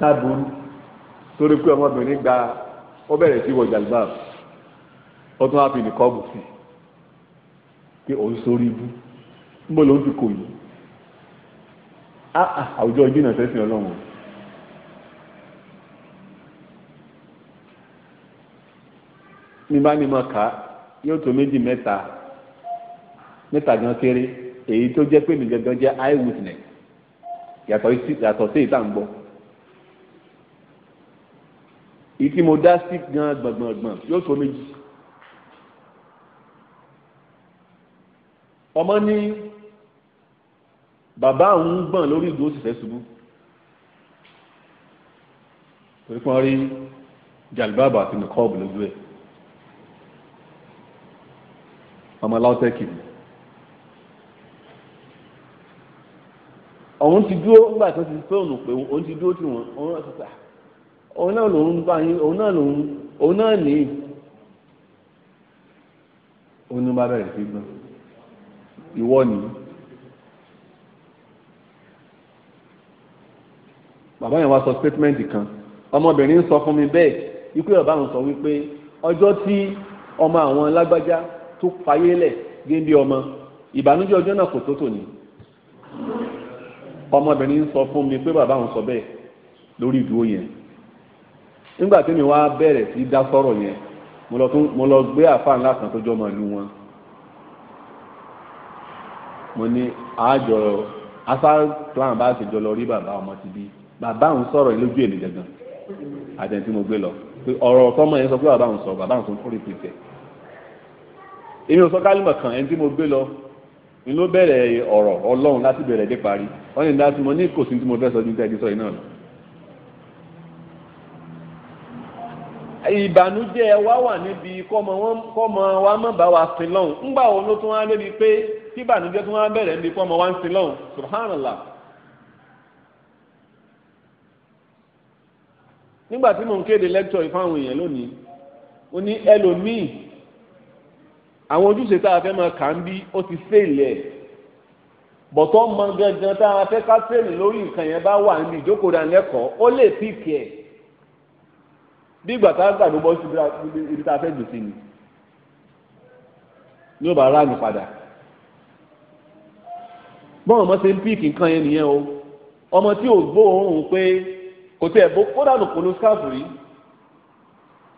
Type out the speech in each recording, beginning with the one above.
dábùrú torí pé ọmọbìnrin gba ó bẹ̀rẹ̀ sí wọ jàlbáà ó tún wá fi nìkan bù sí pé òun sórí ibú níbo ló ń fi kò yìí ah, ah, àwùjọ jìnnà sẹ́sìn ọlọ́run ní bá ní mọ ká yóò tó méjì mẹ́ta mẹ́ta gan kéré èyí tó jẹ́ pé jẹ́ eye ìtí mo dá sí gan gbọ̀ngbọ̀ngbọ̀n yóò tó méjì. ọmọ ní bàbá òun gbọ̀n lórí ìgbó sì fẹ́ ṣubú torí pọ́n rí jalibaba àti nìkọ́ọ̀bù lójú ẹ̀ ọmọ láwùtẹ́kì ni. ọ̀hún ti dúró nígbà tó ti fóònù pé òun ti dúró tí wọ́n ń rán ṣiṣẹ́ òun náà lòun bá yín òun náà lòun òun náà ní òun ní bá bẹ̀rẹ̀ sí gbọ́n ìwọ ni bàbá yẹn wá sọ statement kan ọmọbìnrin sọ fún mi bẹ́ẹ̀ ikú ẹ̀ bá ń sọ wípé ọjọ́ tí ọmọ àwọn lágbájá tó fayé lẹ̀ géńdé ọmọ ìbànújẹ́ ọjọ́ náà kò tó tòní ọmọbìnrin sọ fún mi pé bàbá òun sọ bẹ́ẹ̀ lórí ìdúró yẹn nígbà tí mi wá bẹ̀rẹ̀ sí dá sọ̀rọ̀ yẹn mo lọ gbé àfa ńlá kan tó jọmọ ìlú wọn mo ní àjọ asa plan bá ṣe jọ lọ rí bàbá ọmọ ti bí bàbá òun sọ̀rọ̀ yẹn lójú èmi gangan àtẹ̀ntí mo gbé lọ ọ̀rọ̀ ọ̀tọ́mọ yẹn sọ pé bàbá òun sọ bàbá òun sọ fún rìpìtẹ̀ èmi ò sọ kálímọ̀ kan ẹni tí mo gbé lọ ni ló bẹ̀rẹ̀ ọ̀rọ̀ ọlọ́run láti bẹ̀rẹ̀ dé parí wọ́n ní dá mo ní kò tí mo fẹ́ sọ ju tẹ́ẹ̀dí sọ yìí náà lọ. ìbànújẹ́ wa wà níbi kọ́mọ wa má bá wa sin lọ́hùn ńgbà wo ló tún wá débi pé tí ìbànújẹ́ tún wá bẹ̀rẹ̀ níbi kọ́mọ wa ń sin lọ́hùn subhanallah. nígbà tí mò ń kéde lẹ́kítọ̀ ìfáwọn èèyàn lónìí ó ní ẹlòmíì àwọn ojúṣe tá a fẹ́ máa kà ń bí ó ti fèèlì bọ̀tọ́ mọ gangan tá a fẹ́ ká fèèlì lórí nǹkan yẹn bá wà níbi ìjókòó ìdánilẹ́kọ̀ọ́ ó lè píìkì ẹ̀ bí ìgbà tá a gbàgbé bọ́ sí ibi tá a fẹ́ gbèsè ni ní ó bá ráàyè padà bọ́n ọmọ ṣe ń píìkì nǹkan yẹn nìyẹn o ọmọ tí ò gbóòórùn pé kò tẹ̀ bó kó dànù kò lo skáàfù rí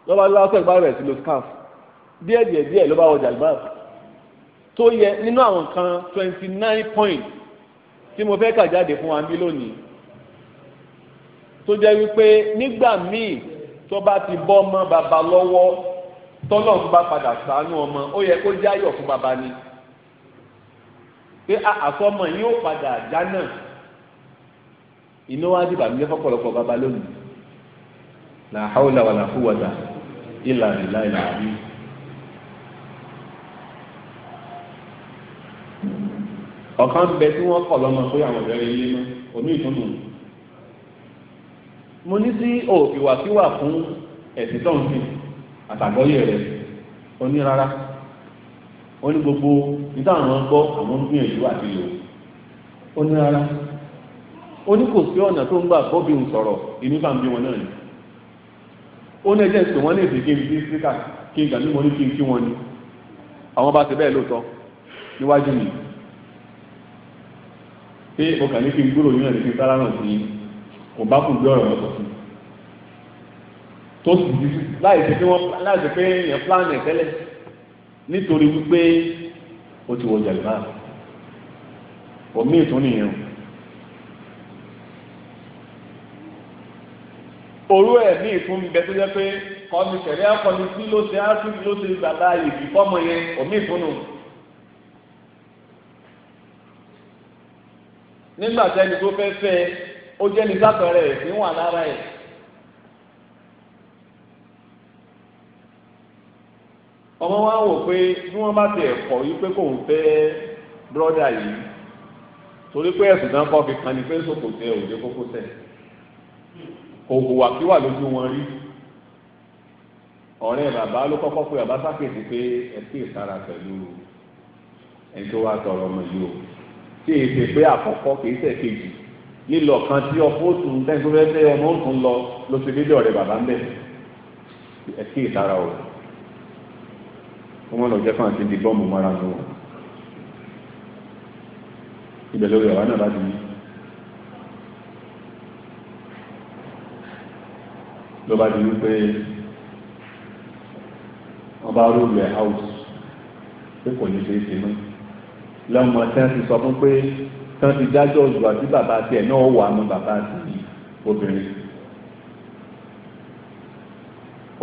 lọ́ba lọ́sẹ̀ gbá rẹ̀ sí lo skáàfù díẹ̀ díẹ̀ díẹ̀ ló bá wọ jàlbáàbù tó yẹ nínú àwọn nǹkan twenty nine point tí mo fẹ́ kà jáde fún wa bí lónìí tó jẹ́ wípé nígbà míì tó bá ti bọ́ ọmọ bàbá lọ́wọ́ tọ́lọ̀ ń bá padà ṣàánú ọmọ ó yẹ kó jáyọ̀ fún bàbá ni pé àsọmọ yín ó padà já náà iná wá dìbà mílẹ̀ fọ́pọ̀lọpọ̀ bàbá lónìí la hawla wala quwwata illa billahi al-ali. ọ̀kan bẹ tí wọ́n kọ̀ lọ́mọ pé àwọn ọ̀rẹ́ ilé mọ́ omi ìtọ́nù mo ní sí òfìwàsíwà fún ẹ̀sìn tó ń fi àtàgbọ́yé rẹ̀ onírárá ó ní gbogbo níta àwọn gbọ́ àwọn gbìyànjú àti lò onírárá ó ní kò sí ọ̀nà tó ń gbà bọ́bí ń sọ̀rọ̀ ìní bá ń bí wọn náà ni ó ní ẹjẹ́ ìsìn wọn ní èdè kébi sí síkà kí n gàmí mo ní kí n kí wọn ni àwọn bá ti bẹ́ẹ̀ lóòótọ́ níwájú mi pé mo kà ní kí n gbúrò yín náà ní kí n sára náà sí yín kò bá kù bí ọ̀rọ̀ yẹn sọ fún tó sì di láì ṣe pé wọ́n láì ṣe pé èèyàn plan ẹ̀ tẹ́lẹ̀ nítorí wípé ó ti wọ jàlùmá omi ìtún nìyẹn òru ẹ̀ ní ìtún bẹ tó jẹ́ pé kọ́ni tẹ̀lé akọni tí ló ṣe á tún ló ṣe gbàgbá ìbí fọ́mọ yẹn omi ìtún nù. nígbà tí ẹni tó fẹ́ fẹ́ ó jẹ́ nígbàpẹ̀rẹ̀ ẹ̀sìn wà lára ẹ̀. ọmọ wa wò pé bí wọ́n bá ti ẹ̀kọ́ yìí pé kòun fẹ́ bírọ́dà yìí torí pé ẹ̀sùn náà kọ́ fi kan ni pé sòkòtẹ́ òde kókó tẹ̀ kò hùwà kí wà lójú wọn rí ọ̀rẹ́ bàbá ló kọ́kọ́ pé bàbá sákèsì pé ẹ sì sára pẹ̀lú ẹni tó wá tọrọ ọmọ yìí o tí èyí ṣe pé àkọ́kọ́ kì í ṣe kejì lílọ kan tí ọkọ òtún tẹ́gbọ́n fẹ́ fẹ́ ọmọ òtún lọ ló ṣe dédé ọ̀rẹ́ bàbá ń bẹ̀ ẹ kí ìtara o wọ́n lọ jẹ́ fún àti di bọ́ọ̀mù mọ́ra nù wọ́n ibẹ̀ lórí ọ̀rá náà bá ti yí ló bá ti yí pé wọ́n bá ẹ̀ house pé kò ní ṣe é ṣe mọ́ lọ́mọ tẹ́ ti sọ fún pé Kan ti dájọ́ òdùwà tí bàbá tiẹ̀ náà wà nù bàbá ti obìnrin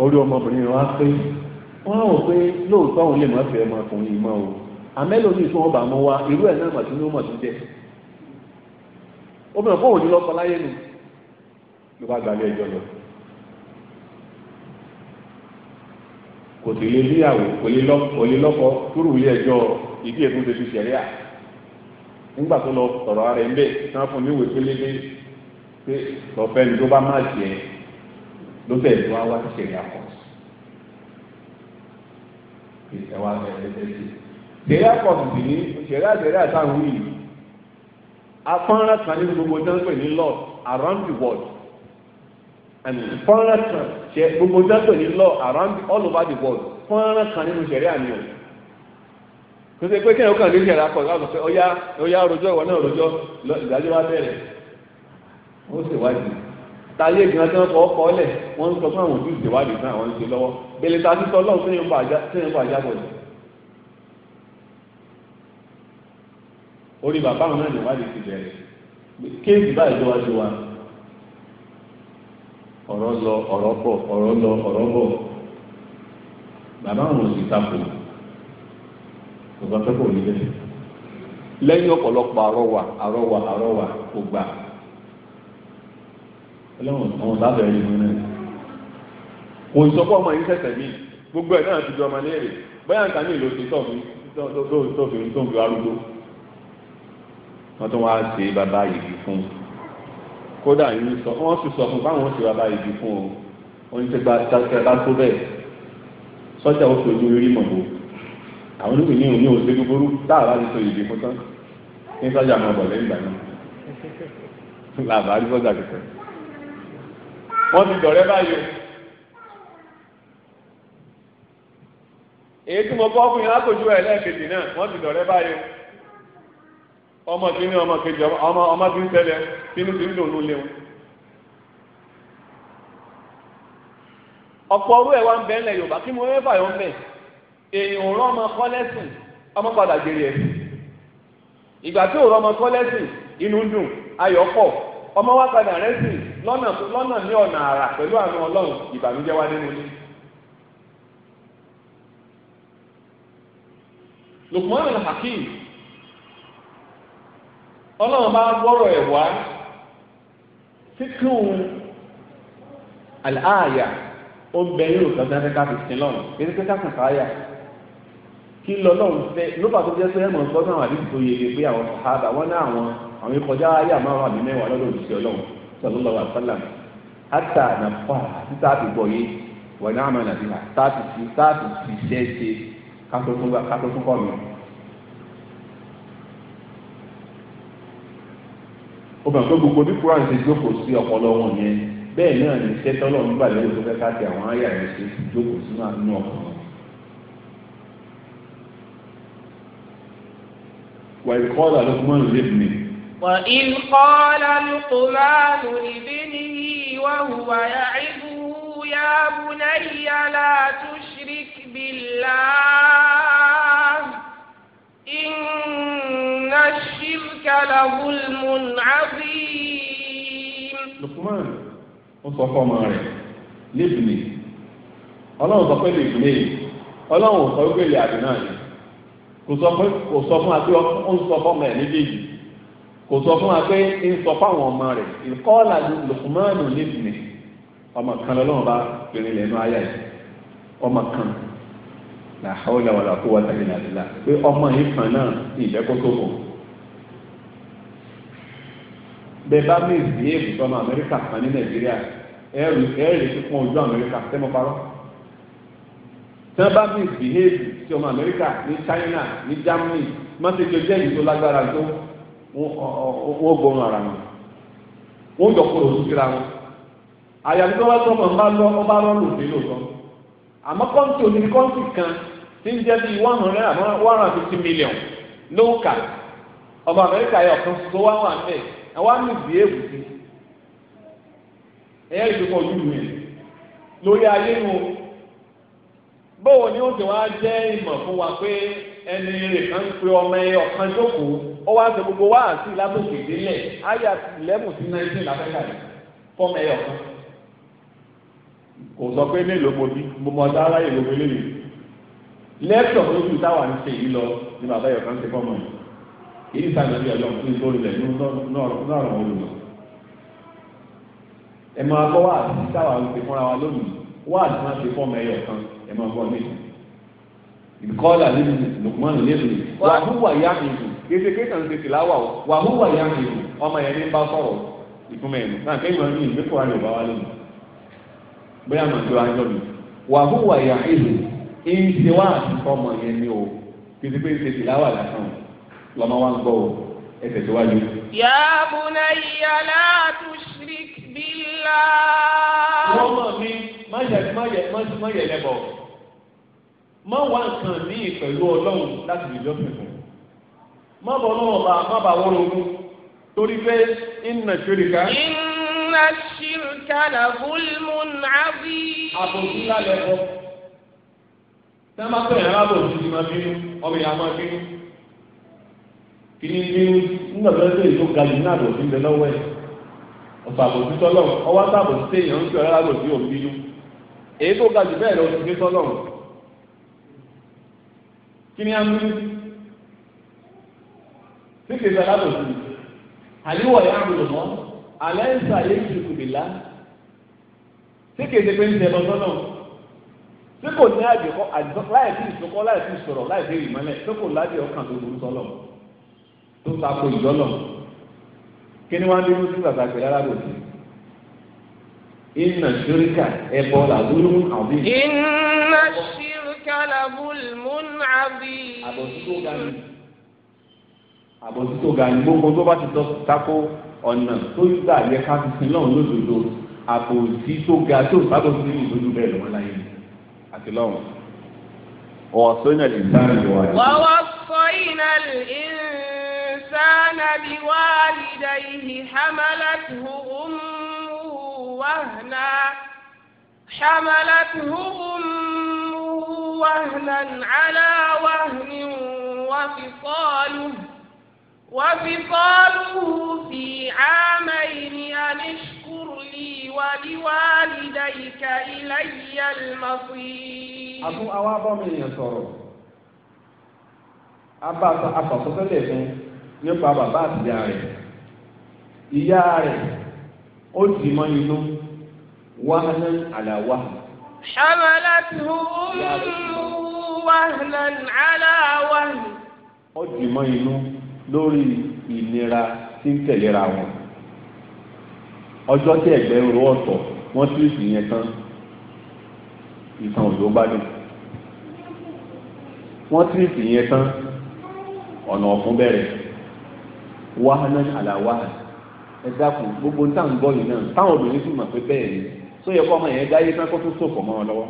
orí ọmọbìnrin wọn á pé wọn á wò pé lóòótọ́ òun lè má fẹ́ ọmọkùnrin mọ́ o àmẹ́lò ní ìfún ọba mọ́ wa irú ẹ̀ náà mà tún ní mọ̀ tún jẹ́ obìnrin fóun ní lọ́kọ láyé nù ló bá gbalẹ̀ ẹjọ́ lọ kò sì lè níyàwó kò lè lọ́kọ kúrú ilé ẹjọ́ ìdí èkúté ti ṣẹ̀rí à nígbà tó lọ sọ̀rọ̀ ara ẹ̀ ń bẹ̀ tí wọ́n fún mi ìwé pélébé pé lọ́fẹ́ ni tó bá má jẹ́ ló bẹ̀ tó wá wá sí ṣẹ̀rí akọ̀ ìṣẹ̀wá ẹ̀ẹ́dẹ́gbẹ̀sì ní ṣẹ̀rí àṣẹ̀rí àtàwọn yìí afọ́nrán kan nínú gbogbo tó ń pè ní law around the world and fọ́nrán kan gbogbo tó ń pè ní law around all over the world fọ́nrán kan nínú ṣẹ̀rí àníyàn kò sí pé kí ẹ̀rọ kàn lórí ẹ̀rọ akọ̀ ìwà àgbọ̀fẹ́ ọ̀yá ọ̀yá rojọ́ ìwọ náà rojọ́ ìdájọ́ wa bẹ̀rẹ̀ ó sì wádìí táyé ìgbìmọ̀ tí wọ́n fọ́ ọkọ̀ ọ̀lẹ̀ wọ́n ń sọ fún àwọn fún àwọn ìṣe lọ́wọ́ bẹ̀lẹ̀ ta ọlọ́run bọ̀ orí bàbá àwọn náà ti bẹ̀rẹ̀ kéèsì báyìí ló wa ọ̀rọ̀ lọ ọ̀rọ̀ bọ̀ ọ̀rọ̀ lọ ọ̀rọ̀ bọ̀ bàbá ṣùgbọ́n tó kò nílé lẹ́yìn ọ̀pọ̀lọpọ̀ àrọwà àrọwà àrọwà kò gbà ọlọ́run àwọn sábẹ̀ yìí nínú ẹ̀ kò ìsọpọ̀ ọmọ yìí sẹ̀sẹ̀ mí gbogbo ẹ̀ náà ti di ọmọ léèrè bẹ́ẹ̀ nǹkan ní ìlú ti tọ̀ mí tó fi tó fi arúgbó wọ́n tún wá ṣe bàbá yìí fún kódà yìí sọ wọ́n sì sọ fún báwọn ṣe bàbá yìí fún o oníṣẹ́ gba tẹ́lá tó bẹ́ẹ̀ sọ́jà ó fi ojú rí mọ̀ gbogbo àwọn olùkọ́ ní òní òṣèlú burú táàbá ti sọ ìdí fún tán ní sọ́jà máa bọ̀ lẹ́yìn ìgbà náà làbá rí sọ́jà kẹsẹ̀ wọ́n ti dọ̀rẹ́ báyìí èyí tí mo bọ́ fún yín lákòjú ẹ̀ lẹ́ẹ̀kejì náà wọ́n ti dọ̀rẹ́ báyìí ọmọ kìíní ọmọ kejì ọmọ ọmọ tí ń tẹ́lẹ̀ kìíní tí ń dùn ló léwu ọ̀pọ̀ ọrú ẹ̀ wá ń bẹ́ẹ̀ Yorùbá kí mo fẹ́ fà yọ̀ èèyàn òrọ́ ọmọ kọ́ lẹ́sìn ọmọ padà gbèrè ẹ̀ ìgbà tí ọmọ kọ́ lẹ́sìn inú dùn ayọ̀ pọ̀ ọmọ wa padà rẹ́sìn lọ́nà lọ́nà ní ọ̀nà àrà pẹ̀lú àánú ọlọ́run ìbànújẹ́ wá nínú ní. ọlọ́run bá gbọ́rọ̀ ẹ̀ wá síkùn àlàáyà ó nínú kí lọ́lọ́run fẹ́ ló tó jẹ́ pé ẹ̀mọ̀ nǹkan náà àdìsí tó yege pé àwọn sàhábà wọn náà àwọn àwọn ìkọjá ayé àmọ́ àmì mẹ́wàá lọ́dọ̀ òṣìṣẹ́ ọlọ́run sallallahu alaihi wasallam àtà nàfà títà àti gbọ̀yé wà ní àmà nàbíyà táàtì sí táàtì sí iṣẹ́ ṣe kátó tún kọ́ mi. ó bẹ̀rẹ̀ pé gbogbo bí kúrò àti ìjókòó sí ọpọlọ wọn yẹn bẹ́ẹ̀ náà وإذ قال لقمان لابنه وإذ قال لقمان لابنه وهو يعظه يا بني لا تشرك بالله إن الشرك لظلم عظيم لقمان وصفى ماري لابني ọlọ́run sọ pé lè gbé ọlọ́run kò sọ pé kò sọ fún wa pé ó ń sọ fọmọ ẹ méjèèjì kò sọ fún wa pé ń sọ fáwọn ọmọ rẹ ìkọ́là Lukumanu nídìí ọmọ kan lọ́wọ́ bá pèrè lẹ́nu ayá yìí ọmọ kan la hawla wala quwwata illa billah pé ọmọ yìí kan náà ní ìdẹ́kótó kù bẹ́ẹ̀ bá mi ìdí èbùsọ̀nù Amẹ́ríkà kan ní Nàìjíríà ẹ̀rù ẹ̀rù kíkún ojú Amẹ́ríkà tẹ́mọ̀ parọ́ tí wọ́n bá misbehave sí ọmọ Amẹ́ríkà ní China ní Germany mọ́tẹ́jọ jẹ́ ìlú lágbára tó wọ́n gbọ́n ara wọn wọ́n jọ kúrò síra wọn àyàfi tó wá tó ọmọ bá lọ ọba lọ lòdì lòtọ́ àmọ́ kọ́ńtì òní kọ́ńtì kan tí ń jẹ́ bíi one hundred and one hundred and fifty million ló kà ọmọ Amẹ́ríkà yẹ ọ̀kan tó wá wà bẹ́ẹ̀ ẹ wá misbehave sí ẹ̀yẹ́ ìdókòwò yìí lórí ayé nu bówo ni ó ti wá jẹ́ ìmọ̀ fún wa pé ẹni rẹ̀ kan ń pe ọmọ ẹ ọ̀kan jókòó ó wá ṣe gbogbo wá àti lábòkè délẹ̀ àyà eleven sí nineteen láfẹ́kà rẹ̀ fọ́mọ ẹ ọ̀kan. kò sọ pé mélòó mo bí mo mọ ọdá aráyè ló wọlé yìí lẹ́tọ̀ tó ju táwa ń ṣe yìí lọ ni bàbá ẹ̀ ọ̀kan ṣe fọ́mọ ẹ̀ èyí sàgbà bí ọlọ́run tó ń tó rilẹ̀ náà rọ̀ wọ́n lò ẹ̀ máa bọ́ wá àti táwa ń ṣe máa bọ̀ ní ìkọ́là nínú lùkùmọ́nù lẹ́nu wàhúwà yá ìlú kéde kéka ń tètè láwà o wàhúwà yá ìlú ọmọ yẹn ní bá sọ̀rọ̀ ìfúnmẹ́ ẹ̀nu náà kéwòn ní ìlú kọ́ra lè bá wá lónìí bóyá màá jọ ajọ́ mi wàhúwà yá ìlú ń ṣe wá àtúntò ọmọ yẹn ní o kéde pé ń tètè láwà lásán lọ́mọ wa ń gbọ́ o ẹ tẹ̀síwájú. yá bunayya la tushrik billah. wọ́n mọ̀ mi má yẹ má yẹ má yẹ lẹ́bọ̀ọ́ má wá nǹkan míì pẹ̀lú ọlọ́run láti lè jọ́sìn fún má bọ̀ ọlọ́run bá má bà wọ́n ronú torí pé ìnà ṣìrìkà. ìnà ṣìrìkà là fúlmù nàbí. àbòsí lálẹ́ kọ́ tẹ́ bá tẹ̀yìn alábòsí ti máa bínú ọmọ ìyá máa bínú kí ni bínú nígbà tó ń lé ìlú ga jù ní àbòsí ń bẹ lọ́wọ́ ẹ̀ ọ̀sọ̀ àbòsí tọ́lọ̀ ọwọ́ sábòsí téèyàn ń sọ alábòsí òbínú èyí tó ga jù bẹ́ẹ̀ lọ sí tọ́lọ̀ Kini ni a ń mú sí kìí sọ̀rọ̀ àbòsí àníwọ̀ yà ń lò mọ́ alẹ́ ń sà yé ju kùbìlá sí kìí ṣe pé ń tẹ lọ sọ́nà sí kò ní àdìkọ́ àdìkọ́ láì sí ìsọkọ́ láì sí ìsọ̀rọ̀ láì sí ìmọ̀lẹ̀ sí kò ládìí ọkàn tó burú sọ́lọ̀ tó takò ìjọ́lọ̀ kí ni wọ́n á dúró sí inna ṣirika ẹ̀bọ̀ làdúró àwọn bí. inna kálàbùlmùn àbí. àbòsító ga ni àbòsító ga ni gbogbo tó bá ti tako ọ̀nà tó ń gbà yẹ ká fi sin lọ́run lódodo àbòsító ga tó sábòsí nínú ìlú bẹ́ẹ̀ lọ́wọ́ láyé àti lọ́run. ووصينا الإنسان بوالديه ووصينا الإنسان بوالديه حملته أمه وهنا حملته أمه وهنا على وهن وفصاله وفصاله في عامين أن اشكر لي ولوالديك إلي المصير أبو أوابا من يسره abá afọ̀sọ́sọ́lẹ̀ fún nípa bàbá àtìyá rẹ̀ ìyá rẹ̀ ó dì mọ́ inú حملته أمه وهنا على وهن. ó dì mọ́ inú lórí ìlera tí ń tẹ̀léra wọn ọjọ́ tí ẹ̀gbẹ́ ń ro ọ̀tọ̀ wọ́n sì sì yẹn tán ìtàn òjò gbádùn wọ́n sì sì yẹn tán ọ̀nà ọ̀fun bẹ̀rẹ̀ wàhánà àlàwàhánà ẹ dákun gbogbo táwọn gbọ́ náà táwọn obìnrin sì mọ̀ pé bẹ́ẹ̀ ni tó yẹ kọ́ ọmọ yẹn dáyé tán kó tó sòfò mọ́ wọn lọ́wọ́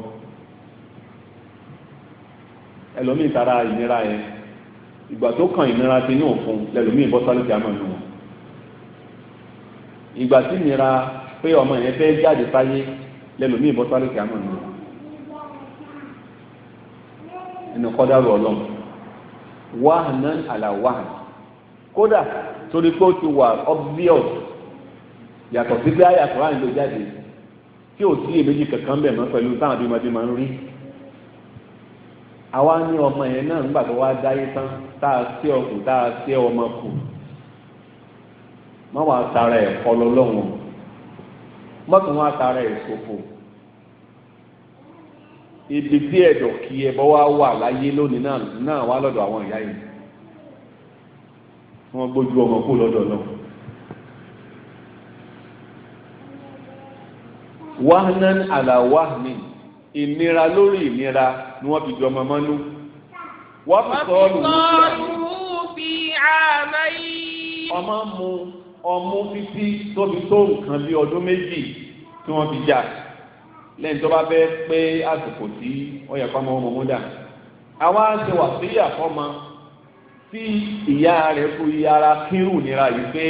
ẹlòmíì tara ìnira yẹn ìgbà tó kàn ìnira ti ní òfun lẹlòmíì bọ́ sálẹ̀ jámọ̀ nù wọn ìgbà tí ìnira pé ọmọ yẹn fẹ́ jáde sáyé lẹlòmíì bọ́ sálẹ̀ jámọ̀ nù wọn ẹnu kọ́dárù ọlọ́run wàhánà àlàwàhán kódà torí pé ó ti wà obvious yàtọ̀ sí bí àyàkùrá ń lo jáde tí ò sí èméjì kankan bẹ̀ mọ́ pẹ̀lú táwọn àbí ọmọdé máa ń rí àwa ní ọmọ yẹn náà nígbà tó wá dáyé tán tá a sí ọkùn tá wa sí ọmọ kù má wàá tara ẹ̀ kọ́ lọ lọ́wọ́n mọ́tò wọn tara ẹ̀ ṣòfò ibi tí ẹ̀dọ̀ kí ẹbọ wá wà láyé lónìí náà náà wá lọ́dọ̀ àwọn wọ́n gbójú ọmọ kú náà. wahnan ala wahni, ìnira lórí ìnira ni wọ́n fi jọ ọmọ mọ́nú. wọ́n fi sọ́ọ̀lù fi àmàyí. ọmọ mu ọmú títí tó fi tó nǹkan bí ọdún méjì tí wọ́n fi jà lẹ́yìn tó bá fẹ́ pé àsìkò tí ó yẹ kọ́ ọmọ ọmọ mú dà. àwa ṣe wà síyà fọ́mọ tí ìyá rẹ̀ fún iye ara kírù nira yìí pé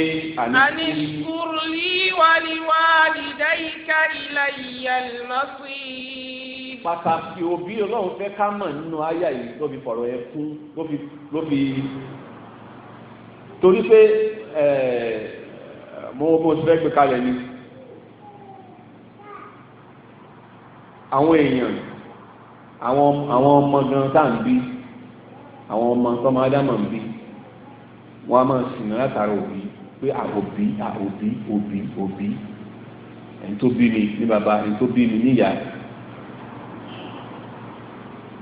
àní kúrú lí wàlíwá àdìdá yìí kárí la ìyá lọ́sí. pàtàkì òbí ọlọ́run fẹ́ ká mọ̀ nínú àyà yìí ló fi fọ̀rọ̀ ẹ fún ló fi torí pé mo mo ti fẹ́ gbé kalẹ̀ ni àwọn èèyàn àwọn ọmọ gan tá à ń bí àwọn ọmọ tọ́mọ ádámà ń bí wọ́n á máa sìn ní látara òbí pé àòbí àòbí òbí òbí ẹni tó bí mi ní bàbá ẹni tó bí mi níyà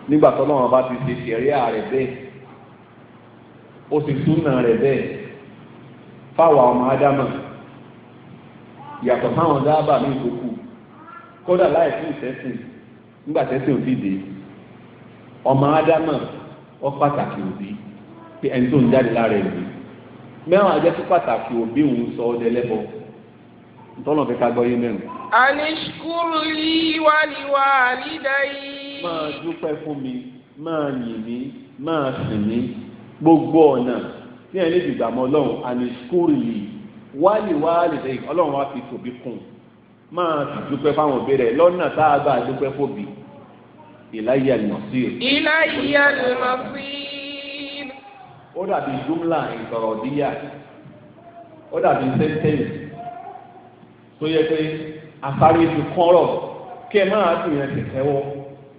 nígbà tó lọ́wọ́ bá ti ṣe ṣẹ̀ríà rẹ̀ bẹ́ẹ̀ ó ti súnà rẹ̀ bẹ́ẹ̀ fáwọn ọmọ ádámà yàtọ̀ fáwọn dábàá ní ìkókù kódà láì fún ìtẹ́sìn nígbà tẹ́sìn ò ti dé ọmọ ádámà ọ pàtàkì òbí pé ẹni tó ń jáde lára ẹ̀ nìyí mẹ́wàá jẹ́ tó pàtàkì òbí òun sọ ọ́ dẹ́lẹ́bọ ntọ́nà fẹ́ ká gbọ́ yé mẹ́rin. àníṣkúrú lí wàlíwà lídàáyí. máa dúpẹ́ fún mi máa yìn mí máa sìn mí gbogbo ọ̀nà tí ẹ̀ lè mọ́ ọlọ́run àníṣkúrú lí wàlíwà lídàáyí ọlọ́run wá fi tòbí kùn máa sì dúpẹ́ fáwọn òbí rẹ̀ lọ́nà tá a gbà dúpẹ́ fòbí ìláyà ìmọ̀sír. ìláyà ìmọ̀sír. ó dàbí júmlà ìtọ̀rọ̀díyà ó dàbí sẹ́ńtẹ́ǹsì tó yẹ pé àsáré ti kọ́rọ̀ kí ẹ máa tún yẹn tẹ̀tẹ̀ wọ́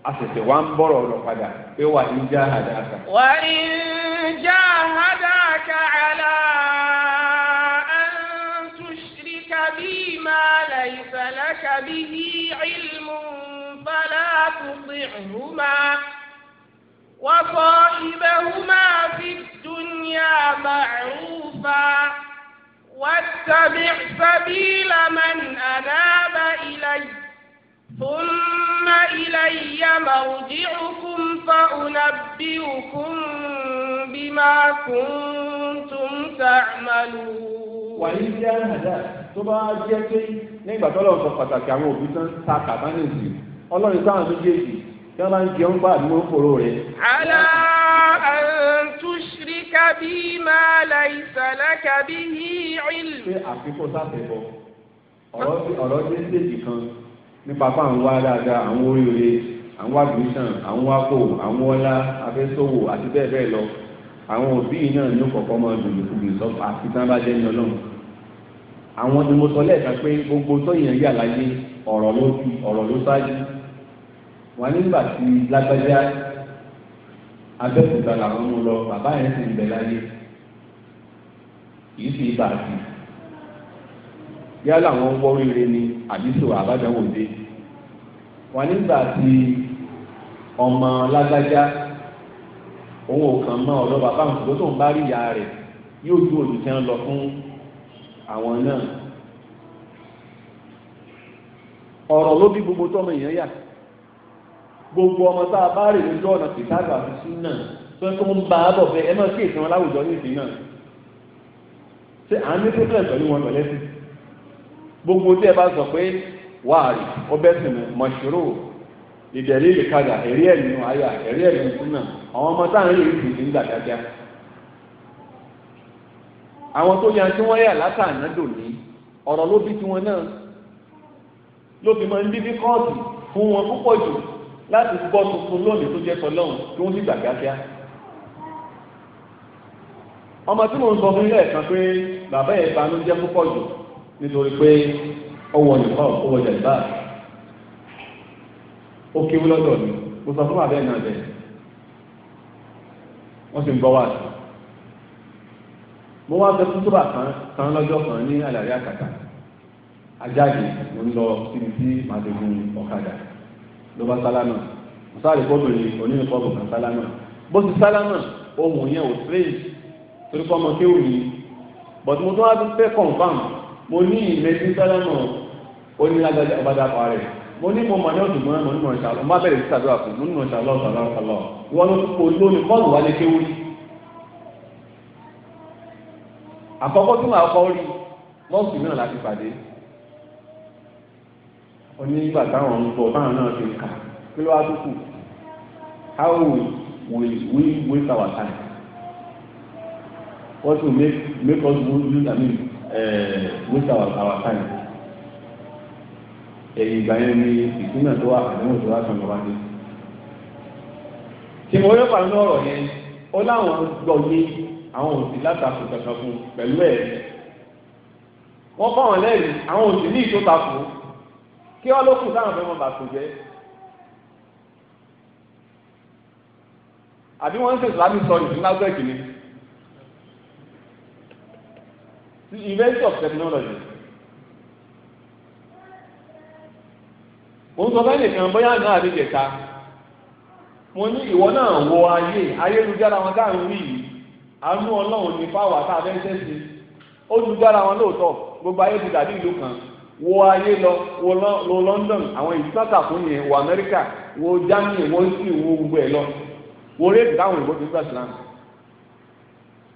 a tẹ̀tẹ̀ wá ń bọ̀rọ̀ lọ padà pé wà ní já àdáka. wà ní já àdáka àlá an tushrika bí فلا تطعهما وصاحبهما في الدنيا معروفا واتبع سبيل من أناب إلي ثم إلي مرجعكم فأنبئكم بما كنتم تعملون وإن جاهدت tó bá jẹ́ pé nígbà tó lọ́wọ́ sọ pàtàkì àwọn òbí tán ta kàbánìsì ọlọ́run sáwọn méjèèjì tí wọ́n bá ń jẹun bá àdúgbò fòrò rẹ̀. alá àtúnṣe kábí máa la ìsàlá kábí ní ìlú. ṣé àfikún sáfẹ̀bọ̀ ọ̀rọ̀ dé stéèjì kan nípa bá àwọn wá dáadáa àwọn oríire àwọn àdúgbòsàn àwọn wákò àwọn ọlá afẹ́sọ̀wò àti bẹ́ẹ̀ bẹ́ẹ̀ lọ àwọn òbí náà ní kọ̀ọ̀kan máa dùn lùkùbì sọ àti tí wọ́n bá jẹ́ ní ọlọ́run àwọn ni mo sọ lẹ́ẹ̀kan pé gbogbo tó yẹn yà láyé ọ̀rọ̀ ló fi ọ̀rọ̀ ló ṣáájú wọn nígbà tí lágbájá abẹ́kúta làwọn mú lọ bàbá yẹn sì ń bẹ láyé kìí sì bá a sí yálà wọn wọ́ rere ni àbísọ àbájáwò dé wọn nígbà tí ọmọ lágbájá òun ò kàn mọ́ ọ̀dọ̀ bàbá òun tó tó ń bá rí ìyá rẹ̀ yóò ju òṣìṣẹ́ ń lọ fún àwọn náà ọ̀rọ̀ ló bí gbogbo tọ́mọ èèyàn yà gbogbo ọmọ tá a bá rè lójú ọ̀nà kìtàgà àti súnà tó ń tó ń bá a bọ̀ bẹ́ẹ̀ ẹ máa kí èsì wọn láwùjọ ní ìsìn náà ṣé à ń ní pípẹ́ pẹ̀lú wọn pẹ̀lẹ́ sí gbogbo tí ẹ bá sọ pé wáàrí ọbẹ̀ sì mú mọ̀ṣúrò ìdẹ̀rí ìkàgà ẹ̀rí ẹ̀ nínú àyà ẹ̀rí ẹ̀ nínú súnà àwọn ọmọ tá à ń rè lójú ìsìn gbà kíákíá àwọn tó yan tí wọ́n yà látàánà dòní ọ̀rọ̀ láti gbọ́ tuntun lónìí tó jẹ́ tọ́lọ́run tí wọ́n sì gbà kíákíá ọmọ tí mo ń sọ fún ilé ẹ̀kan pé bàbá ẹ̀ banújẹ́ púpọ̀ jù nítorí pé ọwọ́ nìkan ọwọ́ jẹ̀ bá ó kéwú lọ́dọ̀ mi mo sọ fún bàbá ẹ̀ náà bẹ̀ wọ́n sì ń bọ́ wà sí mo wá fẹ́ kútúbà kan kan lọ́jọ́ kan ní àlàyé àkàtà ajáde mo ń lọ síbi tí màá ti gun ọ̀kadà ló bá sálámà mùsáàlì kọ́bìnrin onínúkọ́bù kan sálámà bó ti sálámà ohun yẹn ò straight torí kọ́ ọmọ kéwù ni but mo tún wá tún fẹ́ confam mo ní ìmẹ̀sí sálámà onílágbájá ọbádá pa rẹ̀ mo ní mo mọ̀ ní ọdún mọ́ nínú ọ̀ṣà mo má bẹ̀rẹ̀ sísàdó àpò mo nínú ọ̀ṣà lọ́ọ̀ṣà lọ́ọ̀ṣà lọ wọn ló kó lómi kọ́ọ̀lù wálé kéwù ni àkọ́kọ́ tí màá kọ́ rí mọ́ọ̀sì mìíràn láti pàdé onígbà táwọn ń gbọ́ báwọn náà ti kà kí ló wá tó kù how we we waste our time what will make make us lose I mean uh, waste our our time ẹ̀yìn ìgbà yẹn ni ìpínlẹ̀ tó wà àdéhùn tó wà kan lọ́wọ́ dé tí mo yọ pàdé ọ̀rọ̀ yẹn ó láwọn gbọ́ yé àwọn òsì látàkù kankan fún pẹ̀lú ẹ̀ wọ́n kọ́ wọn lẹ́yìn àwọn òsì ní ìtò kí wọ́n ló kù sáwọn fẹ́ mọ́ bàtò jẹ́ àbí wọ́n ń ṣe islamic studies ní lágbẹ́ẹ̀kì ni invention of technology mo ń sọ fẹ́ nìkan bóyá náà lè jẹ̀ta mo ní ìwọ náà wo ayé ayélujára wọn dáhùn rí yìí àánú ọlọ́run ní fáwọn àtàbẹ́ńtẹ́sì ó dúdára wọn lóòótọ́ gbogbo ayé ti dàbí ìlú kan wo ayé lọ wo London àwọn ìlú sáta fún yẹn wo Amẹ́ríkà wo Germany wo sí wo gbogbo ẹ̀ lọ wo rédíò táwọn ìbò tó ń gbà sílám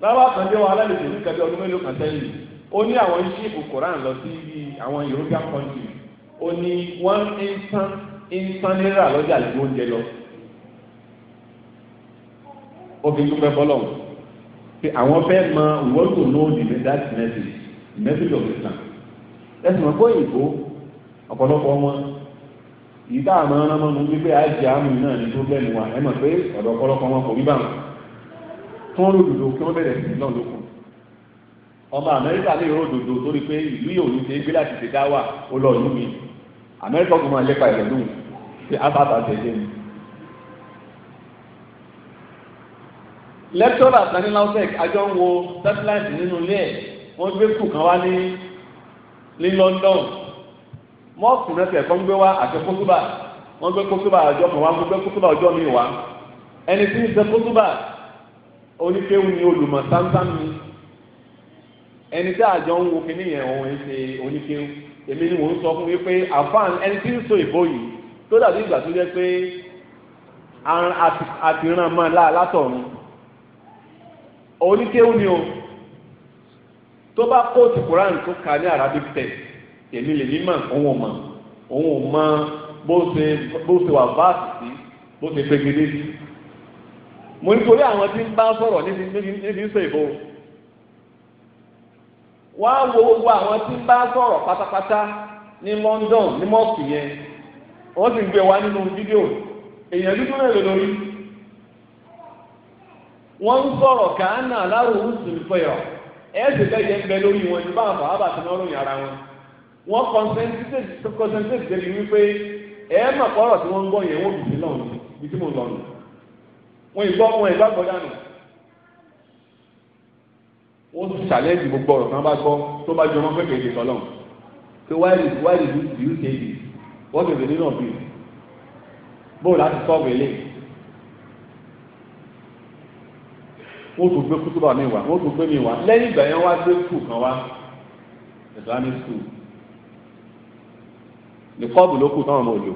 lábà kan jẹ́ wọn alálejò ní kẹjọ ọdún mélòó kan sẹ́yìn ó ní àwọn ṣíìpù Koran lọ sí àwọn European country ó ní one instant instant naira lọ́jà lẹ́nu oúnjẹ lọ obìnrin dúpẹ́ fọlọ́run pé àwọn fẹ́ mọ what to know the best message message of the time ẹsùn mọ̀ fún ìbò ọ̀pọ̀lọpọ̀ wọn yìí tá àmọ́ ọ̀rán mọ́nu wípé àìsí àmì náà ní tó bẹ́ẹ̀ wà ẹ mọ̀ pé ọ̀dọ̀ ọ̀pọ̀lọpọ̀ wọn kò rí bá wọn tó ń ròdòdò kí wọ́n bẹ̀rẹ̀ sí náà lókun ọmọ Amẹ́ríkà lè ròdòdò torí pé ìlú yòó ní ṣe é gbé láti ṣe dá wà ó lọ ìlú mi Amẹ́ríkà kò máa lépa ìlú lóhùn ṣe ábàtà tẹ̀lé mi. lẹ́kítọ́rà sanilásẹ̀k àjọ ń wo sẹ́tíláìtì nínú ilé ẹ̀ wọ́n gbé kù kan wá ní ní London mọ́ọ̀sì náà tẹ̀ fọ́n gbé wá àti kótóbà wọ́n gbé kótóbà ọjọ́ kan wá gbé kótóbà ọjọ́ mi wá ẹni tí ń ṣe kótóbà oníkéwu ni olùmọ̀ sáńsáń mi ẹni tí àjọ ń wo kíní yẹn òun ṣe oníkéwu èmi ni mò ń sọ fún yín pé àfáàn ẹni tí ń so ìbò yìí tó dàbí ìgbà tó jẹ́ pé àtìrán máa látọ̀run oníkéwu ni o. tó bá kóòtù Quran tó ka ní Arabic text èmi lè ní mọ̀ òun ò mọ̀ òun ò bó ṣe bó ṣe wà báàsì sí bó ṣe pegedé sí mo nítorí àwọn tí ń bá sọ̀rọ̀ níbi ń sọ ìbò àwọn tí ń bá sọ̀rọ̀ pátápátá London ní yẹn wọ́n sì ń gbé wa nínú fídíò èèyàn dúdú lórí wọ́n ń sọ̀rọ̀ kàánà ẹ̀ẹ́dì lẹ́yẹ ń bẹ lórí wọn ní báwọn bàbá àti wọn ròyìn ara wọn wọn concentrate débi wípé ẹ̀ẹ́ mọ̀ pọ̀rọ̀ tí wọ́n ń gbọ́ yẹn wọ́n bìtì náà ní bí tí mo lọ nù wọn ìgbọ́ wọn ìgbà gbọ́ dànù wọ́n ti ṣàlẹ́jì gbogbo ọ̀rọ̀ kan bá gbọ́ tó bá jọ wọn pé kéde tọ́lọ̀ pé why did why did you do this what is the reason of it bóòlù àti sọ́ọ̀bù eléyìí wọ́n tún gbé kútúbà mi wá wọ́n tún gbé mi wá lẹ́yìn ìgbà yẹn wá gbé skul kan wá islamic school ní kọ́ọ̀bù ló kù táwọn ọmọ òjò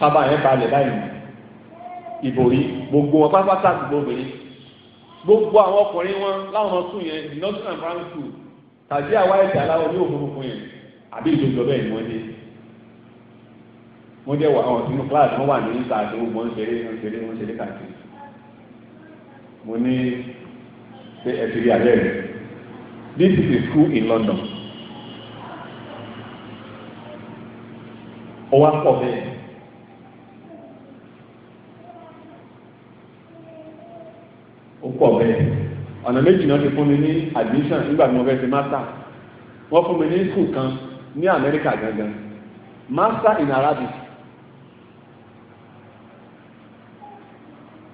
tábà yẹn balẹ̀ báyìí ìbòrí gbogbo wọn pápátá àti gbogbo yìí gbogbo àwọn ọkùnrin wọn láwọn ọmọ sùn yẹn nọ́ọ̀sì and primary school tàbí àwa ẹ̀jẹ̀ aláwọ̀ ní òfurufú yẹn àbí ìdójọ bẹ́ẹ̀ ni wọ́n dé wọ́n jẹ́ wà àwọn sínú kíláàsì wọ́n wà ní ìta àti gbogbo wọn ṣeré wọn ṣeré wọn ṣeré káàkiri mo ní ṣe ẹ̀sìrì alẹ́ rẹ̀ this is a school in London ó wá pọ̀ bẹ́ẹ̀. ó pọ̀ bẹ́ẹ̀ ọ̀nà méjì náà ti fún mi ní admission nígbà tí mo fẹ́ ṣe master wọ́n fún mi ní school kan ní America gangan master in Arabic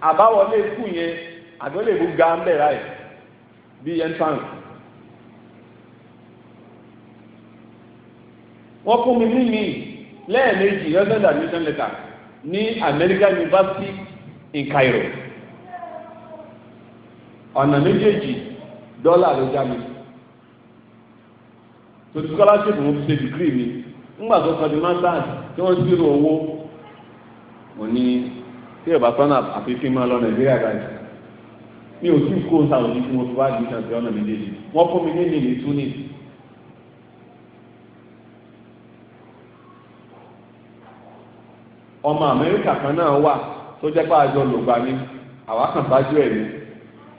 àbáwọlé school yẹn àdán lè bú ga ń bẹ̀ ráì bí entrance wọ́n fún mi mímí lẹ́ẹ̀mejì resident admission letter ní American University in Cairo ọ̀nà méjèèjì dọ́là ló já mi tòtí scholarship mo fi ṣe degree mi ńgbà tó kọ́ di masters tí wọ́n ṣírò owó mo ní tí ìbátan àfi kí n máa lọ Nàìjíríà báyìí mi ò tí kó sáwọn ní fún oṣù wájú ìtàn sí ọ̀nà méjèèjì wọ́n fún mi ní èlé túnì. ọmọ amẹ́ríkà kan náà wà tó jẹ́ pé àjọ lògbà ni àwa kan ṣáájú ẹ̀ ni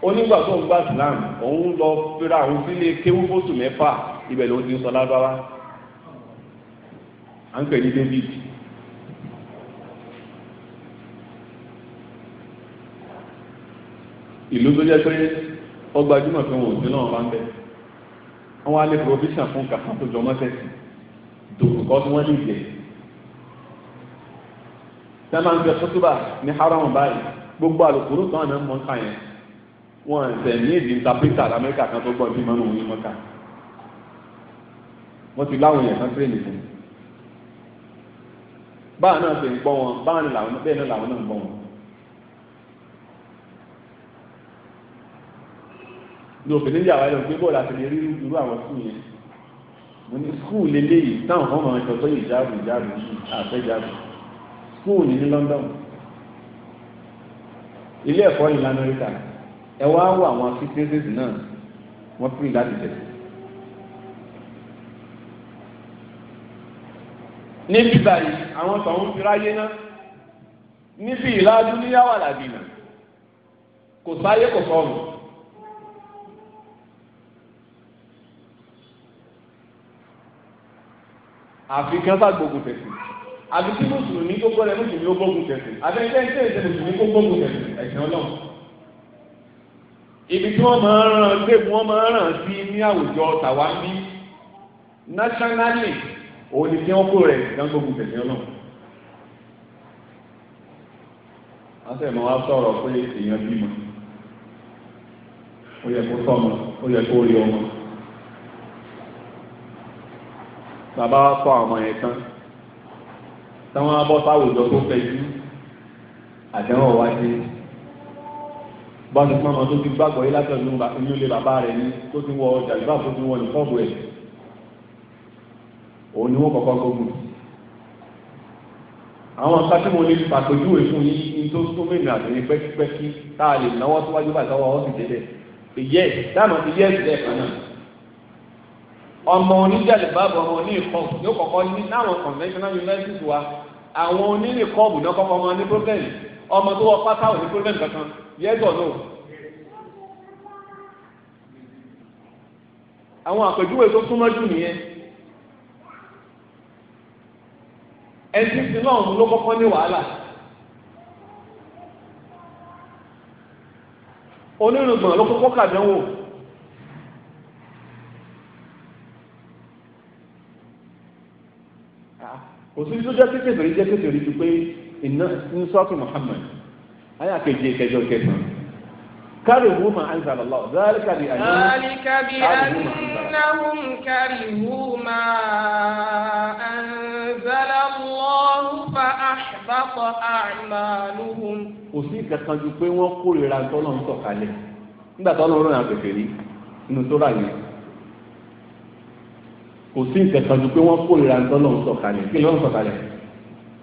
onígbà tó ń gbà Islam òun lọ fira òun sílé kéwú fóṣù mẹ́fà ibẹ̀ ló ti ń sọ lábáwá à ń pè ní David ìlú tó jẹ́ pé ọgbà jùmọ̀ pé wọn ò sí náà máa ń bẹ̀ wọ́n wá lé provision fún kàfà tó jọ mọ́tẹ́sì dòkùkọ́ tí wọ́n lè jẹ́ tẹ́ máa ń bẹ sọ́túbà ní haram báyìí gbogbo àlòkùrú tán àná mọ́ ká yẹn wọ́n ẹ̀sẹ̀ ní èdè ìtàpítà lamẹ́ríkà kan tó gbọ́ bí mọ́nà òun ní mọ́ká wọ́n ti láwọn èèyàn kan tírèlì fún báà náà ṣe ń gbọ́ wọn báà náà làwọn náà ń gbọ́ wọn ní òfin nílé àwọn ẹlẹ́wọ̀n pé bọ́ọ̀lù àti lè rí irú àwọn skul yẹn mo ní skul leléyìí táwọn ọmọ ẹjọ tó yìí jáàbù jáàbù yìí àfẹjáàbù skul ní ní London ilé ẹ̀kọ́ ní Amẹ́ríkà ẹ wá wọ àwọn fitnesses náà wọ́n pín láti tẹ̀lé. níbi báyìí àwọn tọ̀hún ti ráyé náà níbi ìlà dúníyàwó àlàbìnà kò sáyé kò sọ̀rọ̀. àfi kan bá gbógun tẹ̀sí àfi tí mùsùlùmí gbogbo rẹ̀ mùsùlùmí ó gbógun tẹ̀sí àtẹ̀yìntẹ́ ń tẹ̀sí mùsùlùmí ó gbógun tẹ̀sí ẹ̀sìn ọlọ́run ibi tí wọ́n máa ń ràn dé wọ́n máa ń ràn sí ní àwùjọ tàwa ní nationally òun ni kí wọ́n kó rẹ̀ gan gbógun tẹ̀sí ọlọ́run wọ́n sẹ̀ mọ́ wá sọ̀rọ̀ pé èèyàn bímọ ó yẹ kó tọ́mọ ó yẹ kó rí ọmọ bàbá wa kọ́ àwọn yẹn tán táwọn abọ́ sáwùjọ tó fẹjú àdánwò wá dé bọ́ọ̀lù fún ọmọ tó ti gbàgbọ́ yìí látọ̀ ní ilé bàbá rẹ̀ ní tó ti wọ ọjà ìgbà tó ti wọ ní fọ́ọ̀bù ẹ̀ òun ni wọ́n kọ́kọ́ gbógun àwọn nǹkan tí mo lè pàtòjúwe fún yín ní tó tó mẹ́rin àtẹ̀yìn pẹ́kípẹ́kí tá a lè náwó síwájú bàtà wọ́n sì délẹ̀ ìyẹ́ dáàmú ti yẹ́ ìdílé kan náà ọmọ oníjàlè báàbò ọmọ oníìkọ́ọ̀bù yóò kọ́kọ́ ní láwọn conventional universities wa àwọn oníìkọ́ọ̀bù náà kọ́kọ́ ọmọ ní problem ọmọ tó wọ pátá ò ní problem kankan yẹ́dọ̀ náà. àwọn àpèjúwe tó súnmọ́ jù nìyẹn ẹtí ti náà ló kọ́kọ́ ní wàhálà onírùngbọ̀n ló kọ́kọ́ kàdánwò. òsì tó jẹ́ kékeré jẹ́ kékeré ju pé iná ń sọ́ọ̀tù Muhammad ayà keje kẹjọ kẹsàn-án kárí òwú mà áyíṣà lọ́lá ọ̀dọ́rẹ́kà bí àná kárí òwú mà áyíṣà. kárí òwú mà áyíṣà àbápọ̀ àmàlùhùn. kò sí kankan ju pé wọ́n kórìíra tọ́lọ́ ń sọ̀kalẹ̀ nígbà tọ́lọ́ ń rìn àgbègbè rí inú tó rà yẹn kò sí ìtẹ̀kan ju pé wọ́n kórìíra ńtọ́ náà sọ̀kalẹ̀ kí ló ń sọ̀kalẹ̀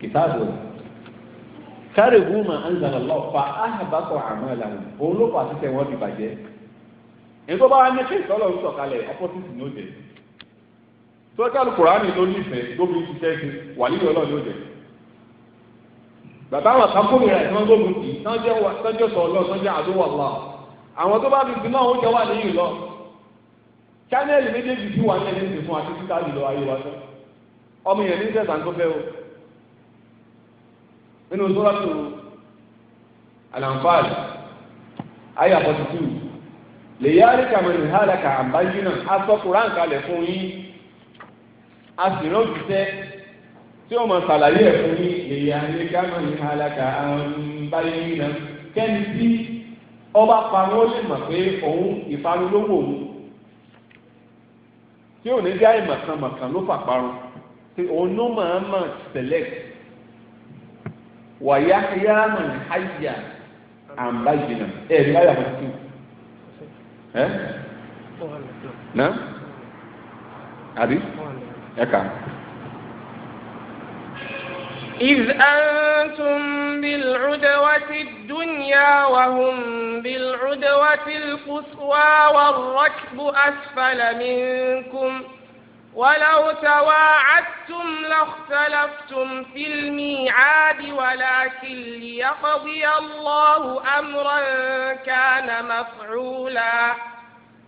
kìtáàbù rẹ̀ kárí fa ahabakọ̀ àmọ́ ìlànà òun ló fà síṣẹ́ wọn ti bàjẹ́ ẹ̀ńtọ́ bá wá ní kí ìtọ́lọ̀ ń ní ó jẹ́ kùránì ló nífẹ̀ẹ́ gbóbi ṣiṣẹ́ sí wàlíyọ̀ bàbá channel méjèèjì tí wà nílẹ̀ níbi fún àti títà jùlọ ayé wa tán ọmọ yẹn ní tẹ̀sán tó fẹ́ o nínú sọ́ràtò àlàǹfààní ayé àbọ̀tí tù lè yára kàmá ní hàlàkà àbájú náà a sọ kuran kalẹ̀ fún yín a sì rán òṣìṣẹ́ tí ó máa ṣàlàyé ẹ̀ yín lè yára kàmá ní àbájú náà kẹ́ni tí ọba pa wọ́n lè mọ̀ pé òun ìfarun ló tí ò ní rí àìmọ̀kànmọ̀kàn ló fà parun tí òun ló máa ma select wàyá yáàmà ní àyà àǹbá jìnnà ẹ̀ rí wọn sí ẹ́ ná àbí ẹ̀ka. إذ أنتم بالعدوة الدنيا وهم بالعدوة القصوى والركب أسفل منكم ولو تواعدتم لاختلفتم في الميعاد ولكن ليقضي الله أمرا كان مفعولا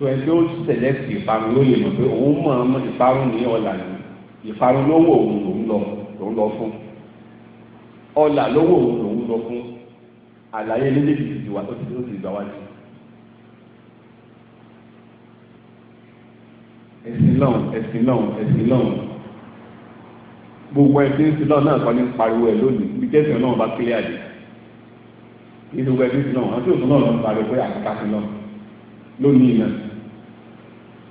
tó ẹ ló sẹlẹsì ìparun ló lè mọ̀ pé òun mọ̀ ọmọ ìparun ní ọ̀là ni ìparun lówó òun lòún lọ lòún lọ fún ọ̀là lówó òun lòún lọ fún àlàyé méjèèjì ti di wa ó ti tó ti gbà wájú. ẹ̀sìn náà ẹ̀sìn náà ẹ̀sìn náà gbogbo ẹbí ń sinọ́ náà kọ́ ní pariwo ẹ̀ lónìí bí jẹ́sìn náà bá kílẹ̀ àdé nínú ẹbí sinọ́ àti òun náà ló ń pariwo pé àkàkà sinọ́ lónìí náà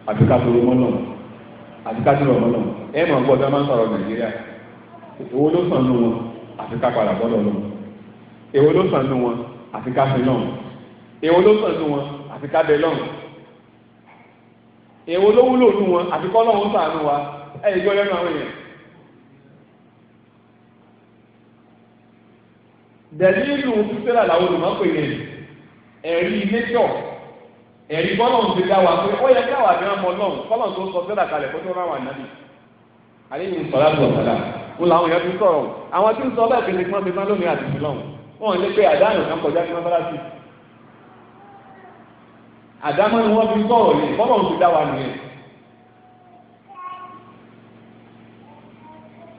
àti kájúrò mọ́nà àti kájúrò mọ́nà ẹ mọ̀ gbọ́dọ̀ máa ń sọ̀rọ̀ nàìjíríà èwo ló sàn nù wọn àti ká padà bọ́dọ̀ lọ èwo ló sàn nù wọn àti ká fi náà èwo ló sàn nù wọn àti ká bẹ lọ́hùn èwo ló wúlò nù wọn àti kọ́ lọ́hùn sàánù wa ẹ̀ ìjọ lẹ́nu àwọn èèyàn. dẹ̀lí ìlú sísẹ́là làwọn olùmọ̀pẹ̀ yẹn ẹ̀rí nẹ́tọ̀ ẹ̀rí bọ́lọ̀ ti dá wa pé ó yẹ kí àwọn àmì ọmọ náà bọ́lọ̀ tó sọ sílẹ̀ kalẹ̀ kó tó ráwọn ànábì àléyìn sọlá tó sọlá kó làwọn yẹn fi sọ̀rọ̀ àwọn tí ń sọ bẹ́ẹ̀ kìíní pọ́n mi má lónìí àti ìlú ọ̀hún wọn lé pé àdánù kan kọjá sí mọ́sálásì àdámọ́ ni wọ́n fi sọ̀rọ̀ yìí bọ́lọ̀ ti dá wa nìyẹn.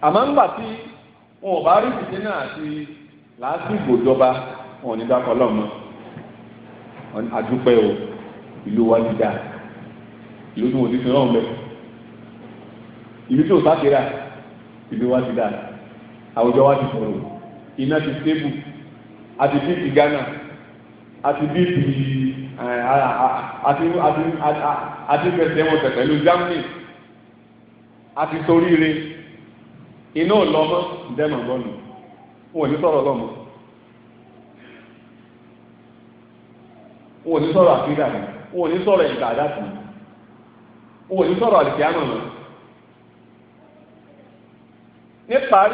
àmọ́ ńgbà tí wọn ò bá rí ìdílé náà àti làásìgbò ìlú wa ti dà ìlú tí mo ti fi rán bẹ ìlú tí o sá kéré à ìlú wa ti dà àwùjọ wa ti sọ̀rọ̀ iná ti stable àti bí ti Ghana àti bí ti àti àti àti fẹsẹ̀ wọn tẹ̀sẹ̀ lu Germany àti soríire iná ò lọ mọ́ dẹ́mọ̀ bọ́ọ̀lù wọn ò ní sọ̀rọ̀ lọ́mọ. wọn ò ní sọ̀rọ̀ àkídà rẹ̀ wọn ò ní ìgbà àdáàtì wọn ò ní sọ̀rọ̀ àlìkí àmọ̀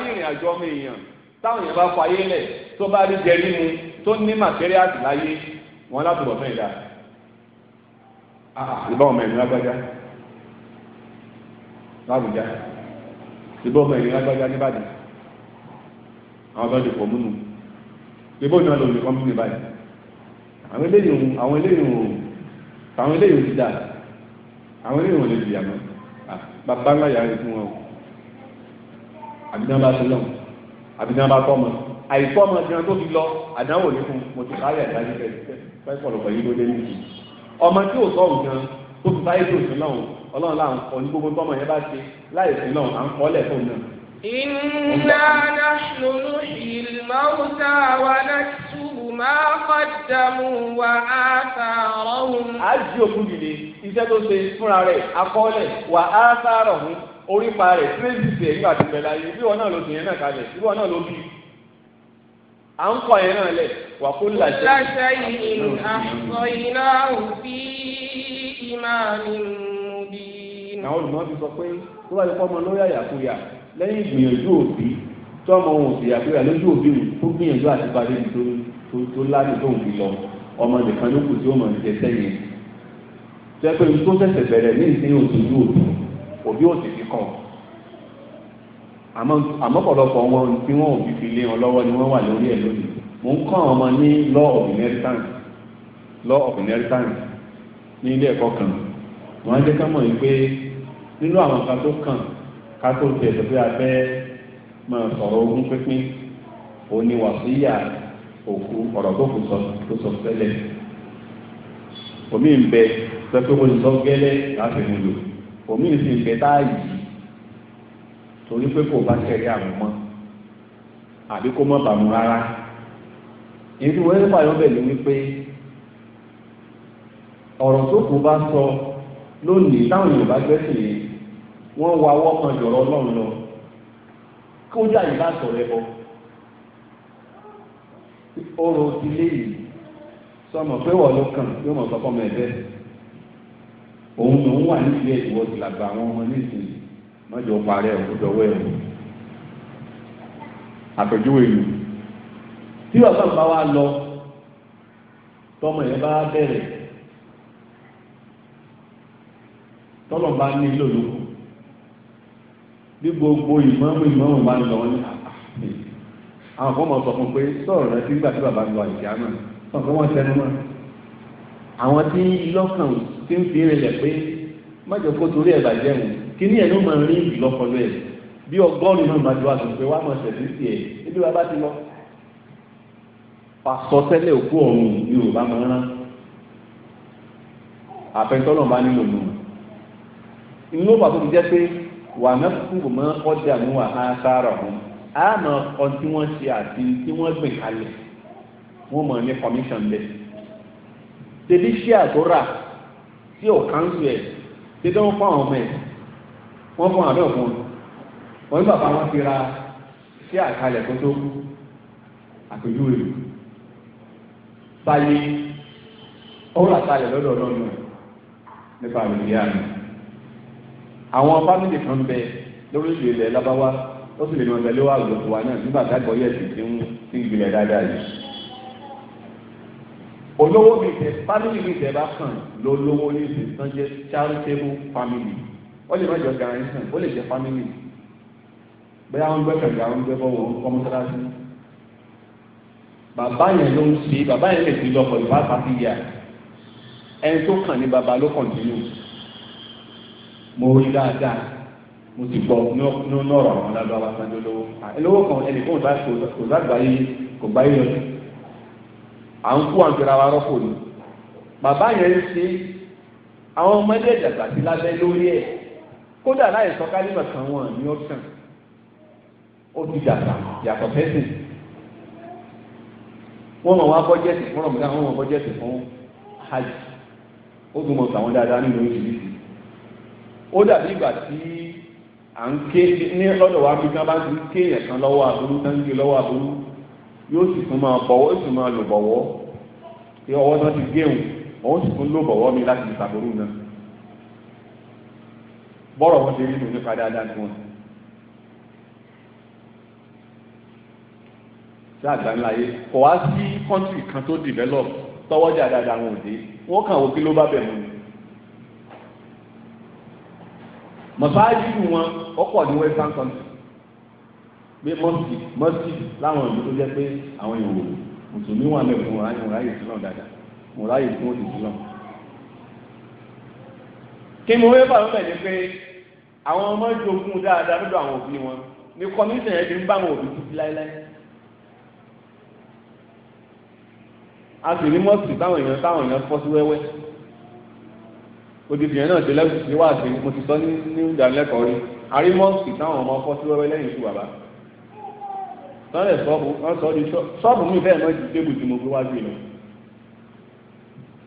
ìrìn àjò ọmọ èèyàn táwọn èèyàn bá fọ ayé lẹ̀ tó bá rí jẹrí mu tó ní màtíríàtì láyé wọn láti bọ̀ fún ìdá ah, ìbọn ọmọ ẹ̀mí lágbájá lábùjá ìbọn ọmọ ẹ̀mí lágbájá níbàdàn àwọn tó ń dìpọ̀ múnú ìbọn ìnáwó lòlù kọ́mpínì àwọn eléyìí àwọn àwọn eléyìí ti dà àwọn eléyìí wọn lè jìyà mọ́ bàbá ńlá yàrá ìfún wọn o àbí náà bá tó lọ àbí náà bá tọ́ mọ́ àìkọ́ ọmọ gan tó fi lọ àdánwò ní fún mo ti káyà ìdájú fẹ́ pọ̀lọpọ̀ yìí ló dé níbi ọmọ tí ò sọ̀rọ̀ gan tó fi báyé tó sùn lọ́hùn ọlọ́run láà ń kọ́ ní gbogbo tọ́mọ yẹn bá ṣe láì sùn lọ́hùn à ń kọ́ lẹ̀ fún náà. Inna nahnu nuhyil mawta wa naktubu ma qaddamu wa atharahum. a jí òkú dìde iṣẹ́ tó ṣe fúnra rẹ̀ akọ́lẹ̀ wa atharahum orípa rẹ̀ tírẹ́sì tẹ̀ nígbà tí bẹ̀rẹ̀ ayé bí wọn náà ló dìyẹn náà kalẹ̀ bí wọn náà ló bí à ń kọ yẹn náà lẹ̀ wà kó làjẹ́. làṣẹ yìí àṣọ iná òbí ìmáàmì mú àwọn olùmọ̀ ti sọ pé tó bá yẹ kọ́ ọmọ lórí àyàkúyà lẹ́yìn ìgbìyànjú òbí tọ́mọ òun òsì àkúyà lójú òbí rẹ̀ tó gbìyànjú àti nítorí tó tó láti tó ń fi lọ ọmọ nìkan ló kù tí ó mọ̀ ní tẹ́tẹ́ yẹn tẹ́ pé tó tẹ̀sẹ̀ bẹ̀rẹ̀ ní ìsìn òṣèlú òbí òbí òsì fi kàn àmọ́ pọ̀lọpọ̀ wọn tí wọ́n ò fi fi lé wọn lọ́wọ́ ni wọ́n wà lórí ẹ̀ lónìí mò ń kọ́ ọmọ ní law of inheritance law of inheritance ní ilé ẹ̀kọ́ kan wọ́n á jẹ́ ká mọ̀ yìí pé nínú àwọn kan tó kàn ká tó tiẹ̀ tó fi abẹ́ máa sọ̀rọ̀ ogún pínpín òní wàsíyà òkú ọ̀rọ̀ tó kù sọ tó sọ fẹ́lẹ̀ omi ń bẹ pẹ́pẹ́ ó sọ gẹ́lẹ́ láti mú lò omi ń sì bẹ táàyè torí pé kò bá tẹ̀lé àwọn mọ́ àbí kó mọ́ bàmú rárá ìdí wọ́n ní fàyọ́ bẹ̀ ni wípé ọ̀rọ̀ tó kù bá sọ lónìí táwọn Yorùbá gbẹ́sìn yìí wọ́n wá wọ́pọ̀ jọ̀rọ̀ Ọlọ́run lọ kó jà yìí bá sọ̀rọ̀ ẹ̀ bọ́ oró ti léyìí sọmọ pé wọ́n ló kàn yóò mọ̀ sọ́kọ́ mọ́ ẹ̀bẹ́ òun lòún wà nídìí ẹ̀ ìwọ ti làgbà àwọn ọmọ nísìnyí mọ́jọ parẹ́ òkúdọ̀wọ́ ẹ̀ wò àpèjúwe ìlú tí ọ̀gá bá wa lọ tọmọ yẹn bá bẹ̀rẹ̀ tọ́lọ̀ bá ní lòlókù bí gbogbo ìmọ̀ọ́mù ìmọ̀ọ́mù bá lọ ní àwọn. Ah, àwọn kan mọ̀ sọ fún pé sọ̀rọ̀ rẹ ti gbà tí bàbá lu àyíká náà sọ pé wọ́n tẹnu mọ́ àwọn tí lọ́kàn ti ń fi rinlẹ̀ pé mọ́jọ kó torí ẹ̀ bàjẹ́ mu kí ní ẹ̀nu máa rí ìlú lọ́kọlọ́ ẹ̀ bí ọgọ́rùn-ún náà máa ju àtùn pé wàá máa ṣẹ̀lú sí ẹ̀ níbi bàbá ti lọ. pàṣọtẹ́lẹ̀ òkú ọ̀run Yorùbá máa rán àfẹ́tọ́nà bá nílò nù. inú ó pàtó ti jẹ́ pé wà náà kúrò máa ń a máa kọ tí wọ́n ṣe àti tí wọ́n gbìn kalẹ̀ wọ́n mọ̀ ní commission bẹ́ẹ̀ tẹbi ṣíà tó rà tí ò kánṣu ẹ̀ tẹbi wọ́n fún àwọn ọmọ ẹ̀ wọ́n fún àbẹ́ òfin wọ́n ní bàbá wọn fi ra ṣíà kalẹ̀ tó tó àpèjúwe báyìí ọ̀rọ̀ àtàlẹ̀ lọ́dọ̀ ọlọ́run nípa àlùyá mi àwọn fámìlì kan bẹ lórílẹ̀-èdè lábáwá ó sì lè mọ tẹ̀lé wà lòtò wa náà nígbà tá àgbọ̀yẹ̀ sì ti ń sí ìgbìlẹ̀ dáadáa yìí. olówó mi tẹ fámìlì mi tẹ bá kàn lólówó ní ìsìn tán jẹ́ charitable family ó lè má jọ garantion ó lè jẹ́ family bóyá wọn gbẹ́kẹ̀lé àwọn gbẹ́bọ̀wọ̀ kọ́mọ́sálásí bàbá yẹn ló ń ṣe bàbá yẹn lè ti lọ pẹ̀lú bá pàtí yà ẹni tó kàn ní bàbá ló kàn nínú mo rí dáadáa mo ti gbọ́ ní ọ̀rọ̀ àwọn alágbára sanjó lówó lówó kan ẹnì kan kò lágbàáyé kò bá yíyan à ń kó àǹkẹ́ra wa rọ́pò ni bàbá yẹn ń ṣe àwọn ọmọdé ìdàgbà sí lábẹ́ lórí ẹ̀ kódà láì sọ kálímà kan wọn ní ọ̀sán ó ti dàgbà yàtọ̀ fẹ́sìn wọ́n mọ̀ wá bọ́jẹ́tì fún rọ̀mùdá wọ́n mọ̀ bọ́jẹ́tì fún hajj ó dùn mọ̀ sàwọn dáadáa nínú oṣù ó dàbí ìgbà tí à ń ké ní ọ̀dọ̀ wa bí kábà ti ń ké ẹ̀kan lọ́wọ́ aburú tá ń ké lọ́wọ́ aburú yóò sì tún máa bọ̀wọ́ yóò sì máa lò bọ̀wọ́ tí ọwọ́ náà ti géun òun sì tún lò bọ̀wọ́ mi láti ìsàbòrú náà bọ́rọ̀ wọn ti rí ìlú nípa dáadáa tí wọn. sí àgbà ńlá yé kò wá sí kọ́ńtì kan tó develop tọwọ́jà dáadáa wọn ò dé wọ́n kàn wọ́n kí ló bá bẹ̀ mú mọ̀sáájú wọn ọ̀pọ̀ ní western country pé mọ́sì mọ́sì láwọn ìlú tó jẹ́ pé àwọn èèyàn wò mùsùlùmí wà lẹ́kùn mùráyè mùráyè sílọ̀ dáadáa mùráyè fún òsì sílọ̀. kí ni wọ́n bá wọn bẹ̀ ni pé àwọn ọmọ jogún dáadáa lọ́dọ̀ àwọn òbí wọn ni kọ́míṣọ̀n yẹn ti ń bá àwọn òbí títí láéláé. a sì ní mọ́sì táwọn èèyàn táwọn èèyàn fọ́ sí wẹ́wẹ́ odidi yẹn náà ṣe lẹ́kùn sí wá sí mo ti sọ ní ní ìdánilẹ́kọ̀ọ́ rí arímọ́ọ̀sì táwọn ọmọ fọ́ sí wẹ́wẹ́ lẹ́yìn ikú bàbá sọ́ọ̀lẹ̀ sọ́ọ̀bù wọ́n sọ di sọ́ọ̀bù mi bẹ́ẹ̀ náà ti tébù tí mo fi wájú ìlú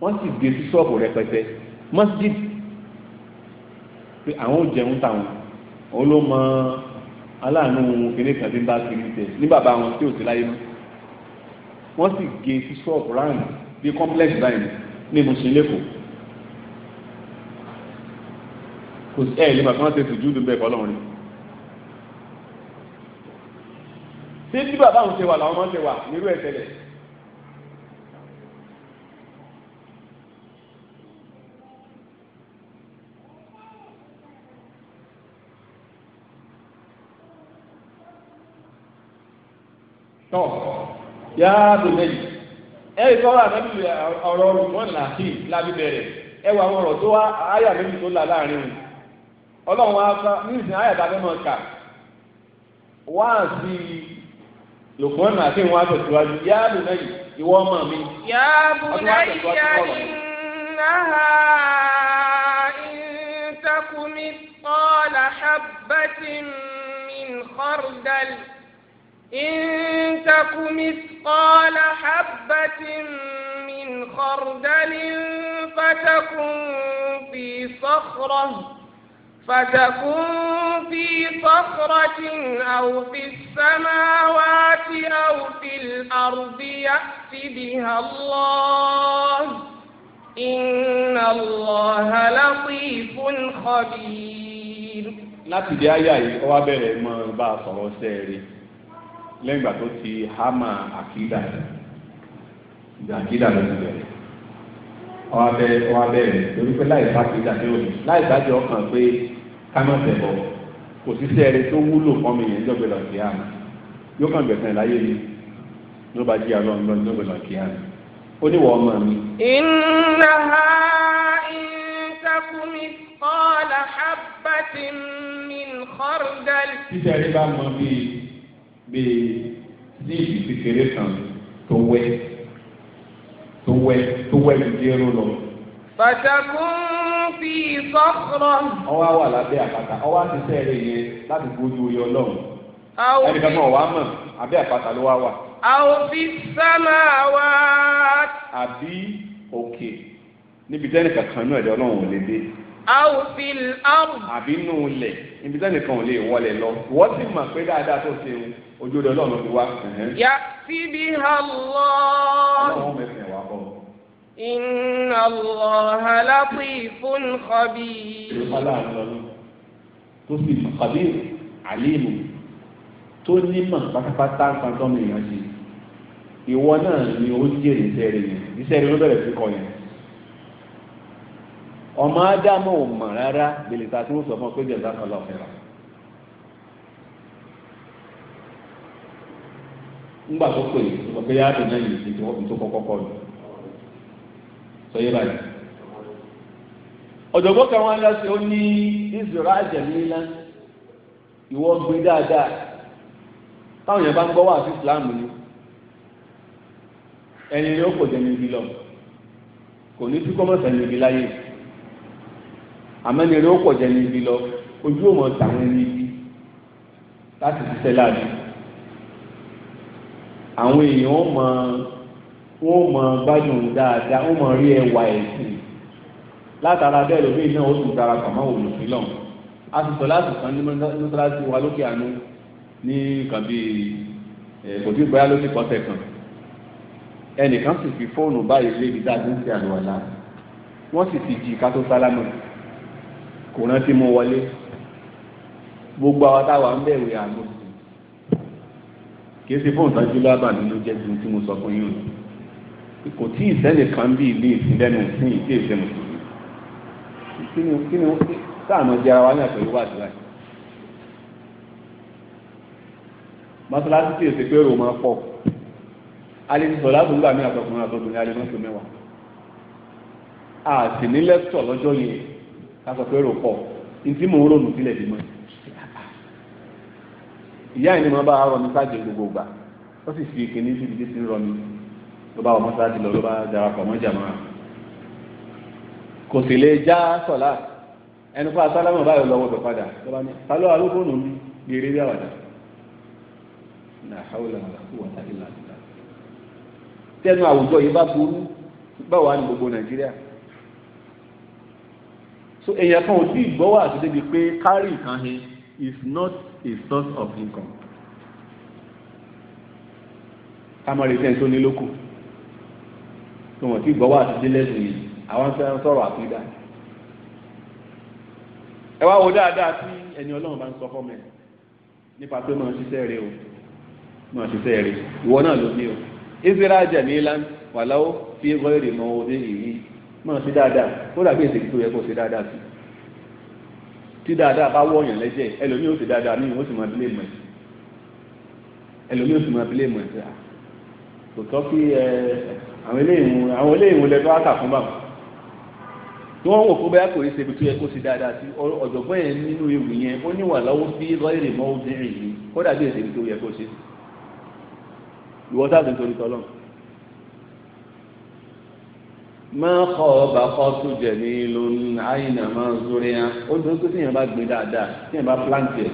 wọ́n sì gbé sí sọ́ọ̀bù rẹpẹtẹ masjid pé àwọn ò jẹun táwọn òun ló mọ aláàánú kìnìún kan tí ń bá kiri tẹ ní bàbá wọn tí ò sí láyé mọ́ wọ́n sì gbé sí sọ́ọ̀bù ráàmù bíi complex kò sí ẹ̀ lè bàtà wọn ṣe sùjúdù bẹ́ẹ̀ kọ́ lọ́run ṣé bí bàbá ṣe wà làwọn máa ṣe wà nírú lábí àwọn tó wá tó là láàrin ọlọ́run wa ká níìsín ayàtà fẹ́ mọ̀ ká wáàsí lòkùnrin náà àti ìwọ̀n àtẹ̀síwájú yá lùnà yìí ìwọ ọmọ mi. yá bùnà ìyá ìnáha ìtakùnmí kọ́lá habbatin min khardal. إن تك مثقال حبة من خردل فتكن في صخرة فتكون في صخرة أو في السماوات أو في الأرض يأت بها الله إن الله لطيف خبير láti di àyà yìí ọwọ́ abẹ́rẹ́ mọ́ bá a sọ̀rọ̀ sẹ́ẹ̀rì lẹ́yìn ìgbà tó ti hámà àkídà ìgbà àkídà ló ti bẹ̀rẹ̀ ọwọ́ abẹ́rẹ́ lórí pé láì bá àkídà ní òní láì bá jẹ́ ọkàn pé kámá tẹ̀bọ̀ kò sí sẹ́ẹ̀rẹ́ tó wúlò fọ́mi yẹn lọ́gbẹ̀ lọ yóò kàn gbẹ̀sẹ̀ láyé mi ló bá jí àlọ́ ńlọ lọ́gbẹ̀ lọ ó ní wọ́n ọmọ mi. iná ha ìtakùnmí kọ́lá habati min kọ́rdàlì. títẹ̀ rí bá mọ bíi bíi ní ìfìfèrè kan tó wẹ́ tó wẹ́ tó wẹ́ ju jẹ́rú lọ. Fàtàkùn fi sọ́kọ̀rọ̀. Ọwọ́ àwọ̀ lábẹ́ àpáta, ọwọ́ àti sẹ́ẹ̀rẹ̀ yẹn láti gbójú oyè ọlọ́run. Àwọn ẹnì kan mọ̀ wá mọ̀, abẹ́ àpáta ló wá wà. Àwọn fi sámà wá. Àbí òkè níbi tẹ́nì kankan náà ẹ̀dọ́ ọlọ́run ò lè dé. Àwọn àrùn. Àbí nù lẹ̀ níbi tẹ́nì kan ò lè wọlé lọ. Wọ́n ti mọ̀ pé dáadáa tó ṣe ojú ọdọ ọlọ́run ti wá. Yà إن الله لطيف خبير tófin khabir alimu tó nímọ̀ pátápátá nǹkan tó mi yàn sí ìwọ náà ni ó jèrè sẹ́ẹ̀rì yẹn iṣẹ́ rẹ̀ ló bẹ̀rẹ̀ sí kọ yẹn ọmọ ádámù ò mọ̀ rárá gbèlè ta tí wọ́n sọ fún ọ pé jẹ̀ sáfà lọ́fẹ̀ẹ́ rà ńgbà tó pè é sọ pé yìí ti tó kọ́kọ́ kọ́ ni sọyẹ báyìí ọ̀jọ̀gbọ́n kan wọn lọ sí ó ní Israel jẹ̀mílá ìwọ gbé dáadáa táwọn yẹn bá ń gbọ́ wà sí Islam ni ẹni yóò kò jẹ́ni ibi lọ kò ní sí kọ́mọ̀sẹ̀ ní ibi láyé àmẹ́ni yóò kò jẹ́ni ibi lọ ojú ò mọ̀ tàwọn ẹni ibi láti ṣiṣẹ́ láàbí àwọn èèyàn mọ̀ ọ́ wọ́n mọ̀ gbádùn dáadáa wọ́n mọ̀ rí ẹwà ẹ̀sìn látara bẹ́ẹ̀ lómi náà ó tún dara kàmá wò lòfin lọ a sì sọ láti kan ní mọ́tàlásí wa lókè àánú ní nǹkan bíi kò tí gbáyà lókè kọ́tẹ̀ kan ẹnìkan sì fi fóònù báyìí lébi tá a ti ń ṣe sì ti jí ká sálámù kò rántí mú wọlé gbogbo àwọn táwa ń bẹ̀rù àgbo kì í ṣe fóònù tán jí lọ́wọ́ àbàmì jẹ́ tuntun tí mo sọ fún yín o kò tí ì sẹ́nìkan bí ilé ìsìnlẹ́nu sí ìdí èsè mùsùlùmí kí ni kí ni ó ké sáàmù jẹ ara wa ní àpẹẹrẹ wà síwájú mọ́sálásí tí èsè pé rò máa pọ̀ alẹ́ ti sọ̀rọ̀ láti nígbà mí àtọkùnrin àtọkùnrin alẹ́ mọ́tò mẹ́wàá a sì ní lẹ́tọ̀ lọ́jọ́ yẹn ká sọ pé rò pọ̀ ní tí mò ń rònú sílẹ̀ dì mọ́ ìyá ìní máa bá a rọ mi sáàjì gbogbo gbà ó sì fi kìnní síbi tí ti ń rọ mi ló bá wọ mọ́sáàtì lọ ló bá darapọ̀ mọ́ jàmáà kò sì lè já sọ̀lá ẹnu fún asálámù báyọ̀ lọ́wọ́ bẹ̀ padà ló bá ní ta ló arúgbónù mi bí eré bí àwàdà náà hàwùlà àkúwà tàbí làtìlá tẹnu àwùjọ yìí bá burú báwo wà ní gbogbo nàìjíríà so èèyàn kan ò tí ì gbọ́wọ́ àti débi pé kárì kan he is not a source of income ká mọ̀ retí ẹni tó ní lókùn tí wọ́n ti gbọ́ wá àti délẹ́sìn yìí àwọn fẹ́ sọ̀rọ̀ àkúdà ẹ wá wo dáadáa tí ẹni ọlọ́run bá ń sọ fọ́mọ ẹ̀ nípa pé máa ṣiṣẹ́ rẹ o máa ṣiṣẹ́ rẹ ìwọ náà ló ní o israel jẹ̀mílá wàláwó fi gbọ́ èrè mọ òde ìyí máa ṣe dáadáa ó dàbí èsì tó yẹ kó ṣe dáadáa sí tí dáadáa bá wọ̀nyàn lẹ́jẹ̀ ẹlòmíì ó ṣe dáadáa míì ó sì máa bílé mọ̀ ẹ̀ ẹlòmíì ó sì máa bílé mọ̀ ẹ̀ kò tọ́ kí ẹ àwọn eléyìí wọn lẹ́tọ́ àkà fún bàbá tí wọ́n wò fún bẹ́ẹ̀ kò rí ṣe ibi tó yẹ kó ṣe dáadáa sí ọ̀jọ̀gbọ́n yẹn nínú ewu yẹn ó níwà lọ́wọ́ bí lọ́ọ̀rì mọ́ obìnrin yìí kó dàbí èsè ibi tó yẹ kó ṣe ìwọ sáàtún torí tọ́lọ́ máa kọ́ ọba kọ́ tó jẹ̀ ní lónìí àyìnà máa sórí yẹn ó dúró tó tíyẹn bá gbé dáadáa tíyẹn bá plant yẹ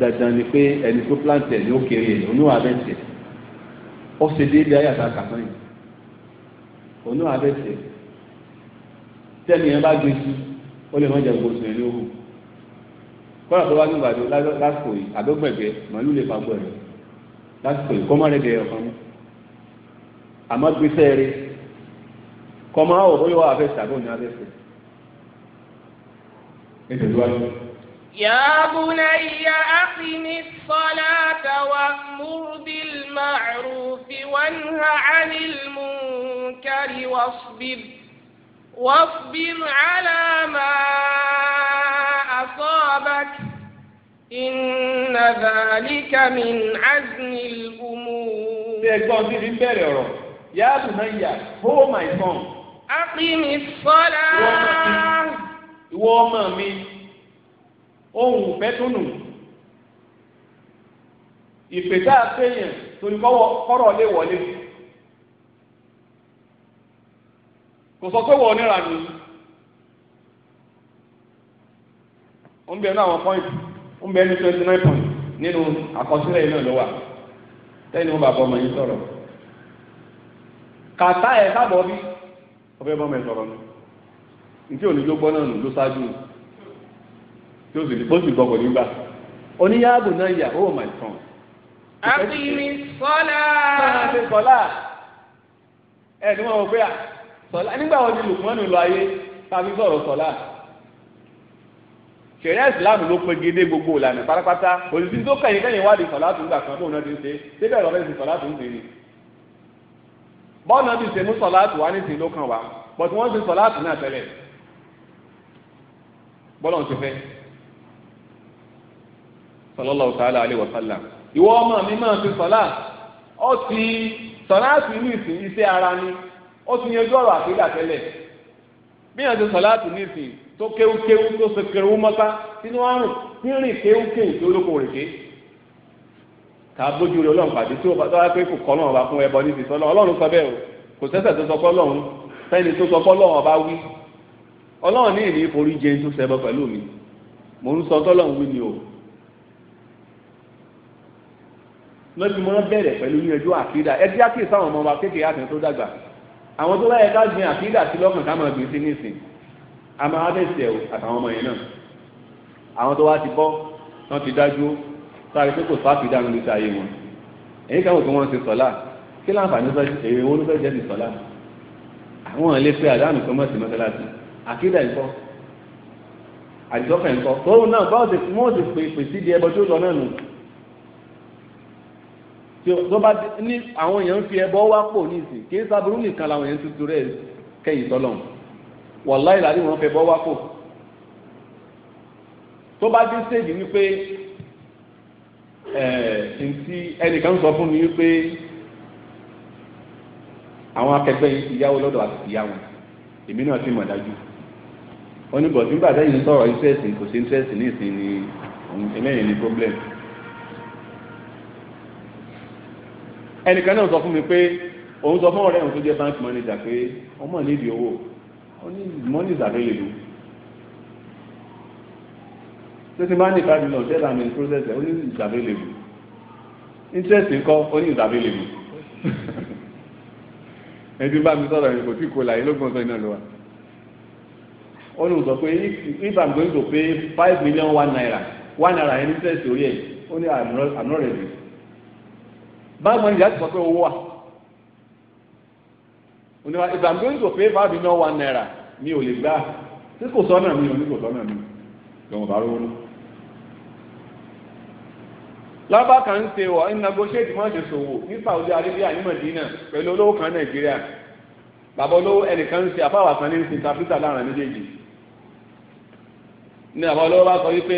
dandan ni pé ẹni tó plant yẹ ni ó kéré yẹ oníwà bẹ́ẹ̀ ó ṣe déédéé ayàtà kàtán yìí òun náà abẹ́tẹ̀ tẹ́ni yẹn bá gbé sí ó lè má jẹ gbogbo sùn ẹ̀ ní òwò kọ́nà tó bá gbé ìbàdàn lásìkò yìí àdógbẹ̀gbẹ́ màálù lè fa gbọ́ rẹ̀ lásìkò yìí kọ́mọ́ rẹ̀ dẹ̀ ọ̀kan mú àmọ́ gbèsè rẹ̀ kọ́mọ́ àwọ̀ bóyá wà á fẹ́ sàgbọ́n ní abẹ́sẹ̀ ètò ìwádìí. يا بني أقم الصلاة وأمر بالمعروف وانه عن المنكر واصبر واصبر على ما أصابك إن ذلك من عزم الأمور. يا بني hold my أقم الصلاة. ìwọ ọmọ ohun ìfẹ́ tó nù ìfẹ́ tá a wọlé kò sọ pé wọ́n níra mi ó ń bẹ ní àwọn pọ́ìntì ó ń bẹ ní twenty nine point nínú àkọsílẹ̀ yìí ló wà tẹ́yìn wọn bàbá ọmọ yìí sọ̀rọ̀ kàtá ẹ̀ sábọ̀ bí ọbẹ̀ bọ́mọ ẹ̀ sọ̀rọ̀ ntí òní ló gbọ́ náà ló ṣáájú tí ó sì bó sì gbọ́ kò gbà oníyàbò náà yà ó oh my son. àfìmí sọlá. sọlá sọlá ẹ ní wọn wọ pé sọlá nígbà wo ni lùkùmọ́nù lọ ayé tàbí sọ̀rọ̀ sọlá sẹ̀ríà ìsìláàmù ló pegedé gbogbo ìlànà pátápátá òṣìṣẹ́ tó kẹ̀yìn kẹ̀yìn wádìí sọ̀lá tó ń gbà kan bóun náà ti ń ṣe síbẹ̀ lọ́fẹ́ sí sọ̀lá tó ṣe ni. bọ́ọ̀nà ti ṣe mú sọ̀lá tó wá nísìnyí ló kàn wá bọ̀tí wọ́n ti sọ̀lá tó náà tẹ́lẹ̀ bọ́ọ̀nà ti fẹ́ sallallahu ta'ala alaihi wa sallam ìwọ ọmọ mi máa fi sọlá ó ti sọlá sí ní ìsìn iṣẹ́ ara ni ó ti yanjú ọ̀rọ̀ àkídà tẹ́lẹ̀ bí wọ́n ti sọlá sí ní ìsìn tó kéwúkéwú tó ṣe kéwú mọ́ká sínú àrùn tí ń rìn kéwúkéwú tó lóko rèké ká bójú rẹ ọlọ́run pàdé tí ó bá tọ́wá pé kò kọ́ ọlọ́run ọba fún ẹbọ níbi sọlọ ọlọ́run sọ bẹ́ẹ̀ o kò sẹ́sẹ̀ tó sọ fọ́lọ́run fẹ́ni tó sọ fọ́lọ́run ọlọ́run ní wọ́n ti máa bẹ̀rẹ̀ pẹ̀lú yíyanjú àkídà ẹtí àkíyè sáwọn ọmọ wa kékeré àtẹ̀ tó dàgbà àwọn tó láyẹ ká gbin àkídà sí lọ́kàn ká máa gbin sí nísìn a máa bẹ̀sẹ̀ o àtàwọn ọmọ yẹn náà àwọn tó wá ti bọ́ wọ́n ti dájú sáré pé kò sáà fìdá nílùú sáyé wọn èyí kan wò pé wọ́n ti sọ̀lá kí láǹfààní èrè wọn ló fẹ́ jẹ́ ti sọ̀lá àwọn ilé pé àdánù kan mọ̀ sí mọ́sálásí àkídà ńkọ́ àdìsọ́kàn ńkọ́ tóun náà báwo ti mú òsì pèsè di ẹbọ tó lọ náà nù tó bá ní àwọn èèyàn ń fi ẹbọ wá pò ní ìsìn kì í sábúrú nìkan làwọn èèyàn tuntun rẹ̀ kẹ́yìn tọ́lọ́run wàláì làdí wọn fẹ́ bọ wá pò tó bá dé stage wípé ntí ẹnìkan sọ fún mi wípé àwọn akẹgbẹ́ yìí ti yáwó lọ́dọ̀ àti ìyá wọn èmi náà ti mọ̀ dájú oníbọ̀dún bàtà yìí ń sọ̀rọ̀ interest kò sí interest ní ìsìn ni ẹlẹ́yìn ni problem. ẹnìkan náà sọ fún mi pé òun sọ fún ọ̀rẹ́ òun tó jẹ́ bank manager pé ọmọ nídìí owó money is available tó máa ní five million tell am process ẹ̀ ó ní is available interest nǹkan ó ní is available ẹni bá mi sọ̀rọ̀ ẹ̀yìn tí kò láyé lógún ọ̀sán iná ló ó lóun sọ pé if i'm going to pay five million one naira one naira interest orí ẹ̀ ó ní i'm not ready báwo mọ̀ ní ìyá ti sọ pé owó wà oníwà if i'm going to pay five million one naira mi ò lè gbà tí kò sọ́nà mi ò ní kò sọ́nà mi lọ́wọ́ bá rówó náà lábá kan ń ṣe wọ ìnagoṣẹ́tì máa ṣe ṣòwò ní Saudi Arabia ní Medina pẹ̀lú olówó kan Nàìjíríà bàbá olówó ẹnìkan ń ṣe àfáwà kan ní ṣe tàfíìsà láàrin méjèèjì ní àbá olówó bá sọ wípé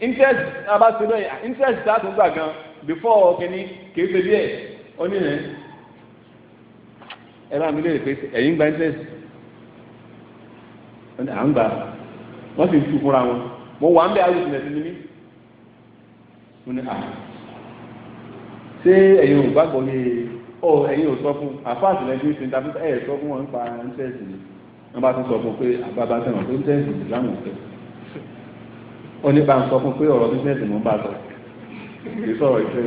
interest abá ṣe bẹ́ẹ̀ interest tá a tún gbà gan before kìíní kìí ṣe díẹ̀ ó ní ẹ̀ ẹ bá mi léèrè pé ẹ̀yìn gba interest à ń gbà wọ́n sì ń tu fúnra wọn mo wà ń bẹ àwọn ìsìnlẹ̀ sí ni mo ní à ṣé ẹ̀yin ò gbàgbọ́ ní ọ ẹ̀yin ò sọ fún àfáàtì lẹ́yìn tí ń ta fúnta ẹ̀ sọ fún wọn nípa interest ni wọ́n bá tún sọ fún pé àbábá sẹ́wọ̀n pé interest láwọn ọ̀fẹ́ ó ní bá ń sọ fún pé ọ̀rọ̀ business mo ń bá sọ̀rọ̀ kì í sọ̀rọ̀ ìfẹ́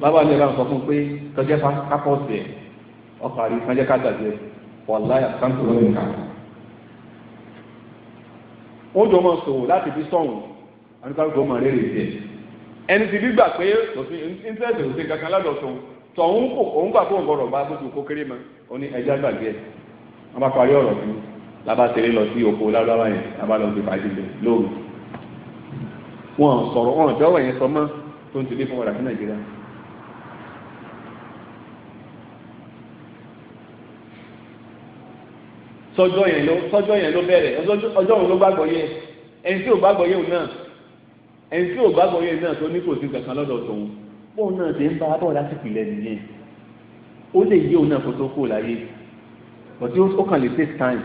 bàbá mi bá ń sọ fún pé tọ́jẹ́ kápọ́ọ̀sì ẹ̀ ọkọ̀ àrí sanjẹ́ kájàdé wàláyà sáńtò lọ́dún kan wọ́n jọ máa sòwò láti fi sọ̀hún àníkàlùkò máa rèrè jẹ ẹni tí gbígbà pé òsì íńtẹ́ẹ̀tì òsì kankan lọ́dọ̀tún tọ̀hún kò òun gbà fóun gbọdọ̀ bá gbójú kó kéré mọ́ ó ní ẹja gbàgbé ẹ̀ wọ́n bá parí ọ̀rọ̀ sí lábá lọ sí oko lábá yẹn lábá lọ sí lóòrùn wọn sọ̀rọ̀ wọn jọ̀wọ́ yẹn sọ mọ́ tó ń tẹ̀lé fún wọn láti nàìjíríà. sọ́jọ́ yẹn ló sọ́jọ́ yẹn ló bẹ̀rẹ̀ ọjọ́ òun ló gbàgbọ́ yẹ ẹni tí ò gbàgbọ́ yẹ òun náà ẹni tí ò gbàgbọ́ yẹ náà tó ní kò sí kankan lọ́dọ̀ tòun bóun náà ti ń bá bọ́ọ̀ láti pìlẹ̀ nìyẹn ó lè yí òun náà kó tó kó láyé ọ̀tí ó kàn lè take time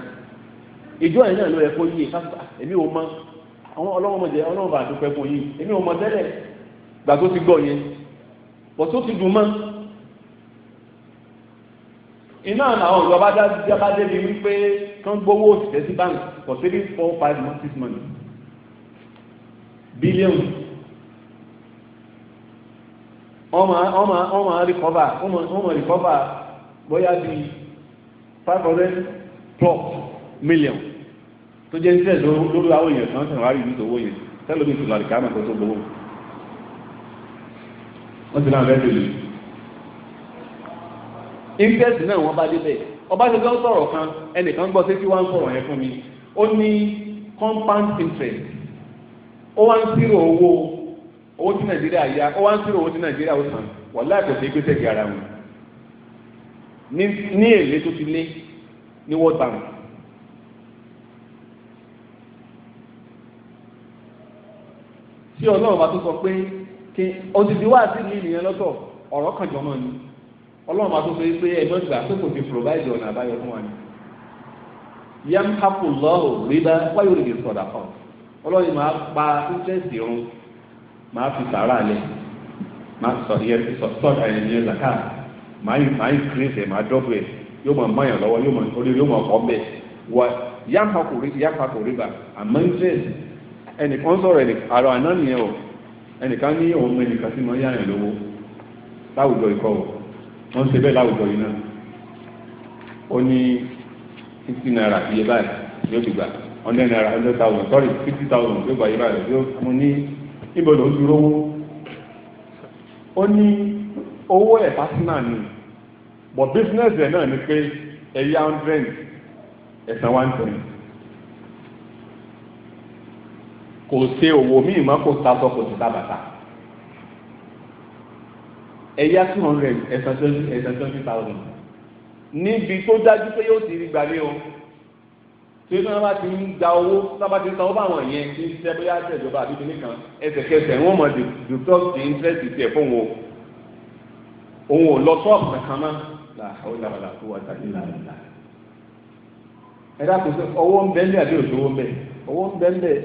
ìjọ yẹn náà ló yẹ kó yí ah, èmi ò mọ̀ àwọn ọlọ́wọ́ mọ̀jẹ ọlọ́wọ́ bá dúpẹ́ fún yìí èmi ò mọ̀ tẹ́lẹ̀ gbà tó ti gbọ́ yẹn bọ̀ tó ti dùn mọ́ iná àwọn ìjọba jábá débi wípé kán gbowó òṣìṣẹ́ sí báńkì for three four five months six months bílíọ̀nù ọmọ ọmọ ọmọ rìkọ́bà ọmọ ọmọ rìkọ́bà bóyá bíi five hundred plus million tó jẹ́ sílẹ̀ lórí àwọn èèyàn kan tẹ̀wọ́n àrí ìdíje owó yẹn tẹ́lómi ìtura àdìkà àmọ́ tó tó gbowó wọ́n ti láwọn ẹgbẹ́ lòlù interest náà wọ́n bá débẹ̀ ọbájọ́jọ́ sọ̀rọ̀ kan ẹnìkan gbọ́ sí kí wọ́n ń sọ̀rọ̀ yẹn fún mi ó ní compound interest ó wá ń sírò owó owó tí nàìjíríà yá ó wá ń sírò owó tí nàìjíríà ó san wọ́n láàpọ̀ sí pé sẹ́kì ara wọn ní èlé tó ti lé ní world bank tí ọlọ́run bá tó sọ pé kí odidi wá sí ní ìlú lọ́tọ̀ ọ̀rọ̀ kan jọmọ́ ni ọlọ́run bá tó sọ pé ẹjọ́ ìgbà tó kò fi provide ọ̀nà àbáyọ fún wa ni. yam hapu lọ́ọ̀ rírà wáyé òrìlè sọ̀dà kan ọlọ́run máa pa interest run máa fi sàárà lẹ̀ máa sọ yẹ sọ̀tọ̀ ẹ̀yẹ zaka máa yìí máa yìí máa ẹ̀ yóò ẹnìkan sọ̀rọ̀ àrọ̀ àná nìyẹn o ẹnìkan ní òun mọ ẹnìkan tí wọ́n yáyàn lówó láwùjọ ikọ̀ o wọ́n ń ṣe bẹ́ẹ̀ láwùjọ yìí náà ó ní fifty naira iye báyìí yóò ti gbà hundred naira hundred thousand sorry fifty thousand yóò gbà iye báyìí yóò mo ní níbo ló ń dúró wó ó ní owó ẹ̀ personal ni but business rẹ̀ náà ni pé ẹ̀yà hundred ẹ̀sán one twenty. kò ṣe òwò míì mọ́ kò ta sọ kò sì ta bàtà ẹ̀yà two hundred ẹ̀sán twenty thousand níbi tó dájú pé yóò ti rí gbalé o tí wọn bá ti ń gba owó sábà ti ń sanwó báwọn yẹn ti ń ṣiṣẹ́ bóyá àtẹ̀jọba àbí kíní kan ẹsẹ̀kẹsẹ̀ wọn mọ̀ dùtọ́ sí interest tiẹ̀ fún wọn òun ò lọ sọ́ọ̀bù kankan mọ́ là ó làbàlà tó wà tàbí làbàlà. ẹ dákun sí ọwọ́ ń bẹ́ńbẹ́ àbí òṣòwò ń bẹ́ ọwọ́ ń bẹ́ńbẹ́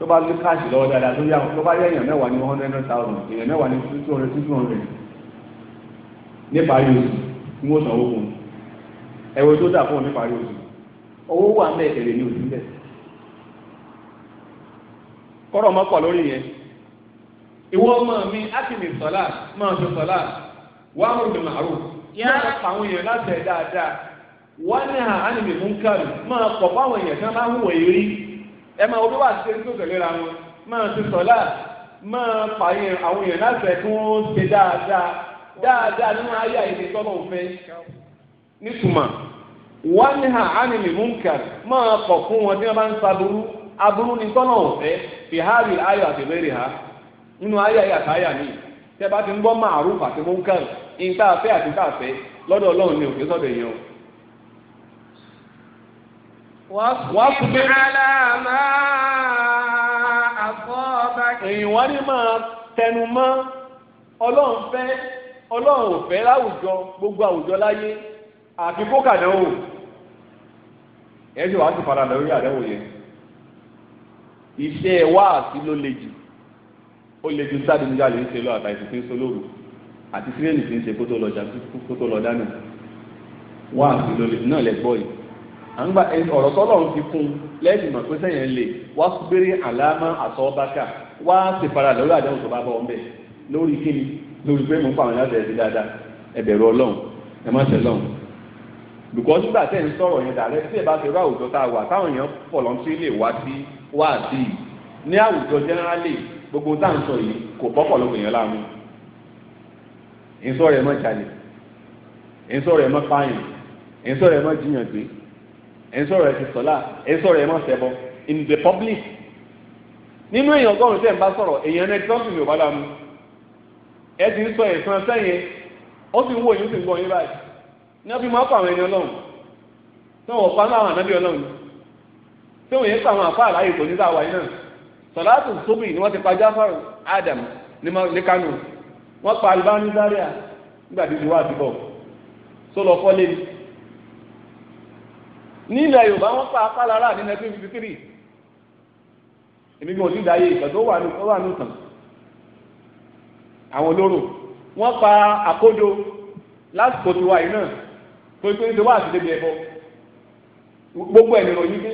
tó bá lé káàṣì lọ́wọ́ dáadáa tó yá tó bá yẹ èèyàn mẹ́wàá ní one hundred thousand èèyàn mẹ́wàá ní two hundred two hundred nípa yóò ní wọ́n sanwó fún un ẹ̀wọ̀n tó dà fún un nípa yóò owó wà ń bẹ̀ èrè ní òsì bẹ̀. kọ́rọ̀ mọ́kọ̀ lórí yẹn ìwọ ọmọ mi ákìmì sọ́lá máa fi sọ́lá wà á mọ̀rùn màrú máa àwọn èèyàn láti ẹ̀ dáadáa wọ́n ní ẹ máa wọ́n bí wàá ṣe tó tẹ̀lé ra wọn máa ti sọ̀lá máa pààyàn àwọn èèyàn láti ẹ̀ fún ṣe dáadáa dáadáa nínú ayé àyèké tọ́lọ̀ òfin nítumọ̀ wọ́n ní hàn á ní mímúkà máa kọ̀ fún wọn tí wọ́n bá ń saburú aburú ní tọ́lọ̀ òfin fi hàbí ayọ̀ àtẹ̀wérè ha nínú ayé ayé àtàyà mi tẹ́ bá ti ń gbọ́ máa rúfà àti múkà ìta àfẹ́ àti ìta àfẹ́ lọ́dọ̀ ọlọ́run ni òfin واصبر على ما أصابك èèyàn ni máa ọlọ́run fẹ́ ọlọ́run fẹ́ láwùjọ gbogbo àwùjọ láyé àfi kó kàdánwò ẹ̀ṣẹ̀ wàá ti fara lórí àdánwò yẹn iṣẹ́ wáàsí ló le jù ó le jù sáà nínú jáde ń ṣe lọ àtàìsí tí ń àti sírẹ́nì tí ń ṣe kó tó lọ jà kó tó lọ dánù wáàsí ló le jù náà lẹ gbọ́ yìí à ń gba ọ̀rọ̀ tọ́lọ́run ti kún lẹ́yìn mọ̀ pé sẹ́yìn lè wá gbére àlámà àsọ́bákà wá sì fara lórí àdéhùn tó bá bọ́ ọ́n bẹ̀ lórí kíni lórí pé mò ń pàwọn láti ẹ̀sìn dáadáa ẹ̀bẹ̀rù ọlọ́run ẹ̀ má tẹ̀lé ọ̀hún. because nígbà tẹ̀ ń sọ̀rọ̀ yẹn dàrẹ́ tí ẹ bá ti rú àwùjọ tá a wà táwọn èèyàn pọ̀lọ́ sí lè wá sí wá sí i ní àwùjọ generally gbogbo tá à ń sọ yìí kò bọ́pọ̀ lóko èèyàn láàmú. ìsọ̀rọ̀ ẹ̀ mọ́ jalè ìsọ̀rọ̀ ẹ̀ mọ́ pààyàn ìsọ̀rọ̀ ẹ̀ mọ́ jiyàn gbé ẹ̀ ń sọ̀rọ̀ ẹ̀ ti sọ̀lá ẹ̀ ń sọ̀rọ̀ ẹ̀ in the public nínú èèyàn ọgọ́rùn-ún tẹ̀ ń bá sọ̀rọ̀ èèyàn ẹni tó ń fi mi ò bá dà mú ẹ ti ń sọ ẹ̀sán sẹ́yìn ó sì ń wò yín ó sì ń gbọ́ yín báyìí ní wọ́n fi máa ń pa àwọn ẹni ọlọ́run tí wọ́n pa láwọn ànábì ọlọ́run tí wọ́n yẹn pa àwọn àfáà láàyè tó ní sáwà yín náà sọ̀láàtù sóbì ni wọ́n ti pa jáfàrù Adam ní Kánò wọ́n pa Albani Zaria nígbà tí ìwà àtibọ̀ sólọ fọ́lé ni ní ilẹ̀ yorùbá wọ́n pa apálára ní nineteen fifty three èmi bí wọ́n ti dáyé ìgbà tó wà ní tó wà ní ìtàn àwọn olóró wọ́n pa àkójọ lásìkò tiwa yìí náà tó ń pè é wá àti débi ẹ̀fọ́ gbogbo ẹ̀ nìrọ̀ yín dé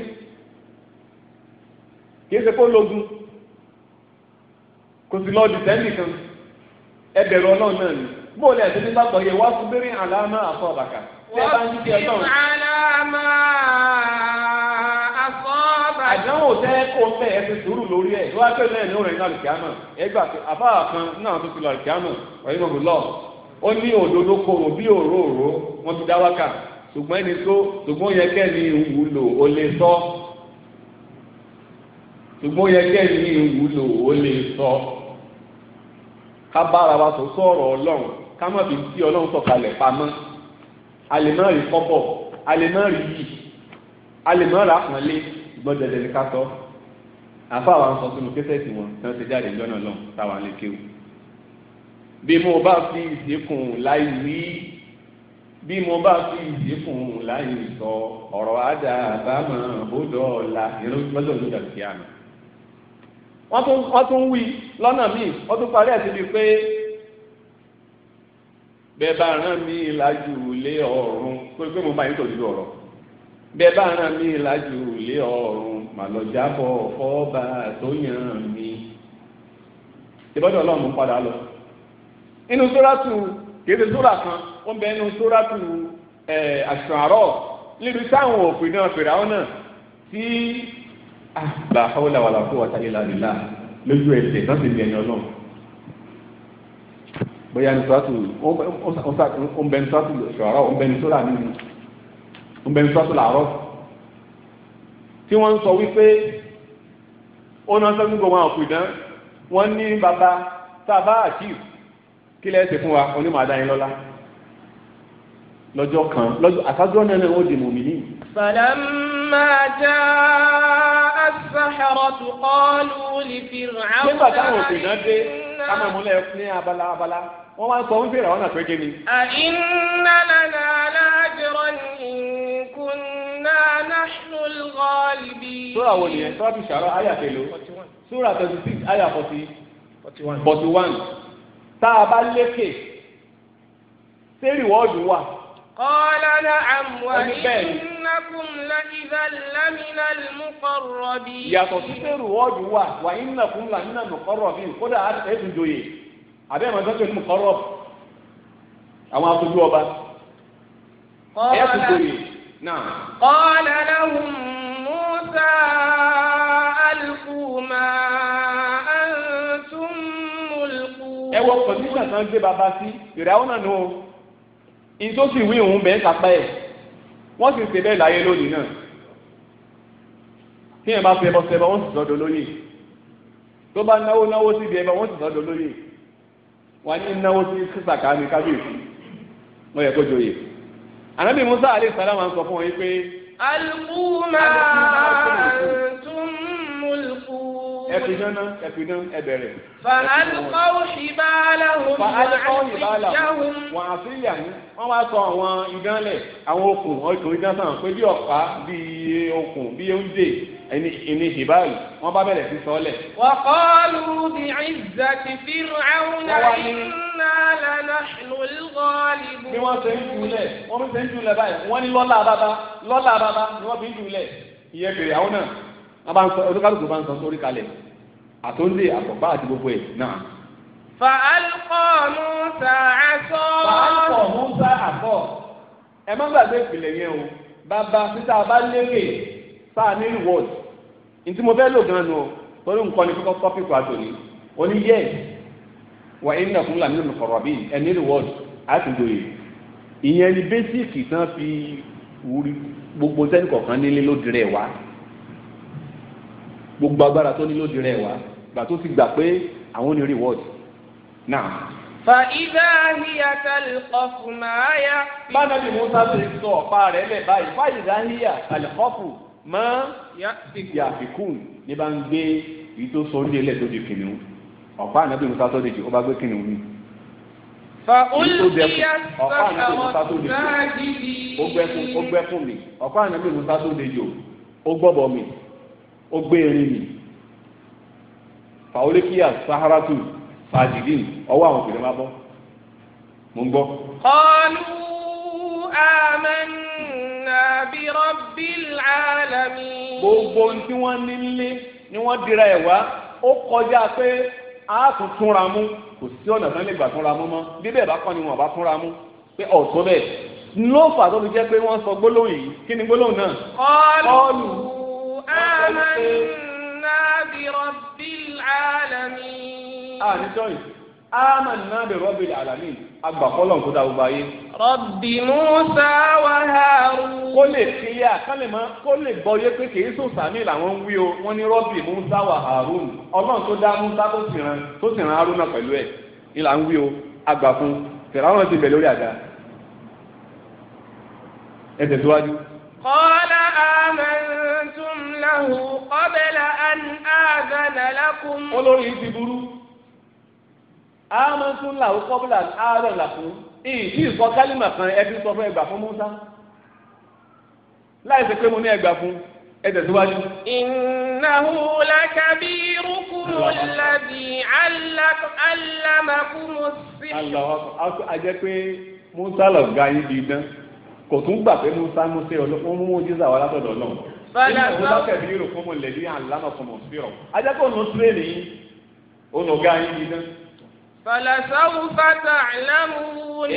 kìí ṣe kó lógun kò sí lọ́ọ́ dìtẹ́ǹdì kan ẹbẹ̀rù ọlọ́run náà ni bóòlù ẹ̀sìn nígbàgbọ́ yẹ wá fún bẹ́rẹ̀ àlámà àfọ̀ wọ́n fi àlàmà àfọ́bà. àdánwò tẹ́ kó ń ẹ fi sùúrù lórí ẹ̀ ló wá pé náà ní òrùn iná àlùkìámọ̀ ẹ àbá kan náà tó ti lọ àlùkìámọ̀ ọ̀yìn náà lọ ó ní òdodo kòrò bí òróró wọn ti dá wákà ṣùgbọ́n ẹni tó ṣùgbọ́n yẹ kẹ́ni ìwúlò ó lè sọ ṣùgbọ́n yẹ kẹ́ni ìwúlò ó lè sọ ká bára wa tó sọ̀rọ̀ ọlọ́run ká má fi tí ọlọ́run sọ̀kalẹ̀ pamọ́ alimọ́ọ̀rì kọ́pọ̀ alimọ́ọ̀rì yìí alimọ́ọ̀rì àpọ̀nlé gbọ́dọ̀dẹ̀ ní kátọ́ àfa àwọn sọ sínú kẹsẹ̀tì wọn tí wọ́n ti jáde lọ́nà lọ́n táwọn lè kéwù. bí mo bá fi ìdínkùn láì wí bí mo bá fi ìdínkùn láì sọ ọ̀rọ̀ àdá àbámọ̀ bódò ọ̀la ìrọ́jọ́ ló dàbí àná. wọ́n tún wí lọ́nà míì wọ́n tún parí ẹ̀ síbi pé bẹ́ẹ̀ bá rán mi lájú lé ọ̀run pé mo máa ń tòjú ọ̀rọ̀ bẹ́ẹ̀ bá rán mi lájú lé ọ̀run màlọ́jà bọ̀ fọ́ọ̀bà tó yàn mí. ìbọ́dọ̀ ọlọ́run padà lọ. inú sóràtù kéde sóra kan ó ń bẹ inú sóràtù àṣùn àárọ̀ níbi táwọn òfin náà fèrè àwọn náà tí àbáhọ́lá wàlàkó wàtàlélàlélà lójú ẹsẹ̀ náà sì ní ẹ̀yàn bóyá ní sọ́tù ọ̀nbẹ ní sọ́tù ṣọ̀rọ̀ ọ̀nbẹ ní sọ́là làárọ̀ tí wọ́n ń sọ wípé ó náà sọ́tù gbogbo wọn ọ̀pìdán wọ́n ní bàbá tàbá àkíyù kí lẹ́ fún wa onímọ̀ àdáyín lọ́jọ́ kan lọ́jọ́ àtàjọ́ náà ó di mòmìnì. fàlámà já as dé ká máa múlẹ̀ ní abala abala wọ́n wá ń sọ wípé ìràwọ̀ náà pé kí ni. àìnà lànà aláàjọrọ nìkún náà náṣnú lọ́ọ̀lìbì. sóra wo nìyẹn sọ́ra ti ṣàrọ̀ àyà kẹlò sóra thirty six àyà forty forty one tá a bá lékè ṣé rìwọ́ọ̀dù wà. kọ́lá náà àmọ́ ìnákùn láìdá lámìnà mùkọ̀rọ̀bì. yàtọ̀ sí pé rìwọ́ọ̀dù wà wà ìnákùn lámìnà mùkọ̀rọ̀bì kódà á ti àbẹ́ àwọn ìdánwò ní kọ́rọ̀ àwọn aṣojú ọba ẹ̀ kò gbòòrè náà. qala lahum Musa alqu ma antum mulqun. ẹ wọ kọ̀ǹtíṣà tán gbé bàbá sí ìrẹ́wọ́n náà nù o ìtòsí ìwé òun bẹ́ẹ̀ kápá ẹ̀ wọ́n sì ń ṣe bẹ́ẹ̀ láyé lónìí náà tí yẹn bá fi ẹbọ sẹbọ wọ́n sì sọ́dọ̀ lóyè tó bá náwó náwó síbi ẹbọ wọ́n sì sọ́dọ̀ lóyè wọ́n ní náwó sí sísàkà ní kábíyèsí wọ́n yẹ kó joyè ànábì musa alayhi salam sọ fún wọn yìí pé. alukuma tún mulku. ẹ̀fìdánná ẹ̀fìdán ẹ̀bẹ̀rẹ̀. fàálùkọ́ ìbálàhùn wọ́n àfíyà ní wọ́n wá sọ àwọn idán lẹ̀ àwọn okùn ọ̀tún idán sàn pé bí ọ̀pá bí okùn bí oúnjẹ ẹni ẹni ìbáyìí wọn bá bẹ̀rẹ̀ sí sọ́ọ́lẹ̀. wàkọ́lù bí ìzàtì fìràwùn iná lànà lọ́ọ̀lì bù. bí wọ́n ṣe ń jùlẹ̀ wọ́n fi ṣe ń jùlẹ̀ báyìí wọ́n ní lọ́lá bàbá lọ́lá bàbá ni wọ́n fi musa àtọ́. fàálùkọ́ musa àtọ́ ẹ má gbàgbé ìpìlẹ̀ yẹn o bàbá sísá bá lérè sáà ní reward ntí mo fẹ́ lò gan-an nù torí nǹkan ni kókó tọ́pìkì àtòní oní yẹ wà á nà fún lamínú kọ̀rọ̀ bíi ẹni reward àtúndòye ìyẹn ni bẹ́síìkì tán fi wúri gbogbo sẹ́ni kọ̀ọ̀kan nílé lóde rẹ̀ wá gbogbo agbára tó ní lóde rẹ̀ wá gbà tó ti gbà pé àwọn ní reward náà. فإذا هي تلقف ما يحفظون. bá nàbì musa ti sọ ọ̀pá rẹ̀ فإذا هي تلقف. Ma yàfikún ní bá ń gbé yìí tó sọ ní ilẹ̀ tó di kìnìún ọ̀pá ànábì musa tó dèjì ó bá gbé kìnìún ni. fa olùkíyà sọ̀rọ̀ dáadìí. ó gbẹ́ fún mi ọ̀pá ànábì musa tó dèjì ó gbọ́bọ̀ mi ó gbé erin mi. fa olùkíyà saharatu fàdìdì ọwọ́ àwọn òkèlè máa bọ́ mo ń gbọ́. kọlu amẹ́nu amanna bi rabbil alamin. gbogbo ohun tí wọ́n ní nílé ni wọ́n dira ẹ̀ wá ó kọjá pé a tún túnra mú kò sí ọ̀nà kan lè gbà túnra mú mọ́ bí bẹ́ẹ̀ bá kọ́ ni wọn bá túnra mú pé ọ̀tún bẹ́ẹ̀ ló fà tó fi jẹ́ pé wọ́n sọ gbólóhùn yìí kí ni gbólóhùn náà. qalu amanna bi rabbil alamin. a ní amanna bi rabbil alamin agbàkọ́lọ̀ tó dá gbogbo ayé. rabbi musa wa harun. kó lè kíyà kálí mọ́ kó lè gbọ́ yé pé kì í sùn sàmì làwọn ń wí o wọ́n ní rabbi musa wa harun ọlọ́run tó dá musa tó sì rán tó sì rán haruna pẹ̀lú ẹ̀ ìlà ń wí o agbà fún fìràwọn ti bẹ̀ lórí àga. ẹ tẹ̀síwájú. qala amantum lahu qabla an adhana lakum. olórí ti burú amọ̀tún làwọn kọ́bùlà àárọ̀ làkún ìdí ìkọ́ kálímà kan ẹbí sọ fún ẹgbà fún Musa láì ṣe pé mo ní ẹgbà fún ẹ tẹ̀síwájú. innahu lakabirukum alladhi allamakum as-sihr. aláwọ̀ àjẹ́ pé Musa lọ̀gá yín di idán kò tún gbà pé Musa mú sí ọlọ́pàá mú mú jíza wà látọ̀dọ̀ náà. fọlá sọ innahu lakabirukum alladhi allamakum as-sihr. ajá kò nù tírèlì yín ònà ọ̀gá yín di idán. فلسوف تعلمون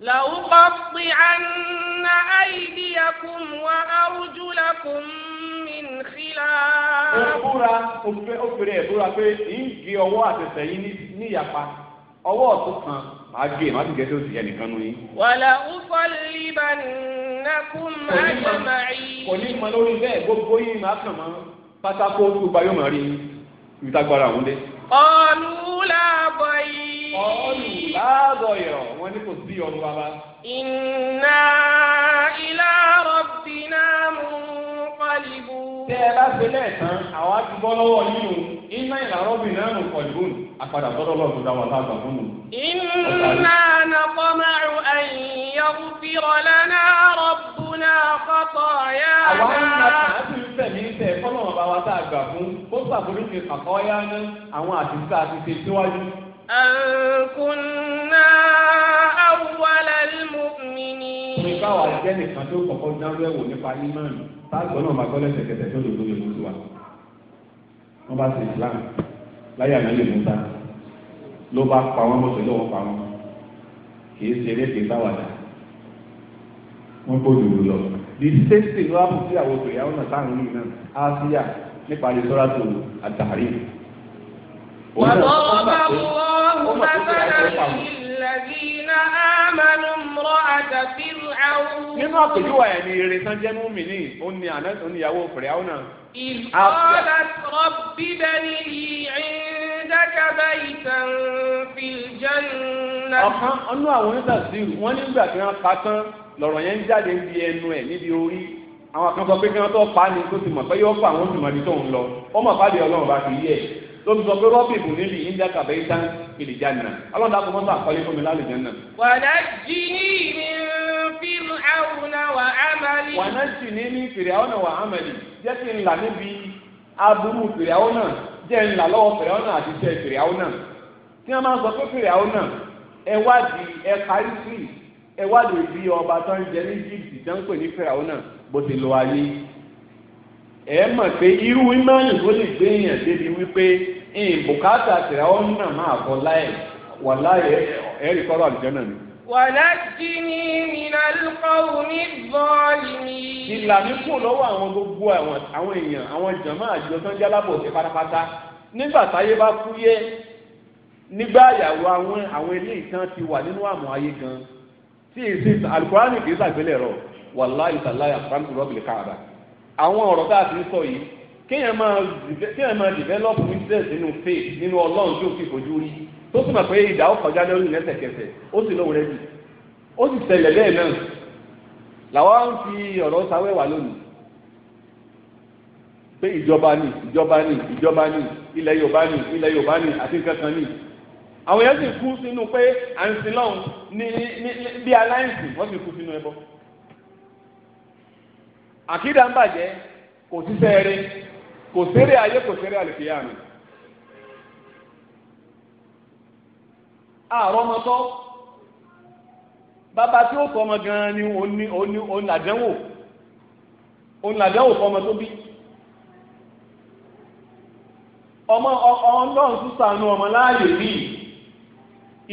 لأقطعن أيديكم وأرجلكم من خلاف. ó búra ó fẹ́ ó fẹ́rẹ̀ ẹ̀ búra pé ń gé ọwọ́ àtẹ̀tẹ̀ yín ní ìyapa ọwọ́ ọ̀tún kan màá gé màá sì gẹ́sẹ̀ òsì ẹnìkan nù yín. wàlà usallibannakum ajma'in. kò ní mọ lórí bẹ́ẹ̀ gbogbo yín màá kàn mọ́ pátákó tó gbayọ́ màá rí ìtagbára àwọn dé. Ọ̀lù làbọ̀ yìí. Ọ̀lù làbọ̀ yọ̀, wọ́n ní kò sí ọ̀run bàbá. Inna ila rabbina mú. غالبون tẹ́ ẹ bá ṣe lẹ́ẹ̀kan àwọn ti bọ́ lọ́wọ́ nínú iná ìlàrọ́bì náà nù kọ̀dùn àpàdà tọ́lọ́ lọ́ọ̀ tó dáwọ́ láàgbà fún mi. إنا نطمع أن يغفر لنا ربنا خطايانا. àwọn àti àti ìfẹ̀mí ń tẹ̀ fọ́nà bàbá wa tá a gbà fún kó sàbórí ti kàkọ́ yá ní àwọn àtúntà àti síwájú. أن كنا أول المؤمنين. orí báwa jẹ́ nìkan tó kọ́kọ́ dáwọ́ ẹ̀wò nípa ìmọ̀ọ́nù táàgbọ́n náà máa gbọ́ lẹ́sẹ̀kẹsẹ̀ tó lòdò lè mú wa wọ́n bá ṣe Islam láyé àná lè mú ta ló bá pa wọn mọ̀tò lọ́wọ́ pa wọn kì í ṣeré kì í sáwàdà wọ́n gbọ́dọ̀ lọ the same thing ló wá fún sí àwọn òṣèré àwọn náà sáàrin yìí náà á sí à nípa àdìsọ́ra tó àtàrí. wàá lọ́wọ́ bá wù nínú àpèjúwe ẹ̀ ni eré tán jẹ́ múmìnì ó ní àná ó ní ìyàwó fìrìhàwọ̀ náà. ìfọ́lá rọ̀bì bẹ́ni ìrìndàkà báyìí tàn fi jẹ́nà. ọ̀kan ọ̀nà àwọn onítàzírù wọ́n nígbà tí wọ́n pa tán lọ̀rọ̀ yẹn ń jáde níbi ẹnu ẹ̀ níbi orí àwọn kan pé kí wọ́n tó pa ni tó ti mọ̀ pé yóò fà wọ́n sì mọ̀ ibi tó lọ ó mọ̀ fáde ọlọ́run bá ti yí ẹ̀. lórí sọ pé bù níbi india kàbẹ́ ìdá ìlì jàǹnà ọlọ́dà kò mọ́tò àkọlé fún mi lálẹ́ jàǹnà. wàdà jìnnì mi fìrì àwùnà wà ámàlì. wàdà jìnnì mi fìrì àwùnà wà ámàlì jẹ́ kí n là níbi aburú fìrì àwùnà jẹ́ n là lọ́wọ́ fìrì àwùnà àti jẹ́ fìrì àwùnà. wọ́n máa sọ pé fìrì àwùnà ẹ ẹ mọ̀ pé irú ìmọ̀ọ́nì tó lè gbé èèyàn débi wípé ìbùkátà tìrà ọ́ nà máa bọ̀ láì wà láì ẹ̀rí kọ́rọ̀ àlùjọ́nà ni. wàlájìní minal qawmi zalimin. ìlànà kù lọ́wọ́ àwọn gbogbo àwọn èèyàn àwọn jàmá àjọ tó ń jálábọ̀ sí pátápátá nígbà táyé bá fúyẹ́ nígbà àyàwó àwọn àwọn ilé ìtàn ti wà nínú àmọ́ ayé gan tí èsì alukurani kì í ṣàgbélẹ̀rọ̀ wàláì sàláyà frank rọ́bìlì káàbà àwọn ọ̀rọ̀ tá a ti ń sọ yìí kéèyàn máa kéèyàn máa develop interest nínú faith nínú ọlọ́run tí ó fi fojú rí tó sì mọ̀ pé ìdá ó kọjá lórí lẹ́sẹ̀kẹsẹ̀ ó sì lóun rẹ́dì ó sì tẹ̀lẹ̀ bẹ́ẹ̀ náà làwọn á ń fi ọ̀rọ̀ sáwẹ́wà lónìí pé ìjọba ni ìjọba ni ìjọba ni ilẹ̀ Yorùbá ni ilẹ̀ Yorùbá ni àti nǹkan kan ni àwọn èèyàn sì kú sínú pé à ń sin lọ́hùn ní bí aláìsìn wọ́n sì kú sínú ẹbọ. àkídà ń bàjẹ́ kò síṣẹ́ eré kò séré ayé kò séré àlùkìyàmù. àárọ̀ ọmọ bàbá tí ó kọ́ ọmọ gan-an ni òun làdánwò òun làdánwò fọmọ tó bí ọmọ ọlọ́run sísànú ọmọ láàyè rí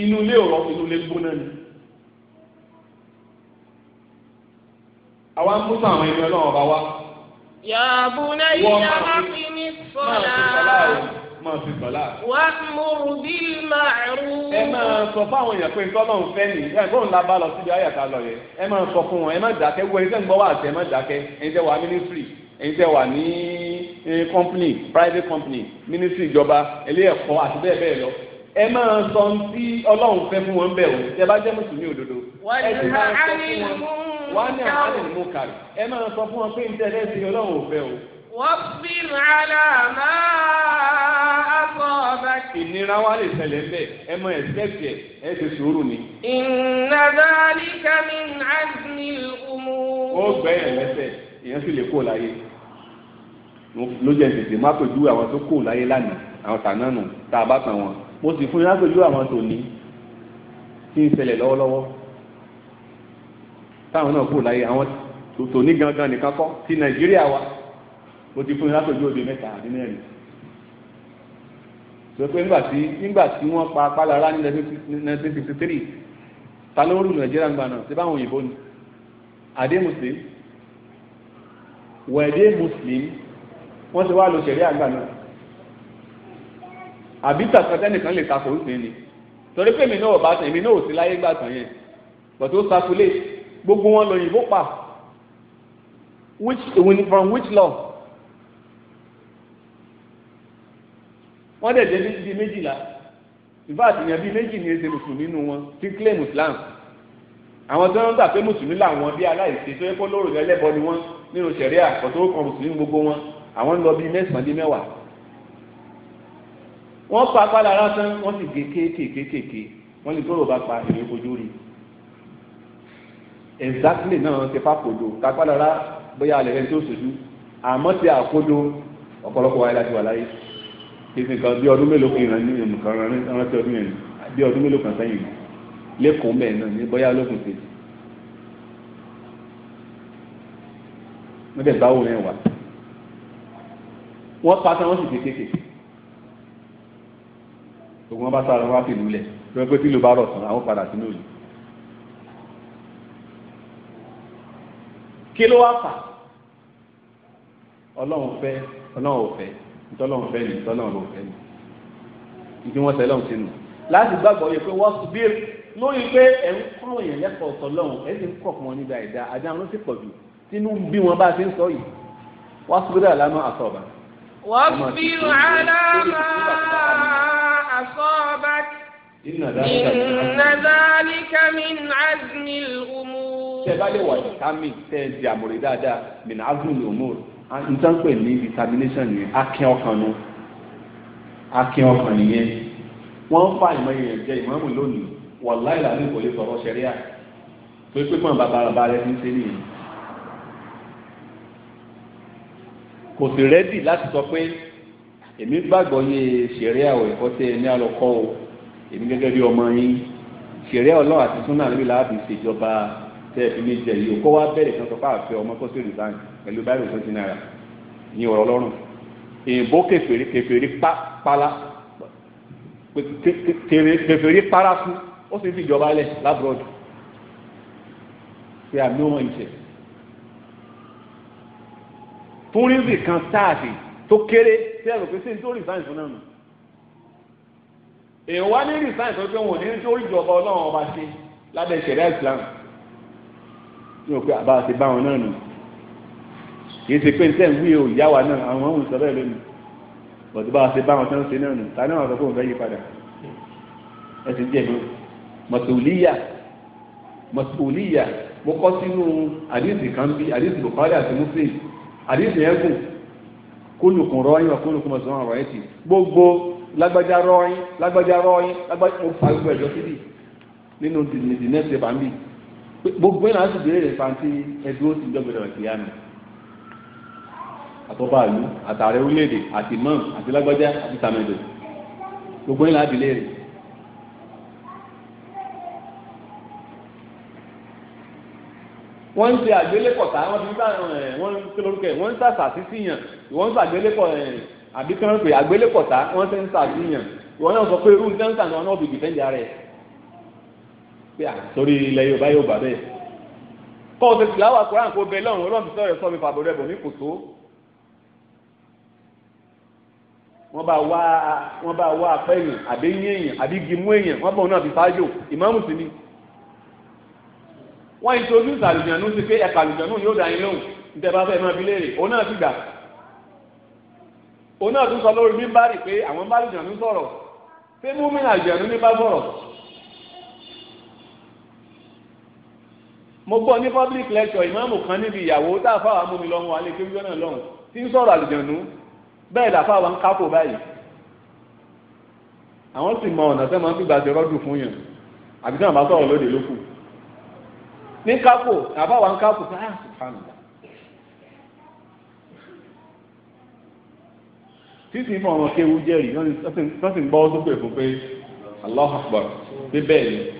inú ilé ọ̀rọ̀ inú ilé gbóná ni àwa ń mútọ àwọn ẹni ọlọ́run ọba wa. yàbù náà yìí náà wá fi ní sọ́lá. máa fi sọ́lá. wà á múru bí màrú. ẹ máa sọ fún àwọn èèyàn pé tọ́lọ̀ ń fẹ́ nì ẹ̀gbọ́n ńlá bá lọ síbi ayàtà lọ yẹ ẹ máa sọ fún wọn ẹ má dákẹ́ wọ ẹni gbọ́ wà tẹ́ ẹ má dákẹ́ ẹni tẹ́ wà mínísírì ẹni tẹ́ wà ní company private company mínísírì ìjọba ilé ẹ̀kọ́ àti bẹ́ẹ̀ bẹ́ẹ̀ lọ ẹ máa sọ ní tí ọlọ́run fẹ́ fún wọn bẹ̀ o tẹ bá jẹ́ mùsùlùmí òdodo. wàlúùhà ánìmú wàá ní àkàlẹ̀ ní mo kàrí ẹ máa sọ fún wọn pé ní tẹ́lẹ̀ sí ọlọ́run ò fẹ́ o. wasbir ala ma asabak. ìnira wa lè ṣẹlẹ̀ bẹ́ẹ̀ ẹ mọ ẹ̀sẹ̀kì ẹ̀ ẹ̀ ti sùúrù ni. inna dhalika min azmil umur. ó gbẹ́yẹ̀ lẹ́sẹ̀ èèyàn sì lè kó láyé ló jẹ́ tètè má pèjú àwọn tó kó láyé lánàá àwọn tànánù tá a bá tàn wọn mo sì fún yín lápèjú àwọn tòní tí ń ṣẹlẹ̀ lọ́wọ́lọ́wọ́ táwọn náà kú láyé àwọn tòótọ́ ní gangan nìkan kọ́ ti nàìjíríà wa mo ti fún yín òde mẹ́ta àbí sọ pé nígbà tí wọ́n pa pálára ní nineteen sixty three ta ló rú nàìjíríà ńgbà náà ṣé báwọn òyìnbó ni àdé wẹ̀dẹ́ muslim wọ́n ti wá lo ṣẹ̀rí àgbà náà àbí tàkàtẹ́nìkan lè takò ń sìn ni torí pé èmi náà bá tẹ̀ èmi náà ò sí láyé gbà yẹn but ó circulate gbogbo wọn lòyìnbó pa which from which law wọ́n dẹ̀ jẹ́ bíi méjìlá ìfá àtìyàn bíi méjì ní ẹsẹ̀ mùsùlùmí nínú wọn ti claim Islam àwọn tó ń gbà pé mùsùlùmí làwọn bíi aláìsè tó yẹ kó lóòrò ẹlẹ́bọ ni wọ́n nínú sẹ̀ríà àkọ́tọ́ kan mùsùlùmí gbogbo wọn àwọn ń lọ bíi mẹ́sàn-án bíi mẹ́wàá wọ́n pa apá lára tán wọ́n sì gé kéékèèké wọ́n lè tó rò bá pa èrè ojú rí i exactly náà ti fa kodo kápálá rà bóyá alẹ́ rẹ̀ tó sojú àmọ́ ti àkodo ọ̀pọ̀lọpọ̀ wáyé láti wà láyé kìsì kan bí ọdún mélòó kan ìrìn nínú nǹkan rántí ọdún yẹn bí ọdún mélòó kan sẹ́yìn lẹ́kọ̀ọ́ mẹ́ẹ̀ náà ní bóyá olókùn ti wọ́n dẹ̀ báwo yẹn wà wọ́n pátá wọ́n sì fi kéèké ògùn wọn bá sára wọn wá fìlú lẹ̀ lọ́pẹ́ tí ló bá rọ̀ tán àwọn padà sínú òòlù kí ló wá fà ọlọ́run fẹ́ ọlọ́run ò fẹ́ ntọ́lọ́run fẹ́ ni ntọ́lọ́run ò fẹ́ ni ìdí wọn tẹ́lọ̀ sínú láti gbàgbọ́ yẹ pé wọ́n sùn bí lórí pé ẹ̀ ń kọ́ èèyàn lẹ́kọ̀ọ́ tọ́lọ́run ẹ̀ sì ń kọ̀ fún wọn nígbà ìdá àdá àwọn ló sì sínú bí wọn bá ti ń sọ yìí wọ́n sùn bí lánàá àtọ̀ọ̀bà. wọ́n fi àlàmà àsọ̀ọ̀bà. إن ذلك من عزم tẹ bá lè wà vitamin tẹ ẹ di àmọ̀rẹ́ dáadáa min azul umur nǹkan pè ní determination nìyẹn akin ọkàn nu akin ọkàn nìyẹn wọ́n ń fa ìmọ̀ èèyàn jẹ ìmọ̀ọ́mù lónìí wàláì làwọn ìkò lè sọ̀rọ̀ ṣẹ̀ríà tó pé fún bàbá bàbá rẹ ti ń ṣe nìyẹn kò sì rẹ́dì láti sọ pé èmi gbàgbọ́ yé ṣẹ̀ríà ò ẹ̀kọ́ tẹ ẹ ní àlọ́kọ́ o èmi gẹ́gẹ́ bí ọmọ yín ṣẹ̀ríà ọlọ́run àti súnà níbi láàbì ṣèjọba tẹ ẹ fi lè jẹ yìí kó wá bẹ̀rẹ̀ kan sọ pé àfẹ ọmọ tó sì resign pẹ̀lú báyìí òfin ti náírà ní ọ̀rọ̀ lọ́rùn èèbó kẹfẹ́rí kẹfẹ́rí pálá kẹfẹ́rí paraku ó sì fi ìjọba lẹ̀ lábúrọ̀dù pé àmì ọmọ ìṣẹ̀ túrísì kan sáàtì tó kéré tí ẹ̀rọ pé sí ní tó resign fún náà nù èèwọ̀ wá ní resign tó pé wọn ò ní tó ìjọba ọlọ́run ọba ṣe lábẹ́ ìṣẹ̀dá ìsìlámù ní òpin àbá àti báwọn náà nù kìí ṣe pé ní sẹ́yìn wí o ìyá wa náà àwọn ohun sọ bẹ́ẹ̀ lónìí bọ̀dé bá ṣe báwọn tán ṣe náà nù ta náà sọ pé òun fẹ́ yí padà ẹ ti jẹ́ ìlú mọ̀tòlíyà mọ̀tòlíyà mo kọ́ sínú àdéhùn kan bí àdéhùn bùkọ́lá àti muslim àdéhùn yẹn gùn kólùkùn rọ́yìn wà kólùkùn mọ̀sán ọ̀rọ̀ ẹ̀ tì gbogbo lágbájá rọ́yìn lágbájá rọ́yìn lágbájá mo fa gbogbo ẹ̀jọ́ síbi nínú the next gbogbo iná sì béèrè fanti ẹdúró ti jọgbẹrẹ rẹ kìíyà mi àtọ́bà ìlú àtàrẹ orílẹ̀-èdè àti mọ́ọ̀n àti lágbájá àti tàmẹ̀dò gbogbo iná àbílẹ̀ rẹ̀ wọ́n ń ṣe àgbélépọ̀ tá wọ́n ti ń sá ẹ̀ wọ́n ń ṣe lórúkọ ẹ̀ wọ́n ń sàṣà sísì yàn wọ́n ń ṣàgbélépọ̀ ẹ̀ àbí kí wọ́n ń pè àgbélépọ̀ tá wọ́n ti ń sàṣì yàn wọ́n náà sọ pé irú ní sẹ́ńtà ni wọ́n náà fi dìfẹ́ǹdì ara ẹ̀ pé à ah, torí ilẹ̀ yorùbá yóò bá bẹ́ẹ̀ kọ́ ọ̀sẹ̀ tìlá wà kúrán kó bẹ lọ́run ọlọ́run ti sọ̀rọ̀ sọ mi fàbọ̀rẹ́ bò ní kò tó wọ́n bá wá wọ́n bá wá apẹ́ èèyàn àbí yín èèyàn àbí gimú èèyàn wọ́n bọ̀ náà fi fájò ìmáàmù sí ni wọ́n introduce àlùjànnú sí pé ẹ̀ka àlùjànnú yóò dá yín lóhùn níta bá fẹ́ máa fi léèrè òun náà ti gbà òun náà tún sọ lórí mímbárì pé àwọn bá àlùjànnú sọ̀rọ̀ pé múmi àlùjànnú ní bá sọ̀rọ̀ mo gbọ́ ní public lecture ìmáàmù kan níbi ìyàwó tá a fáwọn amúmi lọ́wọ́ alẹ́ kí wíwọ́n náà lọ́hùn tí ń sọ̀rọ̀ àlùjọ̀nù bẹ́ẹ̀ là fáwọn ń kápò báyìí àwọn sì mọ ọ̀nà tẹ́ máa ń fi gbàgbé rọ́dù fún yàn àbí sáà bá sọ̀rọ̀ lóde lókù ní kápò àbáwọn ń kápò sáà ah, sùfàmìlà títí fún ọmọ kéwu jẹ́rìí wọ́n sì ń gbọ́ sókè fún pé Allah akbar pé bẹ́ẹ̀ ni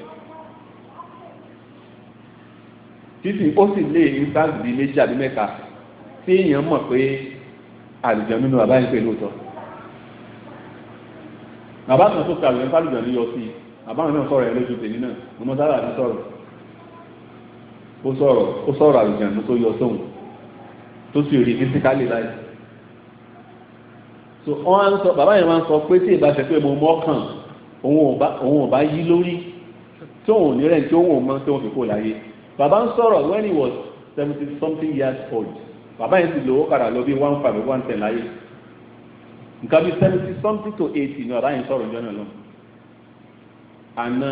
títí ó sì lé instance bíi méjì àbí mẹ́ta tí èèyàn mọ̀ pé àlùjọ nínú bàbá yẹn pé lóòótọ́ bàbá kan tó kàwé ń fàlùjọ ní yọ sí i bàbá mi náà sọ̀rọ̀ ẹ̀ lójú tèmi náà mo mọ sára mi sọ̀rọ̀ ó sọ̀rọ̀ ó sọ̀rọ̀ àlùjọ tó yọ sóhun tó sì rí fisikálì láì so wọn sọ bàbá yẹn máa ń sọ pé tí ìbá ṣe pé mo mọ́kàn òun ò bá yí lórí tí òun ò ní rẹ̀ tí òun ò mọ tí òun fi kó láyé bàbá ń sọ̀rọ̀ when he was seventy something years old bàbá yẹn ti lò ó kàrà lọ one five one ten láyé nǹkan bí seventy something to eighty ni bàbá yẹn sọ̀rọ̀ ìjọ náà lọ àna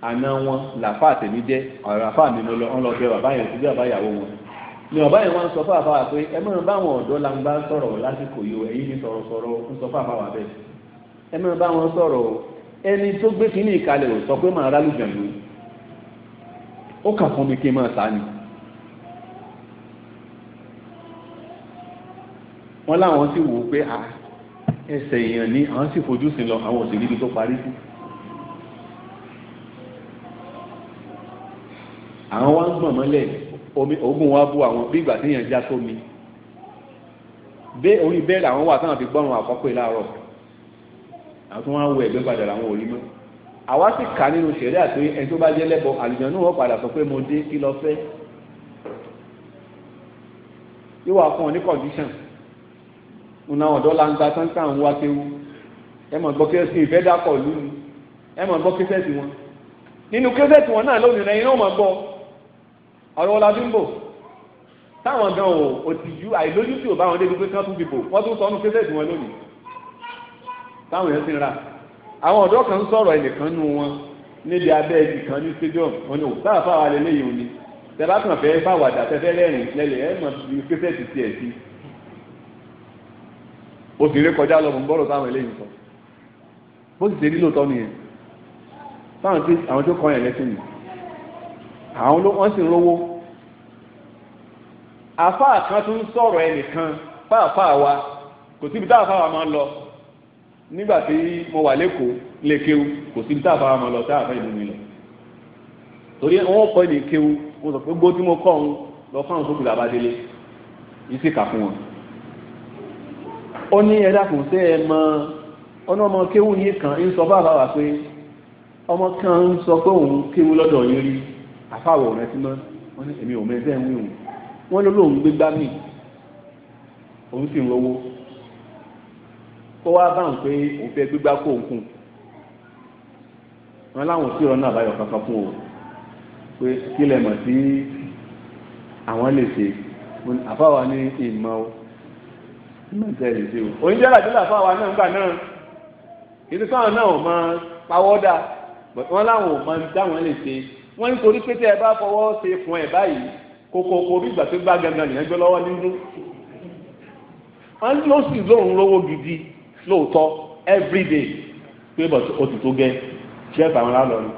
àna wọn làfà àtẹ̀mí jẹ́ ọ̀rọ̀ àfà mi lọ ọ́n lọ bẹ bàbá yẹn sí bí bàbá ìyàwó wọn ni bàbá yẹn wọn sọ fún àfà wà pé ẹ mọ̀ báwọn ọ̀dọ́ la ń bá sọ̀rọ̀ lásìkò yìí o ẹ̀yin ni sọ̀rọ̀sọ̀rọ̀ ń sọ fún àfà wà bẹ́ẹ̀ ẹ mọ̀ báwọn sọ̀rọ̀ ẹni tó gbé kínní ìkalẹ̀ ò sọ pé màá rálùjàn ó kà fún mi kí n máa ta ni. wọ́n láwọn sì wò ó pé a ah, ẹsẹ̀ èèyàn ní àwọn sì fojú sí lọ àwọn òsèlú ibi tó parí sí. àwọn wá ń gbọ̀n mọ́lẹ̀ ogun wa bú àwọn bí ìgbà téèyàn já sómi bẹ́ẹ̀ orí bẹ́ẹ̀ làwọn wà táwọn fi gbọ́rùn àkọ́kọ́ ìlàrọ̀ àtúnwá wo ẹ̀gbẹ́ padà làwọn ò rí mọ́ àwa sì kà nínú ṣẹ̀rí àti ẹni tó bá jẹ́ lẹ́bọ àlùjọ náà wọ́n padà sọ pé mo dé kí lọ fẹ́ yóò wá fún ọ ní condition ń náà ọ̀dọ́ la ń gba sáńsá ń wá kéwu ẹ mọ̀ gbọ́ kí ìfẹ́ dákọ̀ lù ní ẹ mọ̀ gbọ́ kí sẹ́ẹ̀tì wọn nínú kí sẹ́ẹ̀tì wọn náà lónìí lẹ́yìn náà mọ̀ gbọ́ ọ̀rọ̀ ọ̀la bímbò táwọn gan o òtìjú àìlójútì ò bá wọn débi pé kán tún bìbò wọ́n tún sọ ọ́nù kí wọn lónìí táwọn yẹn ti ń ra àwọn ọ̀dọ́ kan sọ̀rọ̀ ẹnìkan nù wọn níbi abẹ́ ẹbí kan ní stadium wọn ni òkúta àfáwà lè léyìn òní tẹ́lá kan fẹ́ bá wàdà tẹ́fẹ́ lẹ́rìn lẹ́lẹ̀ ẹ̀ mọ̀ bí kẹ́sẹ̀tì tiẹ̀ sí o sì rí kọjá lọ mọ̀ bọ́rọ̀ táwọn eléyìí sọ bó sì ṣe rí lóòótọ́ nìyẹn táwọn tí àwọn tó kọ́ yẹn lẹ́sìn nì àwọn ló wọ́n sì ń rówó àfáà kan tún sọ̀rọ̀ ẹnìkan fáàfáà wa kò síbi táwọn fáwọn máa ń lọ nígbà tí mo wà lẹ́kọ̀ọ́ lè kéwu kò sí tá a fara mọ́ lọ tá a fẹ́ ìlú mi lọ torí wọ́n kọ́ ní kéwu mo sọ pé gbó tí mo kọ́ òun lọ fáwọn sókùlà bá délé yìí sì kà fún wọn. ó ní ẹ dákun sí ẹ mọ ọ̀nà ọmọ kéwu yìí kan ń sọ bàbá wa pé ọmọ kan ń sọ pé òun kéwu lọ́dọ̀ yín rí àfàwọ̀ rẹ sí mọ́ wọ́n ní èmi ò mẹ́sẹ̀ ń wí òun wọ́n ló lóun gbégbá mi òun sì ń rówó kó wá bá ń pé òun fẹ́ gbígbá kó òun kùn wọn láwọn sí ọ̀rọ̀ náà àbáyọ̀ kankan fún o pé kí lẹ mọ̀ sí àwọn lè ṣe àfáwa ní ìmọ̀ o ìmọ̀ tẹ̀ lè ṣe o oníjẹ́ làdúrà fáwa náà nígbà náà ìdí káwọn náà ò máa pawọ́ dà wọn láwọn ò máa dáwọn lè ṣe wọn nítorí pé tẹ ẹ bá fọwọ́ ṣe fún ẹ báyìí kókókó bí ìgbà tó gbá gangan nìyẹn gbé lọ́wọ́ nínú wọn ló sì lóun lówó gidi lóòótọ́ everyday pé bọ̀ o ti tó gẹ́ ṣẹ́fà àwọn alọ́ni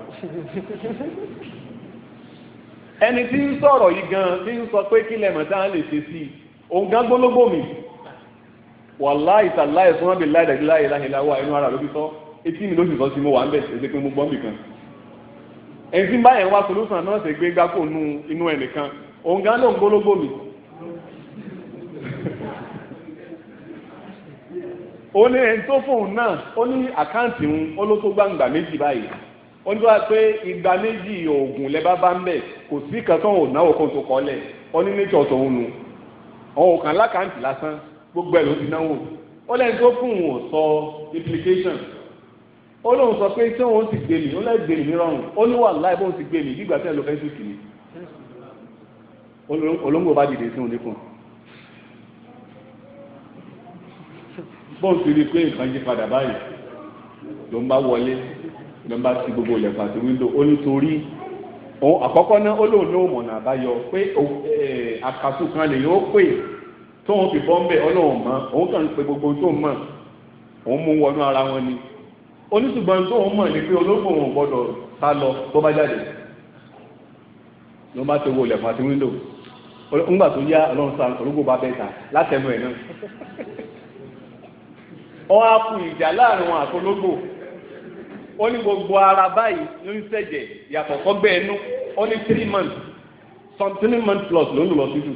ẹni tí ń sọ̀rọ̀ yìí gan tí ń sọ pé kí lẹ́mọ̀ tá à ń lè ṣe sí i òun gan gbólógbò mi wàláì tàláì fún wọn bí láì dàgbé láì láì láwọ inú ara ló fi sọ etí mi ló sì sọ sí mo wà ń bẹ̀ ṣe pé mo gbọ́n bì kan ẹni tí ń bá yẹn wá solúsàn náà ṣe gbé gbáko inú ẹnìkan òun gan ló ń gbólógbò mi ó ní ẹni tó fóun náà ó ní àkáǹtì ń ó ló tó gbàǹgbà méjì báyìí ó ní tó wá pé ìgbà méjì oògùn lẹ́bá bá ń bẹ̀ kò sí kankan ò náwó kan tó kọ́lẹ̀ ó ní níjọ́ tòun nu òun kàn lákàǹtì lásán gbogbo ẹ̀ ló ti náwó ó lẹ́ni tó fóun ò sọ implication ó lóun sọ pé tí òun ti gbé ó lẹ́ẹ̀ gbé nírọ̀rùn ó ní wà láì bóun ti gbé mi bí ìgbà tẹ́ ló fẹ́ sùn kì olóńgbò bá dìde sí òun nípò bóun ti rí i pé nǹkan yí padà báyìí ló ń bá wọlé ló ń bá ti gbogbo ilẹ̀kùn àti wíńdò ó nítorí òun àkọ́kọ́ náà ó lóun ní òmọ̀nà àbáyọ pé eh, àkàtù kan lè yóò pè tóun fi bọ́ ń bẹ̀ ọlọ́run mọ́ òun kàn ń pe gbogbo tó mọ̀ òun mú wọnú ara wọn ni oníṣùgbọ́n tóun mọ̀ ni pé olóògùn òun gbọ́dọ̀ sá lọ tó bá jáde ló bá ti wo ilẹ̀kùn àti wíńdò ńgbà tó yá ọlọ́run sá ológun bá bẹ́ẹ̀ ta látẹnu ẹ̀ náà ọ á kú ìjà láàrin wọn àtológbò ó ní gbogbo ara báyìí ló ń ṣẹ̀jẹ̀ yàtọ̀ kọ́gbẹ́ ẹnu ó ní three months some three months plus ló ń lọ sí jù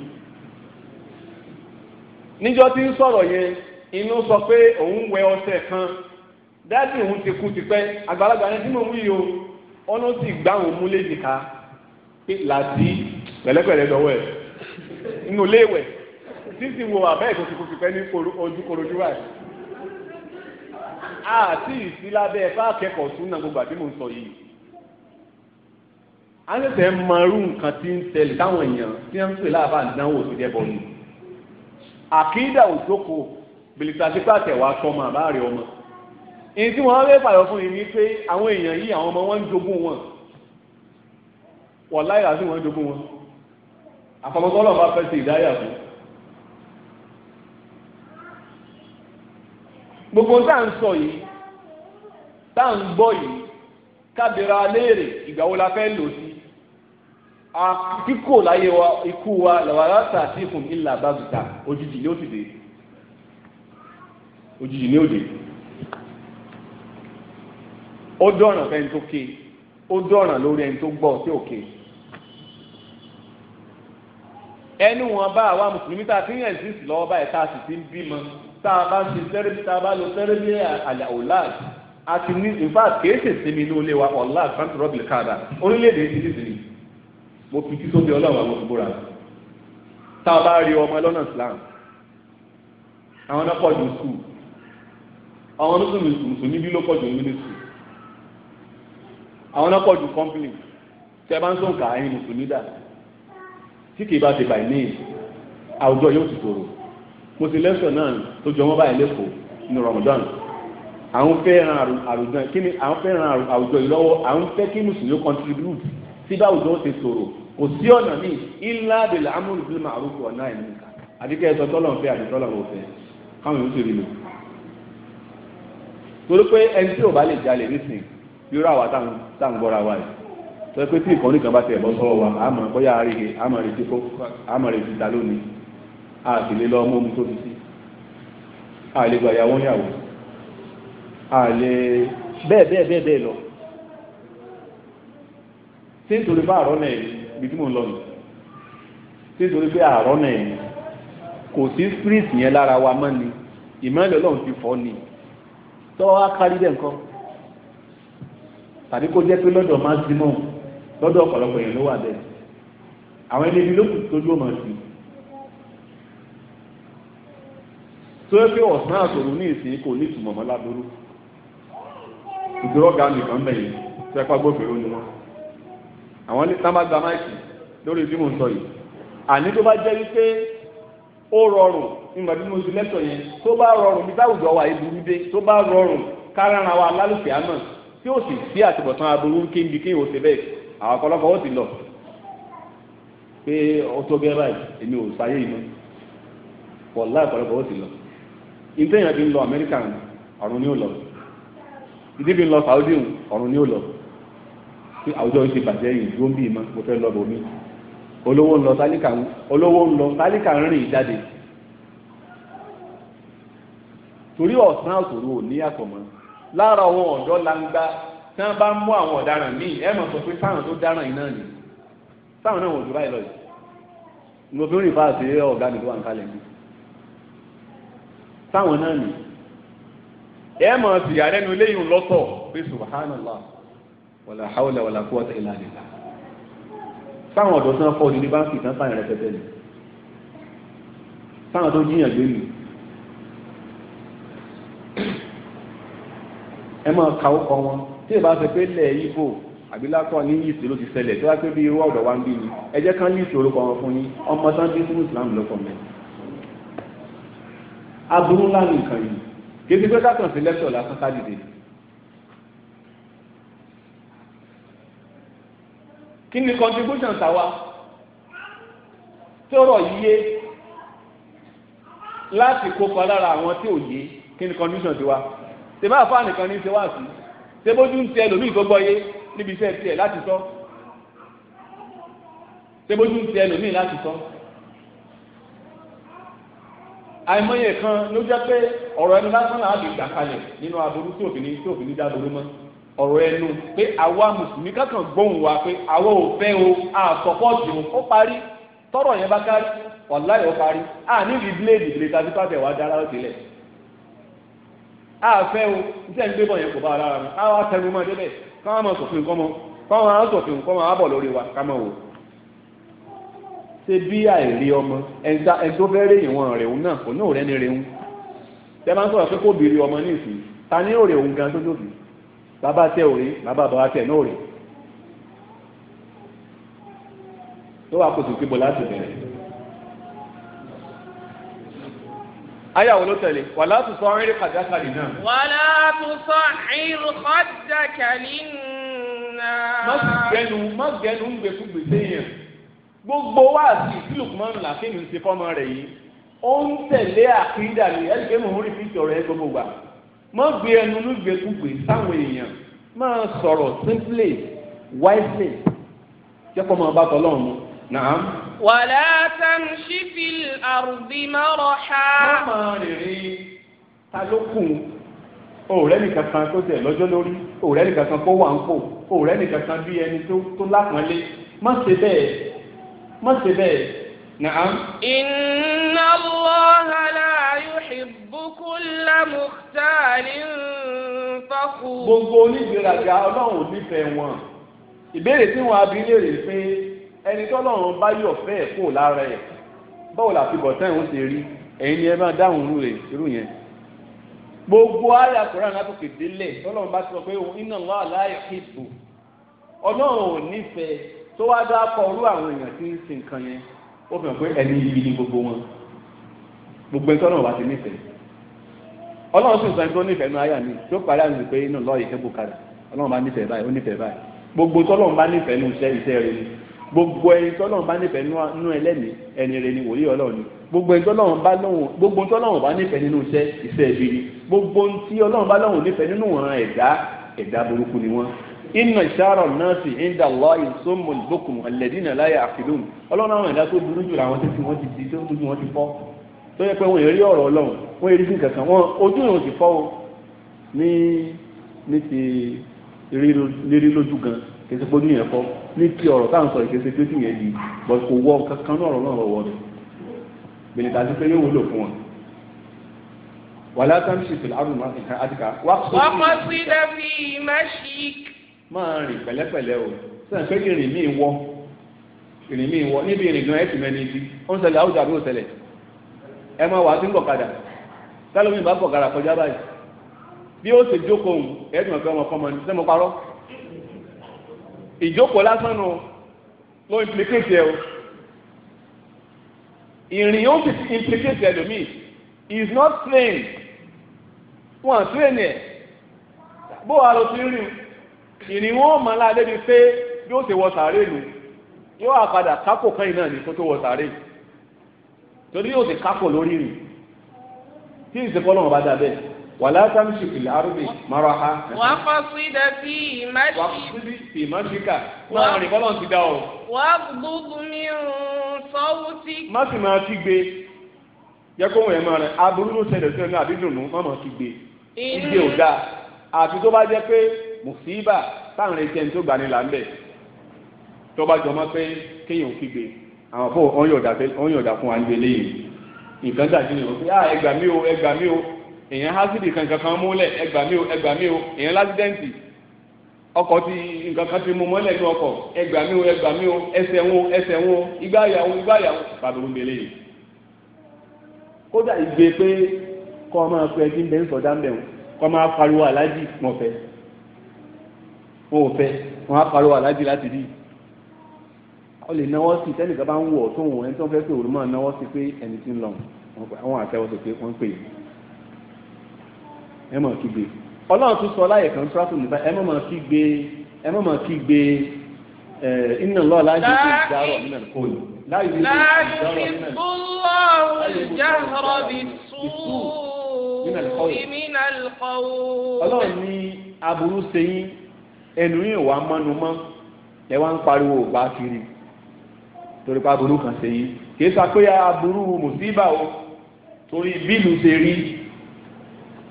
níjọ́ tí ń sọ̀rọ̀ yẹn inú sọ pé òun wẹ ọṣẹ kan dáàbì òun ti kú tipẹ́ àgbàlagbà yẹn tí mo wí o ọ̀nà sì gbá òun mú léjìká pé làtí pẹ̀lẹ́pẹ̀lẹ́ dọ́wọ́ ẹ̀ nínú ilé ìwẹ̀ sísìn wo àbẹ́ ìtòsíkò tipẹ́ ní ojú korojú àti ìsí lábẹ́ ẹ̀fá akẹ́kọ̀ọ́ súnà gbogbo àti mò ń sọ yìí a ń tẹ̀ mọ̀rú nǹkan tí ń tẹ̀lé táwọn èèyàn tí wọ́n ń pè láàbà ìdánwò tó jẹ́ bọ́ ni àkídà òjòkó bìlìtàsípà tẹ̀wá sọmọ àbáàrẹ̀ ọmọ èyí tí wọ́n fẹ́ fàyọ fún yìí ni pé àwọn èèyàn yìí àwọn ọmọ wọn ń jogún wọn wọ̀ láyà sí wọn jogún wọn àfọmọ́tọ́lọ́ bá fẹ́ ṣe ìdáyà fún gbogbo tá à ń sọ yìí tá à ń gbọ́ yìí kábìrà léèrè ìgbà wo la fẹ́ lò sí àkíkò láyé wa ikú wa làwàrà tààtì fún ilà bàbùtà òjijì ni ó ti dé òjijì ni ó dé ó dọ̀ràn fẹ́ni tó ké ó dọ̀ràn lórí ẹni tó gbọ́ tí ò ẹnu wọn bá àwa mùsùlùmí tá a ti ń ẹ̀sìn lọ́wọ́ báyìí tá a sì ti ń bímọ tá a bá ṣe tẹ́rẹ́bí tá a bá lo tẹ́rẹ́bí àlẹ́ ọ̀làd àti ní ìfà kéésì sinmi ní olè wa ọ̀làd santi rọ́bìlì káàdà orílẹ̀-èdè ti ti sìn mo fi títí omi ọlọ́run àwọn olùbúra tá a bá rí ọmọ ẹlọ́nà Islam àwọn náà pọ̀ ju skul àwọn onísùnmí mùsùlùmí bí ló pọ̀ ju ní skul àwọn náà pọ̀ ju kọ́mpìnì tí a bá ń sọ̀nkà ẹ̀yin mùsùlùmí dà tí kì í bá ti bàí ní àwùjọ yóò ti tòrò mo ti lẹ́sọ̀ náà tó jọ wọ́n báyìí lẹ́kọ̀ọ́ ní Ramadan àwọn fẹ́ ran àwùjọ kí ni àwọn fẹ́ ran àwùjọ yìí lọ́wọ́ àwọn fẹ́ kí mùsùlùmí contribute sí bá àwùjọ ṣe sọ̀rọ̀ kò sí ọ̀nà míì ilá abèlè amúlù bí màá rúkọ ọ̀nà ẹ̀ nìkan àdìkẹ́ ẹ̀sọ́ tọ́lọ̀ ń fẹ́ àdìkẹ́ tọ́lọ̀ ń fẹ́ káwọn yóò ṣe rí mi. torí pé ẹni tí ò bá lè jalè nísìn yóò rà wá tá à ń gbọ́ra wa yìí sọ pé tí ìkànnì bá tẹ̀ bọ́ sọ́wọ́ wa àmọ̀ bóyá àárẹ̀ àmọ̀ rẹ̀ ti ta lónìí àtìlé lọ mú omi tó ti sí àlè gbàyàwó yàwó àlè bẹ́ẹ̀bẹ́ẹ̀bẹ́ẹ̀ lọ tí n torí bá àárọ̀ náà ibi tí mò ń lọ nù tí n torí pé àárọ̀ náà kò sí spirit yẹn lára wa mọ́ ni ìmọ̀lẹ̀ ọlọ́run ti fọ́ ni tọ́wọ́ á kárí bẹ́ẹ̀ nǹkan tàbí kó jẹ́ pé lọ́dọ̀ maximum lọ́dọ̀ ọ̀pọ̀lọpọ̀ èèyàn ló wà bẹ́ẹ̀ àwọn ẹni ibi ló kù tójú ọmọ sí i tó yẹ pé ọ̀sán àtòrò ní ìsìn kò ní ìtumọ̀ mọ́ ládùúrú ìdúrọ́gà nìkan bẹ̀yìn tó yẹ pàgbófinró ni wọn àwọn ilé sábà gba máìkì lórí bí mo ń sọ yìí àní tó bá jẹ́ wípé ó rọrùn nígbà tí mo ti lẹ́tọ̀ yẹn tó bá rọrùn bí táwùjọ wà ìburú dé tó bá rọrùn kárànà wa lálùfẹ́ àmọ́ tí ó sì sí àtìbọ̀tán aburú kéńbi kéyìn ó ṣe bẹ́ẹ̀ àwọn ọ̀pọ̀lọpọ̀ ó ti lọ pé ó tó gẹ́ báyìí ò sáyé ìmọ̀ pọ̀ láì ọ̀pọ̀lọpọ̀ ó ti lọ. ìtẹ́yàn bí ń lọ Amẹ́ríkà ọ̀run ni ó lọ ìdí bí ń lọ Saudi ni ó lọ tí àwùjọ ṣe bàjẹ́ yìí dúró ń bí ma mo fẹ́ lọ bòmí olówó ń lọ tálíkà ń olówó ń lọ tálíkà ń rìn jáde torí ọ̀sán àtòrò ò ní lára langba tí wọ́n bá ń mú àwọn ọ̀daràn míì ẹ mọ̀ sọ pé sáwọn tó dáràn ni sáwọn náà wọ̀n jù báyìí lọ yìí fáàsì sáwọn náà nì ẹ mọ̀ sìgá lẹ́nu léyìn lọ́tọ̀ pé subhanallah wàlà hawla wàlà quwwata illa billah sáwọn ọ̀dọ́ tí wọ́n fọ́ ní báńkì tán sáyẹn rẹpẹtẹ ni sáwọn tó jíyàn gbé nù ẹ máa ka ọkọ wọn tí ìbá ṣe pé lẹ̀ ibo àbílákọ̀ ní yìí ló ti ṣẹlẹ̀ tí wọ́n pé bí irú ọ̀dọ̀ wa ń bí ni ẹ jẹ́ kán lìsì orúkọ wọn fún yín ọmọ sunday fún islam lọ́kọ̀ mẹ́rin aburú ńlá nìkan yìí kéde pé ká kàn sí lẹ́tọ̀ lásán ká dìde. kí ni contribution tàwa tọrọ yíyé láti kópa lára àwọn tí ò yé kí ni contribution tiwa tèmi àfáà nìkan ní í ṣe wá sí tèbójú ń tẹ lómi ìgbọ́gbọ́ yé níbi iṣẹ́ tiẹ̀ láti sọ tèbójú ń tẹ lómi láti sọ àìmọye kan ló jẹ́ pé ọ̀rọ̀ ẹnu lásán náà lè gbà kalẹ̀ nínú aburú tí òfin tí òfin dá burú mọ́ ọ̀rọ̀ ẹnu pé àwa mùsùlùmí kankan gbóhùn wa pé àwa ò fẹ́ o àsọpọ́ọ̀tì o ó parí tọ́rọ̀ yẹn bá kárí ọ̀láyọ̀ ó parí a ní ibi bíléèdì ìbílẹ̀ tàbí pàtẹ́ wa dára ó tilẹ̀ a fẹ́ o iṣẹ́ ń gbébọn yẹn kò bá ara rẹ̀ a wá tẹnu mọ́ débẹ̀ káwọn máa sọ̀fin kọ́mọ káwọn máa ṣe bí àìrí ọmọ ẹni tó fẹ́ rèyìn wọn rèun náà kò náà rẹ́ni rèun tẹ máa ń sọ̀rọ̀ pé kò bìrì ọmọ ní ìsìn ta ní òrè òun gan tó tóbi bàbá tẹ òrè bàbá bàbá tẹ náà òrè tó wà kò sì kíbo láti bẹ̀rẹ̀. Ayàwó tẹ̀lé, wà látù sọ rírí kàdákàlì náà. Wà látù sọ rírí kàdákàlì náà. Má gẹnu má gẹnu ń gbẹ̀kú gbèsè yẹn gbogbo wáàsí ìtìlùkùmọ́nù làfíìmù ń ṣe fọ́mọ rẹ̀ yìí ó ń tẹ̀lé àkídà ní ẹ̀ríkẹ́ mò ń rí fíìtì ọ̀rọ̀ ẹ gbogbo gbà mọ́ gbé ẹnu nígbèkúgbè sáwọn èèyàn máa sọ̀rọ̀ simply wisely jẹ́pọ̀ máa bá tọ́lọ́ mu náà. wàlá tamshi fil ardi maraha. wọ́n máa rìnrìn ta ló kù òòrẹ́ nìkan kan tó tẹ̀ lọ́jọ́ lórí òòrẹ́ nìkan kan kó wà ń pò òòrẹ́ nìkan kan bí ẹni tó lápọ̀nlé má ṣe bẹ́ẹ̀ má ṣe bẹ́ẹ̀ naam. inna Allaha la yuhibbu kulla mukhtalin fakhur. gbogbo onígbèraga ọlọ́run ò nífẹ̀ẹ́ wọn ìbéèrè tí wọn abí léèrè pé ẹni tọ́lọ́run bá yọ̀ fẹ́ẹ̀ kó lára ẹ̀ báwo la fi bọ̀ tán ìhun ṣe rí ẹ̀yin ni ẹ máa dáhùn irú rẹ̀ irú yẹn. gbogbo àyà koran látòkè délẹ̀ tọ́lọ́run bá sọ pé inna Allaha la yuhibbu ọlọ́run ò nífẹ̀ẹ́ tó wá dá pọ̀ orú àwọn èèyàn tí ń sin nǹkan yẹn ó fi hàn pé ẹni ibi ni gbogbo wọn gbogbo ẹni tó náà wà sí nífẹ̀ẹ́ ọlọ́run sì sọ ẹni tó nífẹ̀ẹ́ nu ayà mi tó parí àmì pé inú lọ́ọ̀yì kẹ́bù kalẹ̀ ọlọ́run bá nífẹ̀ẹ́ báyìí ó nífẹ̀ẹ́ báyìí gbogbo tọ́lọ́run bá nífẹ̀ẹ́ nu iṣẹ́ iṣẹ́ rẹ ni gbogbo ẹni tọ́lọ́run bá nífẹ̀ẹ́ nú ẹlẹ́ni ẹni rẹ ni wòlíì ọlọ́run ni gbogbo tọ́lọ́run bá nífẹ̀ẹ́ nínú iṣẹ́ iṣẹ́ ibi ni gbogbo tí ọlọ́run bá lóhùn nífẹ̀ẹ́ nínú ọ̀ràn ẹ̀dá ẹ̀dá burúkú ni wọ́n inna ìṣàrọ̀ náà sì inda Allahi sumul bukum alladina la ya'qilun ọlọ́run àwọn ẹ̀dá tó burú jù làwọn tó fi wọ́n ti di tó fi wọ́n ti fọ́ tó yẹ pé wọ́n èrí ọ̀rọ̀ ọlọ́run wọ́n èrí sí kankan wọ́n ojú ìwọ̀n ti fọ́ o ní ní ti rírí lójú gan kẹsẹ̀ pé ní ẹ̀fọ́ ní ti ọ̀rọ̀ táwọn sọ̀rọ̀ kẹsẹ̀ tó sì yẹn di bọ̀ kò wọ kankan náà ọ̀rọ̀ náà lọ́wọ́ rẹ̀ bẹ̀rẹ̀ tàbí pé yóò wúlò fún wọn wàlá tamshi fil ardi mọ́ àti ká wàá kọ́ sí ìdáfí máṣík máa rìn pẹ̀lẹ́pẹ̀lẹ́ o sẹ́yìn pé ìrìn míì wọ ìrìn míì wọ níbi ìrìn gan ẹ̀sìn mẹ́ni ibi ó ń ṣẹlẹ̀ àwùjọ àbí ó ṣẹlẹ̀ ẹ máa wà á sí ń kọ̀kadà kálómi bá kọ̀kadà kọjá báyìí bí ó ṣe jókòó òun ẹ̀ẹ́dùn ọ̀fẹ́ ọmọ kọ́mọ ní sẹ́mo parọ́ ìjókòó lásán nu ló implicate ẹ o ìrìn ó sì implicate ẹlòmíì is not trained wọn train ẹ bó wa lọ sí rìn ìrìnwó ọmọ aládé bíi pé bí ó ṣe wọ sàárè lù yóò àpadà kákò kẹ́yìn náà ní kó tó wọ sàárè torí yóò ṣe kákò lórí rìn tí ìṣèkọ́ lọ́wọ́ bá dà bẹ́ẹ̀ wàlá tamshi fil ardi maraha. wà á kọ́ sí dẹ fi wà á kọ́ sí fi ìmáṣí kà rìn kọ́lọ́ ti dá o. wà á gbogbo mi sọ́wọ́ mùsíbà táwọn retí ẹni tó gbà ní là ń bẹ̀ tó bá jọmọ́ pé kéèyàn ò kígbe àwọn àbò òun yọ̀dà fún wa ń ah, gbélé o ẹgbà mí o èèyàn kankan kan múlẹ̀ ẹgbà mí o ẹgbà mí o èèyàn lásìdẹ́ǹtì ọkọ̀ ti nǹkan kan ti mú mọ́lẹ̀ ní ọkọ̀ ẹgbà mí o ẹgbà mí o ẹsẹ̀ wọn ẹsẹ̀ wọn igbá igbá kódà ìgbé pé kọ́ máa wọn ò fẹ́ wọn á pariwo aláàjì láti rí ọ lè náwó sí tẹnìkan bá ń wọ tó ń wọ ẹni tó ń fẹ́ pé òun máa náwó sí pé ẹni tí ń lọ wọn àtẹwọ́ sí pé wọ́n ń pè é ẹ mọ̀ kí gbé ọlọ́run tún sọ láyè kan tíráfù nípa ẹ mọ̀ kí gbé ẹ mọ̀ kí gbé ẹ iná lọ́ọ̀ láyé tó ń dárọ̀ nínú ẹ̀kọ́ yìí. láyé tó ń dárọ̀ nínú ẹ̀kọ́ yìí. ọlọ́run ní aburú sẹ́yìn ẹlòmíì wà mọ́nu mọ́ ẹ wá ń pariwo bá kiri torí pa aburú kan ṣe yìí kì í sàpé aburú mùsíbà o torí bílù ṣe rí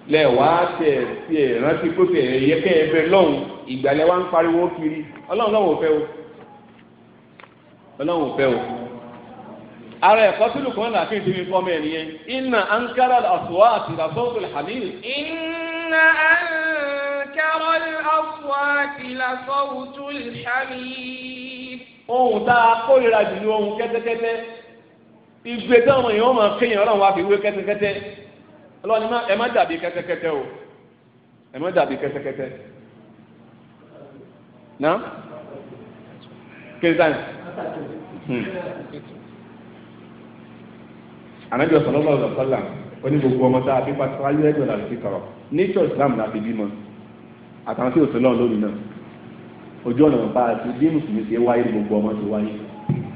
lẹ́wàá tẹ̀ tiẹ̀ rántí pé kẹ̀ ẹ̀yẹ kẹ́ ẹ bẹ lọ́hùn ìgbàlẹ̀ wá ń pariwo kiri ọlọ́run lọ́wọ́ fẹ́ o ọlọ́run fẹ́ o ara ẹ̀kọ́ tí lùkọ́ náà kí n ti fi fọ́ mẹ́ ẹ̀nìyẹn inna ankara al-aswati àti ìdásọ́wọ́sọ al-hamil. inna an. أَوْكَرَ الْأَصْوَاتِ لَصَوْتُ الْحَمِيرِ ohun tá a kórìíra jù ní ohun kẹ́tẹ́kẹ́tẹ́ igbe táwọn èèyàn máa kéèyàn ọlọ́run wá fi wé kẹ́tẹ́kẹ́tẹ́ ọlọ́run ẹ má dàbí kẹ́tẹ́kẹ́tẹ́ o ẹ má dàbí kẹ́tẹ́kẹ́tẹ́ ná kéésàn anabi ọ̀sán lọ́wọ́ ọ̀sán sálà ó ọmọ tá a bí pàṣẹ ayé ẹ̀jọ̀ làbí kọ̀rọ̀ nature islam làbí bímọ àtàwọn tí òsèlú ọ̀hún lónìí náà ojú ọ̀nà bá a ti bí mùsùlùmí ti wáyé gbogbo ọmọ ti wáyé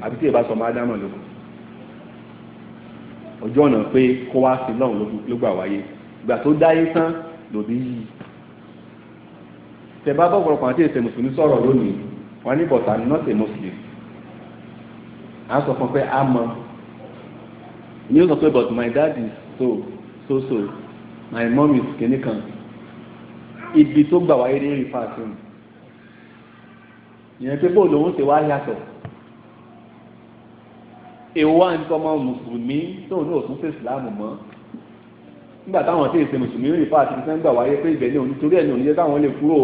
àbí tí ìbá sọ máa dáná lóko ojú ọ̀nà pé kó wá sí lọ́hùn ló gbà wáyé ìgbà tó dáyé tán lòdì yìí tẹ̀bá bọ̀ pọ̀lọpọ̀ àti èsè mùsùlùmí sọ̀rọ̀ lónìí wọn ní bọ̀tà not a muslim à ń sọ fún pé a mọ ní ó sọ pé but my dad is so so so my mom is kìnnìkan ibi tó gbà wáyé ní ìfà àti òun ìyẹn pé bóòlù òun ṣe wá yàtọ̀ èèwọ̀ à ń tọ́ ọmọ mùsùlùmí tóun náà tún ṣe ìsìláàmù mọ́ nígbà táwọn tí ìṣe mùsùlùmí ní ìfà àti ìṣẹ́ ń gbà wáyé pé ibẹ̀ ní òun nítorí ẹ̀ ní òun yẹ káwọn lè kúrò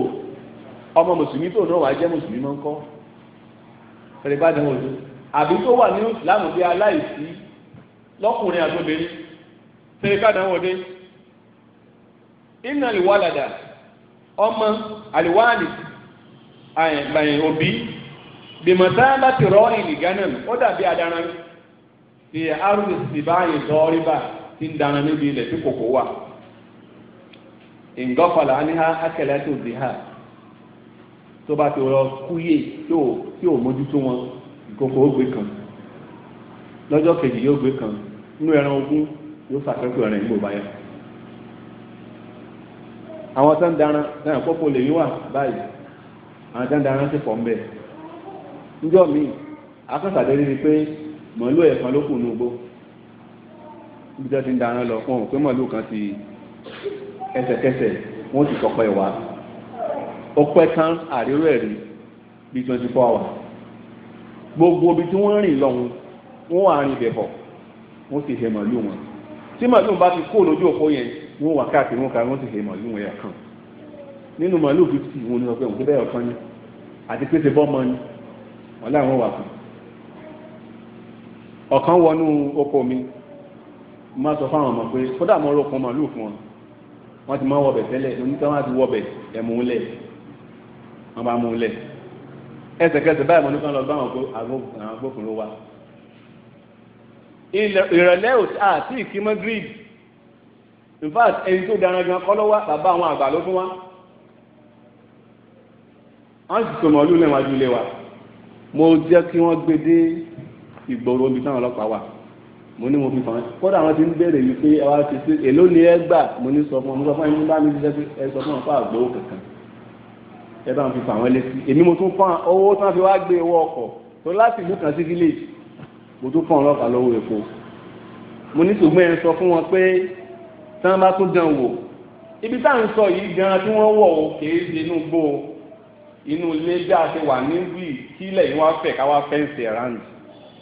ọmọ mùsùlùmí tóun náà wàá jẹ́ mùsùlùmí mọ́ ń kọ́ pẹ̀lú ìbàdàn òjò àbí tó wà nínú ìsìláàmù bí aláìsí lọ́kùnrin àtòbìnrin pẹ̀lú ìbàdàn òde ìnàlè wàlàdà ọmọ aliwani àyìn obi bìmọ̀tá láti rọ ìlì gánà ó dàbí adaran ti arúgbó sì báyìí dọ́ọ́rìbà ti ń dara níbi ilẹ̀ tí kòkó wà ìngọ́fàlà ha akẹ́lẹ́ tó di ha tó bá ti rọ kúyè tí ò mójútó wọn ìkòkò ogbe kan lọ́jọ́ kejì yóò kan inú ẹran ogún yóò àwọn tó ń daran náà kókó lèmi wà báyìí àwọn tó ń daran ti pọ̀ ń bẹ̀. níjọ́ mi akọ́sàdé rí i pé mọ̀lú ẹ̀kan ló kù ní ugbó níbi tó ti ń daran lọ fún òun pé mọ̀lú kan ti ẹsẹ̀kẹsẹ̀ wọ́n ti kọ̀pẹ́ wá ọpẹ́ kan àríró ẹ̀rí bíi twenty four hours gbogbo ibi tí wọ́n rìn lọ́hùn wọ́n wà rìn bẹ̀bọ̀ wọ́n sì ṣe màlúù wọn tí màlúù bá ti kó lójú òpó yẹn wọ́n wà káàkiri wọn kà wọ́n sì ṣe màálù ẹ̀yà kan nínú màálù fifty wọn ni wọ́n pẹ́ wọn tó bẹ́ẹ̀ ọ̀kan ni àti pé ṣe bọ́ọ̀mọ ni wọ́n láwọn wà fún ọ̀kan wọnú oko mi máa sọ fáwọn ọmọ pé kódà mo rọ kan màálù fún wọn wọ́n ti máa wọbẹ̀ tẹ́lẹ̀ oníkan wọ́n ti wọbẹ̀ ẹ̀mú lẹ̀ wọ́n bá mú ẹsẹ̀kẹsẹ̀ báyìí mo ní kán lọ bá àwọn agbófinró wa ìrọ̀lẹ́ àti ìkímọ́ gírídì in fact ẹni tó dára gan kọ́ lọ́wọ́ bàbá àwọn àgbà ló fún wa wọ́n sì tòmọ̀ ọdún lẹ́wọ̀n ilé wa mo jẹ́ kí wọ́n gbé dé ìgboro omi táwọn ọlọ́pàá wà mo ní mo fi fọ́n kódà àwọn ti ń béèrè yìí pé ẹ wá ti sí èló ni ẹ gbà mo ní sọ fún ọ mo sọ fún ẹ mo bá mi jíjẹ pé ẹ sọ fún ọ fún àgbòwò kankan ẹ bá ń fi fà wọ́n létí èmi mo tún fọ́n owó tí wọ́n fi wá gbé owó ọkọ̀ tó láti ìlú kan sí village mo tún fọ́n ọlọ́pàá lọ́wọ́ epo mo ní ṣùgbọ́n ẹ sọ fún wọn pé tí wọ́n bá tún dán wò ibi tá à ń sọ yìí gan tí wọ́n wọ̀ ó kèé di inú gbó inú ilé bí a ṣe wà níbí kí ilẹ̀ yìí wá fẹ̀ ká wá fẹ́ǹsì around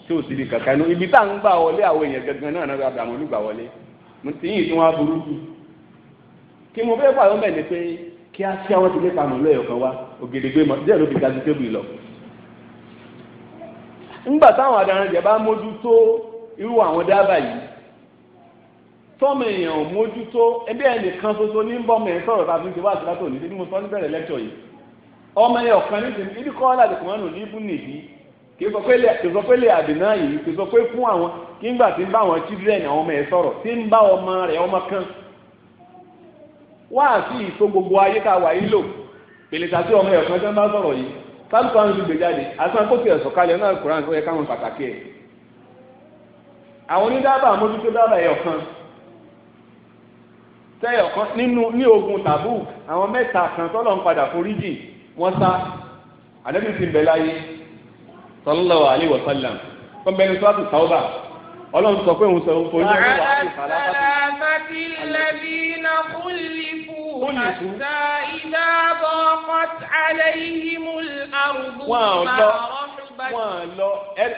tí ò sí ibi kankan inú ibi tá à ń gbà wọlé àwọn èèyàn gangan náà náà àbàmọ́ olùgbà wọlé mo ti yìn tí wọ́n á burú jù kí mo fẹ́ pàrọ̀ mẹ́ni pé kí á sí àwọn ti lépa mọ̀ lọ́yọ̀ kan wá ògèdègbè mọ̀ díẹ̀ ló fi ga ju tébùlì lọ ńgbà táwọn adarun tọ́mọ èèyàn ò mójútó ẹbí ẹnìkan ṣoṣo ní bọ́mọ ẹ̀ sọ̀rọ̀ tàbí ti wá àti látò ní mo sọ níbẹ̀rẹ̀ lẹ́kṣọ̀ yìí ọmọ ẹ̀ ọ̀kan ní tèmi ibi kọ́lá àdìkùnmọ́nù ní ibú nìdí kì í sọ pé lè àdìná yìí kì í sọ pé fún àwọn kí ngbà tí ń bá àwọn children àwọn ọmọ ẹ̀ sọ̀rọ̀ tí ń bá ọmọ rẹ̀ ọmọ kan wá sí ìtò gbogbo ayé tá a wà yìí lò pèlè tàbí ọmọ ẹ̀ ọ̀kan tí wọ́n bá sọ̀rọ̀ yìí sáàlù kan ti gbèjáde àti wọn kó tiẹ̀ sọ̀kalẹ̀ náà kúrò àwọn ẹ̀ka wọn àwọn onídàbà mójútó dábàá ẹ̀ ọ̀kan sẹ́yọ̀ kan nínú ní ogun tàbú àwọn mẹ́ta kan tọ́lọ̀ ń padà foríjì wọ́n sá àdẹ́bí ti bẹ̀ láyé sallallahu alaihi wa sallam bẹni tó àtúntà ọba ọlọ́run sọ pé òun sọ òun foríjì wà sí sàlámàtì lẹ́bìínà kúlìfù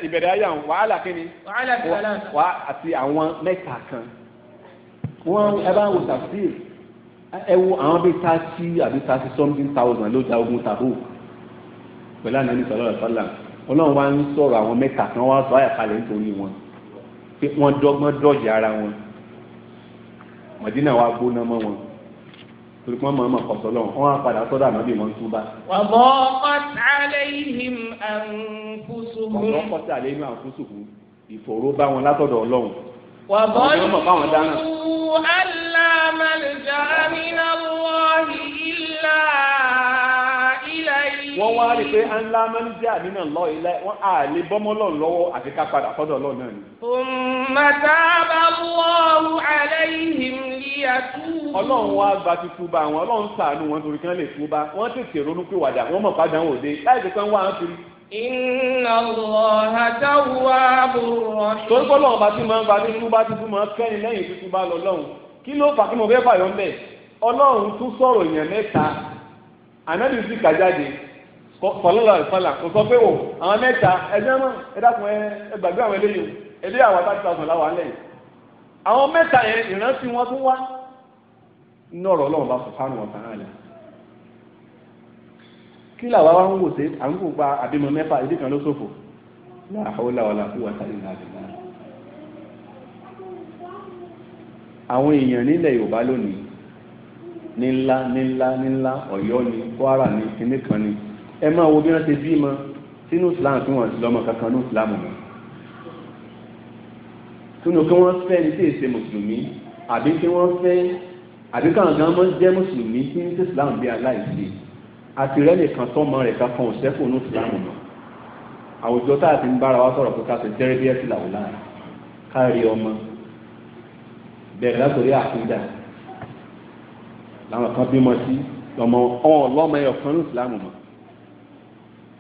ìbẹ̀rẹ̀ ayé àwọn wàhálà kínní wàhálà àti àwọn mẹ́ta kan wọ́n ẹ bá wò tafsir ẹ wo àwọn bíi thirty àbí thirty something thousand ló da ogun Tabuk pẹ̀lú ànábì sọlọ́dọ̀ sọ́là ọlọ́run wá ń sọ̀rọ̀ àwọn mẹ́ta kan wá sọ àyàkálẹ̀ nítorí wọn pé wọ́n dọ́gbọ́n dọ̀jì ara wọn Mọ̀dínà wa gbóná mọ́ wọn torí pé wọ́n mọ̀ ọ́n mọ̀ kọ́sọ́ lọ́wọ́ wọ́n á padà sọ́dọ̀ ànábì mọ́ túbà. wọ́n bọ́ kọ́tà lẹ́yìn àǹfùsùkù. wọ́n bọ́ kọ́tà lẹ́yìn àǹfùsùkù ìfòró bá wọn látọ̀dọ̀ ọlọ́run وظنوا أن لا ملجأ من الله إلا إليه wọ́n wá rí i pé ńlá máa ń jẹ́ àmínà lọ ilẹ̀ wọ́n á lè bọ́mọ́ lọ́n lọ́wọ́ àti ká padà fọ́dọ̀ lọ́n náà ni. mọ̀tàbà wọ́ọ̀rù aláìhìm ní àtú. ọlọ́run wá gba tuntun bá wọn ọlọ́run ṣàánú wọn torí kí wọ́n lè tún wọ́n tètè ronú pé wàdà wọ́n mọ̀ padà wò dé láì jẹ́ pé wọ́n ń torí Inna Allaha tawwabur rahim. torí pé lọ́wọ́ bá ti máa ń bá ti tún máa kẹ́yìn lẹ́yìn bá kí ló fà ọlọ́run tún sọ̀rọ̀ kò sọ pé wò àwọn mẹ́ta ẹgbẹ́ mọ́ ẹgbàgbé àwọn àwọn àwọn ọ̀làwà ìrántí wọn tún kí làwa wá ń wò sí à ń wò pa àbímọ mẹ́fà ìdí kan ló ṣòfò láàáwó làwàlà fún wa sáré náà dìgbà. àwọn èèyàn nílẹ̀ Yorùbá lónìí ní ńlá ní ńlá ní ńlá Ọ̀yọ́ ni Kwara ni kinní kan ni ẹ máa wo bí wọ́n ṣe bímọ sínú Islam tí wọ́n ti lọ́mọ kankan ní Islam mọ́ túnú kí wọ́n fẹ́ ní tí èsè mùsùlùmí àbí kí wọ́n fẹ́ àbí káwọn gan mọ́ jẹ́ mùsùlùmí tí ń ṣe Islam bí aláìsí àti rẹ́ nìkan tọ́mọ rẹ̀ ká kan òṣẹ́kù ní ìsìlámù mọ́ àwùjọ tá a ti ń bára wa sọ̀rọ̀ pé ká ṣe jẹ́rẹ́ bí ẹ̀sìn làwọn láàrin ká rí ọmọ bẹ̀rẹ̀ látòrí àkúndà làwọn kan bímọ sí ọmọ ọ̀n lọ́mọ ẹ̀yọ̀ kan ní ìsìlámù mọ́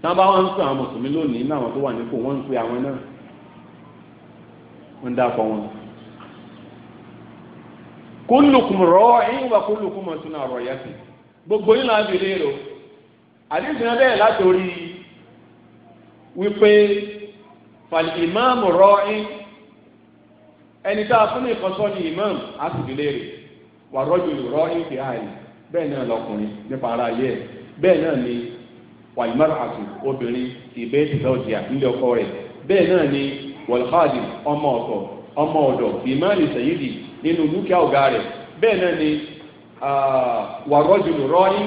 tá bá wọn ń sọ àwọn mùsùlùmí lónìí ní àwọn tó wà nípò wọn ń pe àwọn náà wọn dákọ wọn. kúlùkùn rọ ẹ̀yìn wa kúlùkùn mọ̀ sínú àrọ̀ yẹn àdìsí náà bẹ́ẹ̀ látòrí wípé fàlì ìmáàmù rọ́ọ̀ín ẹni tá a fún ní ìkọ́sọ́ ni ìmáàmù á sì délé rẹ̀ wà rọ́jò rọ́ọ̀ín fi hàn bẹ́ẹ̀ náà lọkùnrin nípa ara ayé ẹ̀ bẹ́ẹ̀ náà ni wàlímọ́rọ̀ àtù obìnrin ìbẹ́ ti fẹ́ òjìyà nílé ọkọ rẹ̀ bẹ́ẹ̀ náà ni wọ̀lùfáàdì ọmọ ọ̀tọ̀ ọmọ ọ̀dọ̀ ìmáàlì sẹ̀yìdì nínú dúkìá ọ̀gá rẹ̀ bẹ́ẹ̀ náà ni ah, wàrọ́jùlù rọ́ọ̀ín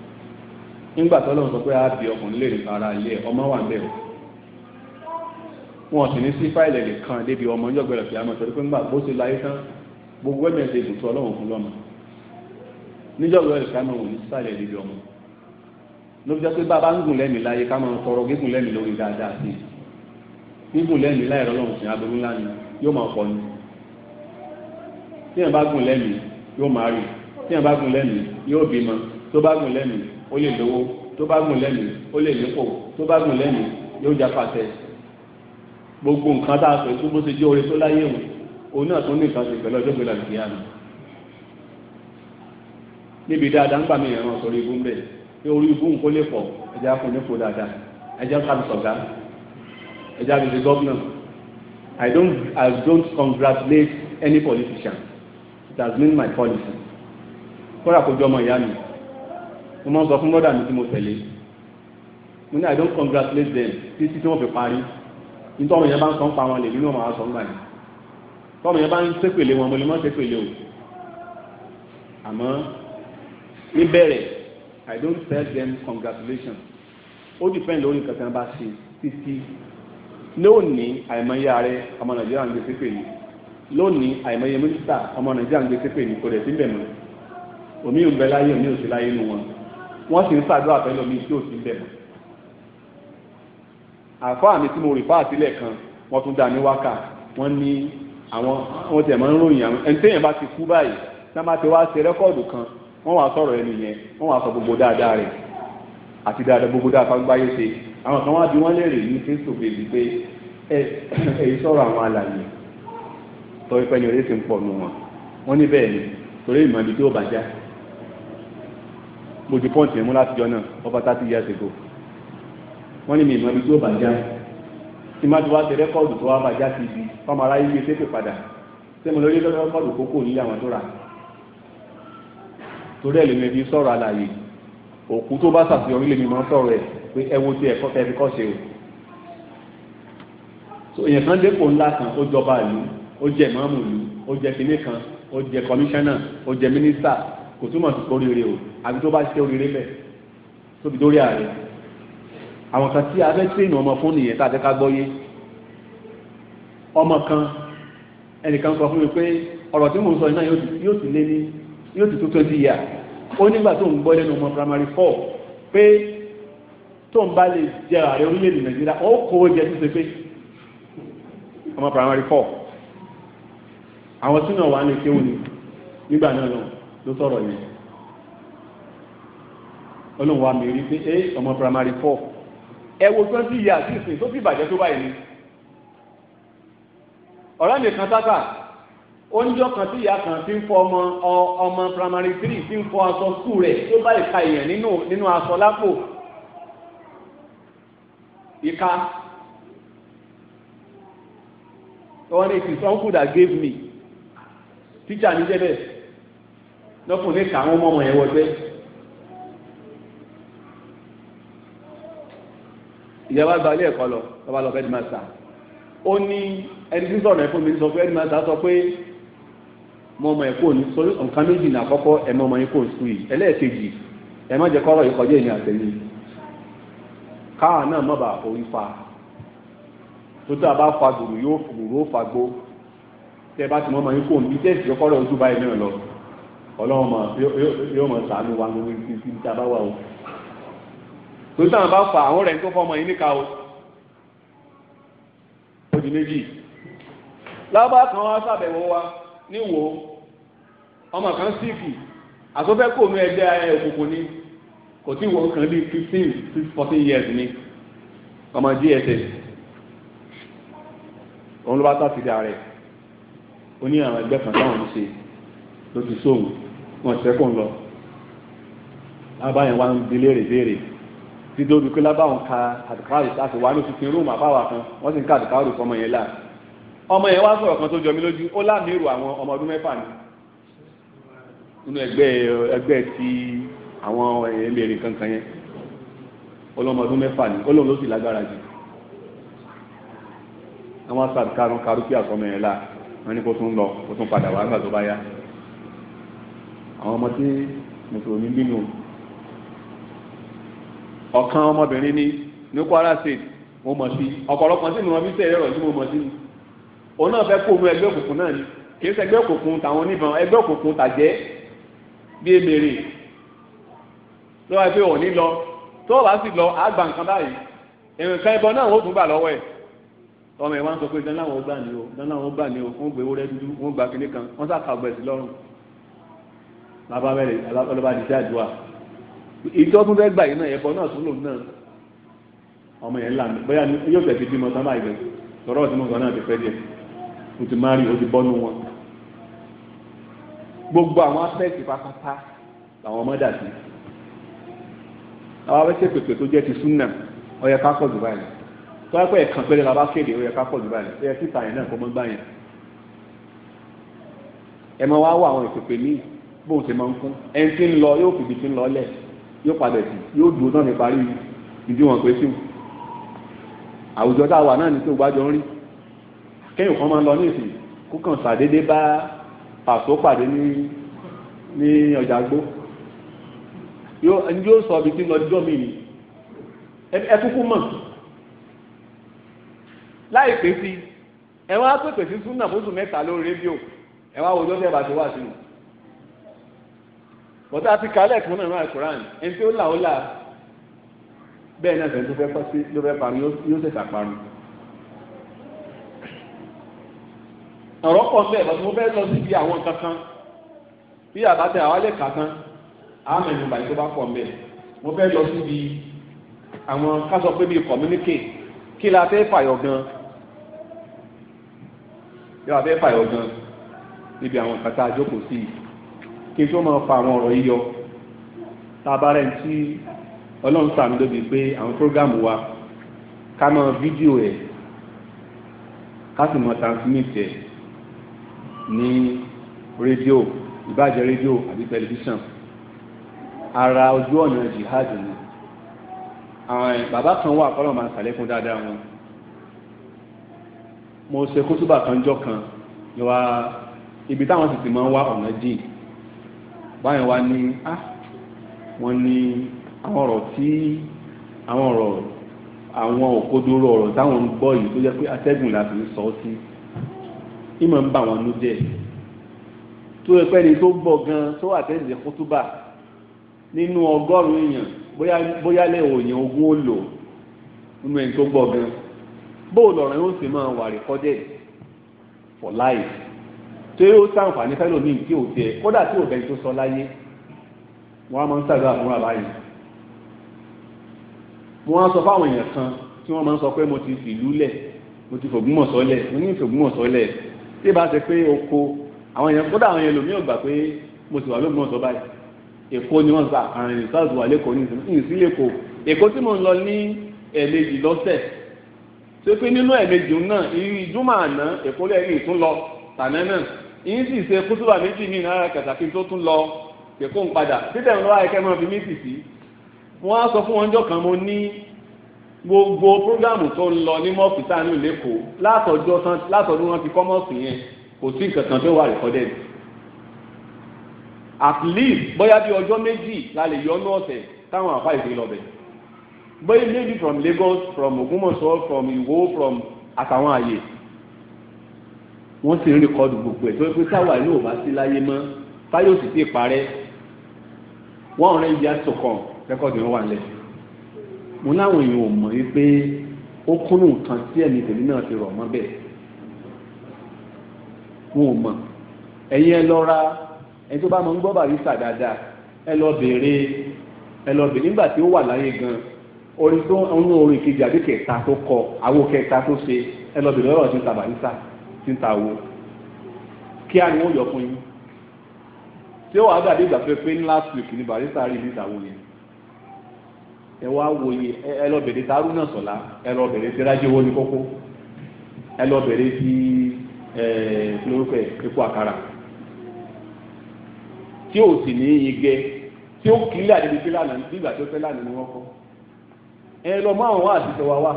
nígbà tó lọ́wọ́ sọ pé a bí ọkùnrin lè nípa ara ilé ọmọ wà ń bẹ̀rẹ̀ wọn sì ní sí fáìlì lè kan débi ọmọ ní ọgbẹ̀rẹ̀ fi àmọ́ torí pé ńgbà bó ṣe láyé tán gbogbo ẹ̀mí ẹ̀sẹ̀ ìbùtú ọlọ́run fún lọ́mọ níjọba ẹ̀rẹ̀ kámọ̀ wò ní sí fáìlì débi ọmọ ló fi jẹ́ pé bàbá ń gùn lẹ́mí láyé ká máa tọrọ gígùn lẹ́mí lórí dáadáa sí i gígùn lẹ́mí láyé ọlọ́run sí aburú ńlá ni yóò máa pọ̀ ni tí yẹn bá gùn lẹ́mí yóò máa rí tí yẹn bá gùn lẹ́mí yóò bímọ tó bá gùn lẹ́mí ó lè lówó tó bá gùn lẹ́nu ó lè nípò tó bá gùn lẹ́nu yóò já pàtẹ gbogbo nǹkan tá a pè tó bó ṣe jẹ́ oore tó láyé wò òun náà tó ní nǹkan ṣe pẹ̀lú ọjọ́ gbẹ̀lá nìkìyà mi níbi dáadáa ń gbà mí ìran sórí ibú ń bẹ̀ pé orí ibú ń kó lè pọ̀ ẹja kò ní kó dáadáa ẹja sábì sọ̀gá ẹja bìbí gọ́vnà I don't I don't congratulate any politician it has been my policy kóra kó jọ ọmọ ìyá mi mo máa ń sọ fún bọ́dà mi tí mo tẹ̀lé mo ní i don't congratulate them títí tí wọ́n fi parí nítorí ọmọ yẹn bá ń sọ ń pa wọn lè nínú ọmọ àwọn sọ ń gbà yẹn tọ́mọ yẹn bá ń sépèlé wọn mo lè má sépèlé o àmọ́ níbẹ̀rẹ̀ i don't tell them congratulations ó dìpẹ́ǹd lórí nǹkan tí wọ́n bá ṣe títí lónìí àìmọye ààrẹ ọmọ nàìjíríà ń gbé sí pèlè lónìí àìmọye mínísítà ọmọ nàìjíríà ń gbé sí pèlè kò rẹ̀ síbẹ̀ mọ́ òmí ò ń bẹ láyé òmí ò sí láyé nu wọn wọ́n sì ń ṣàdúrà pẹ̀lú mi tí ò sí bẹ̀ mọ́ àfáà mi tí mo rì fáà sílẹ̀ kan wọ́n tún dá ní wákà wọ́n ní àwọn wọ́n tẹ̀ máa ń ròyìn àwọn ẹni téèyàn bá ti kú báyìí náà bá ti wá ṣe rẹ́kọ́ọ̀dù kan wọ́n wá sọ̀rọ̀ ẹni yẹn wọ́n wá sọ gbogbo dáadáa rẹ̀ àti dáadáa gbogbo dáadáa fágbáyé ṣe àwọn kan wá bí wọ́n lè rè ní kristo bèbí pé èyí sọ̀rọ̀ àwọn alàyè tọ́ ìpẹ́ni orí ń pọ̀ nù wọn wọ́n ní bẹ́ẹ̀ ni torí ìmọ̀ ibi tí ó bàjá mo ti pọ́ǹtì ẹ̀mú látijọ́ náà over thirty years ago wọ́n ní mi ìmọ̀ ibi tí ó bàjá tí má ti wá ṣe rẹ́kọ́ọ̀dù tó wá bàjá ti di fọmọ aráyé gbé sépè padà sẹ́mi lórí rẹ́kọ́ọ̀dù kókó ní àwọn tó rà torí ẹ̀ lèmi fi sọ̀rọ̀ àlàyé òkú tó bá ṣàfihàn lèmi máa sọ̀rọ̀ ẹ̀ pé ẹ wo ti ẹ̀kọ́ fẹ́ fi kọ́ ṣe o so èèyàn kan dépò ńlá kan ó jọba ìlú ó jẹ ìmọ̀ọ́mù ìlú ó jẹ kinní kan ó jẹ kọmíṣánná ó jẹ mínísítà kò túmọ̀ sí oríire o àbí tó bá ṣiṣẹ́ oríire mẹ́ tóbi dórí ààrẹ àwọn kan tí abẹ́ tírénì ọmọ fún nìyẹn tá a fẹ́ ká gbọ́yé ọmọ kan ẹnìkan sọ fún mi pé ọ̀rọ̀ tí mò ń sọ iná yóò ti lé ní yóò ti tó twenty years ó nígbà tó ń gbọ́ lẹ́nu ọmọ primary four pé tó ń bá lè jẹ ààrẹ orílẹ̀-èdè nàìjíríà ó kó jẹ tó ṣe pé ọmọ primary four àwọn sínú ọ̀wà ní kéwù nígbà náà lọ ló sọ̀rọ̀ yẹn olóhùn wa mi pé ẹ ọmọ primary four ẹ twenty years ìsìn tó fi bàjẹ́ tó báyìí ni ọ̀rẹ́ mi kan sábà oúnjẹ kan tí ìyá kan ti ń fọ ọmọ ọmọ primary three ti ń fọ aṣọ skul rẹ̀ tó bá ìka èèyàn nínú nínú aṣọ lápò ìka wọ́n ní it is uncle that gave me teacher mi jẹ́ bẹ́ẹ̀ lọ́kùnrin kà àwọn ọmọ ọmọ yẹn wọ́n bẹ́ẹ̀. ìjọba gba ilé ẹ̀kọ́ lọ lọ́ba lọ fẹ́ẹ́ di máa sà ó ní ẹni tí sọ̀rọ̀ ẹ̀fọ́ mi sọ pé ẹni máa sà sọ pé mo ọmọ ẹ̀kọ́ ní sọ nǹkan méjì ní àkọ́kọ́ ẹ̀ mọ ọmọ yín kò ń sùn yìí ẹlẹ́ẹ̀kejì ẹ̀ má jẹ́ kọ́rọ̀ yìí kọjá èmi àtẹ̀yìn káà náà mọ̀ bá orí fa tó tá a bá fa gbòòrò yóò gbòòrò fa gbó tẹ́ bá ti mọ ọmọ yín kò ní ibi tí a tó táwọn bá fà àwọn rẹ̀ tó fọmọ yìí níka o ó di méjì lábá kan wá ṣàbẹ̀wò wa níwò ọmọ kan síìkì àtọ́fẹ́ kò ní ẹgbẹ́ òkùnkùn ni kò tí wọ́n kan bí fifteen to fourteen years ni ọmọ dss òun ló bá sàtìdá rẹ̀ ó ní àwọn ẹgbẹ́ kan táwọn ń ṣe ló ti sóhun wọn ṣẹ́kùn lọ lábáyẹn wá ń dilé rèbèrè ti dóbi pé lábáwọn ka àdìkárù láti wà ní òṣìṣẹ́ rúùmù àbáwà kan wọ́n sì ń ka àdìkárù fọmọ yẹn láà ọmọ yẹn wá sọ̀rọ̀ kan tó jọ mí lójú ó láàmìrò àwọn ọmọ ọdún mẹ́fà ni nínú ẹgbẹ́ ẹgbẹ́ ti àwọn ẹlẹ́rìí kankan yẹn ọlọ́mọ ọdún mẹ́fà ni ó lóun ló sì lágbára jù àwọn àdìkárù karùkí àfọmọ yẹn láà wọ́n ní kó tún lọ kó tún padà wá nígbà tó bá yá àwọn ọmọ tí mùsùlùmí bínú ọ̀kan ọmọbìnrin ní ní Kwara State mo mọ̀ sí ọ̀pọ̀lọpọ̀ sí ni wọ́n fi sẹ́yìn ọ̀rọ̀ tí mo mọ̀ sí ni òun náà fẹ́ kó ohun ẹgbẹ́ òkùnkùn náà ni kì í ṣẹgbẹ́ òkùnkùn tàwọn oníbọn ẹgbẹ́ òkùnkùn tàjẹ́ bí emèrè tó wáá pé òní lọ tó wàá sì lọ àgbà nǹkan báyìí èrò kan ìbọn náà wọ́n tún gbà lọ́wọ́ ẹ̀ ọmọ ẹ̀ wá ń sọ pé dáná àwọn gbà ní o dáná àwọn gbà ní o wọ́n gbé owó ìjọ tún fẹ́ gbà yìí náà ẹ̀bọ náà tún lòun náà ọmọ yẹn lànà bóyá yóò tẹ̀ ti bímọ sábà ìgbẹ́ lọ́rọ́ tí mo sọ náà ti fẹ́ díẹ̀ o ti máa rí o ti bọ́nu wọn gbogbo àwọn aspect pátápátá làwọn ọmọ dàbí àwọn abẹ́sẹ̀ pèpè tó jẹ́ ti súnà ó yẹ ká pọ̀ jù báyìí tó yẹ pé ẹ̀kan péré la bá kéde ó yẹ ká pọ̀ jù báyìí ó yẹ kíta yẹn náà kó mọ́ gbà yẹn ẹ máa wá wọ àwọn ìpèpè míì bóun ṣe máa ń kún ẹni tí ń lọ yóò fìdí tí ń lọ lẹ̀ yóò padà sí yóò dúró náà ní parí ìdí wọn àwùjọ tá a wà náà ní tó gbájọ ń rí kéèyàn kan máa ń lọ ní ìsìn kó kàn sàdédé bá pàṣọ pàdé ní ní ọjà gbó yóò sọ ibi tí lọ dídọ́ mi ni ẹ kúkú mọ̀ láì pèsè ẹ wá pèpè sí súnà fóṣù mẹ́ta lórí rédíò ẹ wá wo ọjọ́ bá ti wá sínú bọ́tà àti kálẹ̀ fún náà alukoran ẹni tí ó là ó là bẹ́ẹ̀ náà sẹ́ni tó fẹ́ pọ́ sí ló fẹ́ parun yóò ṣẹ̀ṣà parun. ọ̀rọ̀ pọ̀ bẹ́ẹ̀ bọ́tà mo fẹ́ lọ síbi àwọn kankan bí àbátẹ àwálẹ̀ kankan àmẹ̀nu bàyí tó bá pọ̀ bẹ́ẹ̀ mo fẹ́ lọ síbi àwọn kásọ pé bíi communicate kí la fẹ́ fàyọ̀ gan yóò fẹ́ fàyọ̀ gan níbi àwọn kàtà àjókòó sí i kí tó máa fa àwọn ọ̀rọ̀ yíyọ tábàárẹ̀ tí ọlọ́run sàmì lóbi pé àwọn prógámù wa ká máa fídíò ẹ̀ ká sì máa transmit ẹ̀ ní rédíò ìbájẹ́ rédíò àbí tẹlifíṣàn ara ojú ọ̀nà jihad ni àwọn bàbá kan wà kọ́lọ̀ máa sàlékún dáadáa wọn mo ṣe kótóbà kan jọ kan yọ wá ibi táwọn sì ti máa ń wá ọ̀nà díì báyìí wá ní á ah, wọ́n ní àwọn ọ̀rọ̀ tí àwọn ọ̀rọ̀ àwọn òkodoro ọ̀rọ̀ táwọn ń gbọ́ yìí tó jẹ́ pé atẹ́gùn láti ń sọ sí ìmọ̀ ń bà wọn nú jẹ́ tó yẹ pé ẹni tó gbọ́ gan tó àtẹ́ǹdẹ̀ kútúbà nínú ọgọ́rùn-ún èèyàn bóyá bóyá lẹ́wọ̀ èèyàn ogún ó lò nínú ẹni tó gbọ́ gan bóòlù ọ̀rọ̀ yóò sì máa wà rẹ̀kọ́dẹ̀ for life tó yóò sàǹfààní fẹ́lò ní ìdí òtí ẹ̀ kódà tí òbẹ̀ tó sọ láyé wọ́n á máa ń sàdúrà fún bàbá yìí mo wá sọ fáwọn èèyàn kan tí wọ́n máa ń sọ pé mo ti fìlú lẹ̀ mo ti fògúnmọ̀ sọ́lẹ̀ mo ní ìfògúnmọ̀ sọ́lẹ̀ tí bá ṣe pé oko àwọn èèyàn kódà àwọn èèyàn lòmí ò gbà pé mo sì wà lóògùn ọ̀sọ́ báyìí èkó ni wọ́n sọ àrìn sáàtù wà lẹ́kọ̀ọ́ ní ìsílẹ̀ èkó èkó tí mo ń lọ ní ẹ̀ẹ̀mejì lọ́sẹ̀ ṣé pé nínú ẹ̀ẹ̀mejì náà ìjùmọ̀ àná èkó lẹ́yìn ìtún lọ tànẹ́nà yìí sì ṣe kútùbà méjì ní náírà kàtàkì tó tún lọ kẹkọ ń padà títẹ̀ ń lọ ayẹkẹ́ máa fi mí sì sí wọ́n á sọ fún wọn jọ kan mo ní gbogbo prógámù tó ń lọ ní mọ́ọ̀kì tá a ní lẹ́kọ̀ọ́ látọ̀dún wọn ti kọ́ mọ́ọ̀kì yẹn kò sí nǹkan kan tó wà rẹ̀kọ́dẹ̀ at least bóyá bí ọjọ́ méjì la lè yọ ọ́nú ọ̀sẹ̀ táwọn àfa ìdí lọ bẹ̀ bóyá maybe from Lagos from Ògbómọ̀ṣọ́ from Ìwó from àtàwọn àyè wọ́n sì ń rìkọ́dù gbogbo ẹ̀ tó pé táwa ní òbá sí láyé mọ́ táyọ̀ sì ti parẹ́ wọ́n rẹ̀ yíyá sọ̀kan rẹ́kọ́dù yẹn wà lẹ̀ mo láwọn èèyàn ò mọ̀ wípé ó kúnnù nǹkan tí ẹ̀mí tèmi náà ti rọ̀ mọ́ bẹ́ẹ̀ wọn ò mọ̀ ẹ̀yin ẹ lọ ra ẹni tó bá mọ̀ ń gbọ́ bàrísà dáadáa ẹ lọ béèrè ẹ lọ béèrè nígbà tí ó wà láyé gan orin tó ń orin kejì àbí kẹta tó kọ àwo kẹta tó ṣe ẹ lọ béèrè ọ̀rọ̀ tí ń ta bàrísà tí ń ta owó kíá ni wọ́n yọ fún yín tí ó wàá gbàdé ìgbà ní last week ní barista rí níta wo yẹn ẹ wá wo yẹ ẹ lọ bẹ̀rẹ̀ tí arúnà sọ̀la ẹ lọ bẹ̀rẹ̀ tí rájẹ́ owó ní kókó ẹ lọ bẹ̀rẹ̀ tí ẹ lórúkọ ẹ epo àkàrà tí ò sì ní igẹ tí ó kílẹ̀ àdébí pé lánàá nígbà tó fẹ́ lánàá ni wọ́n kọ́ ẹ lọ mọ àwọn àti tẹwàá wá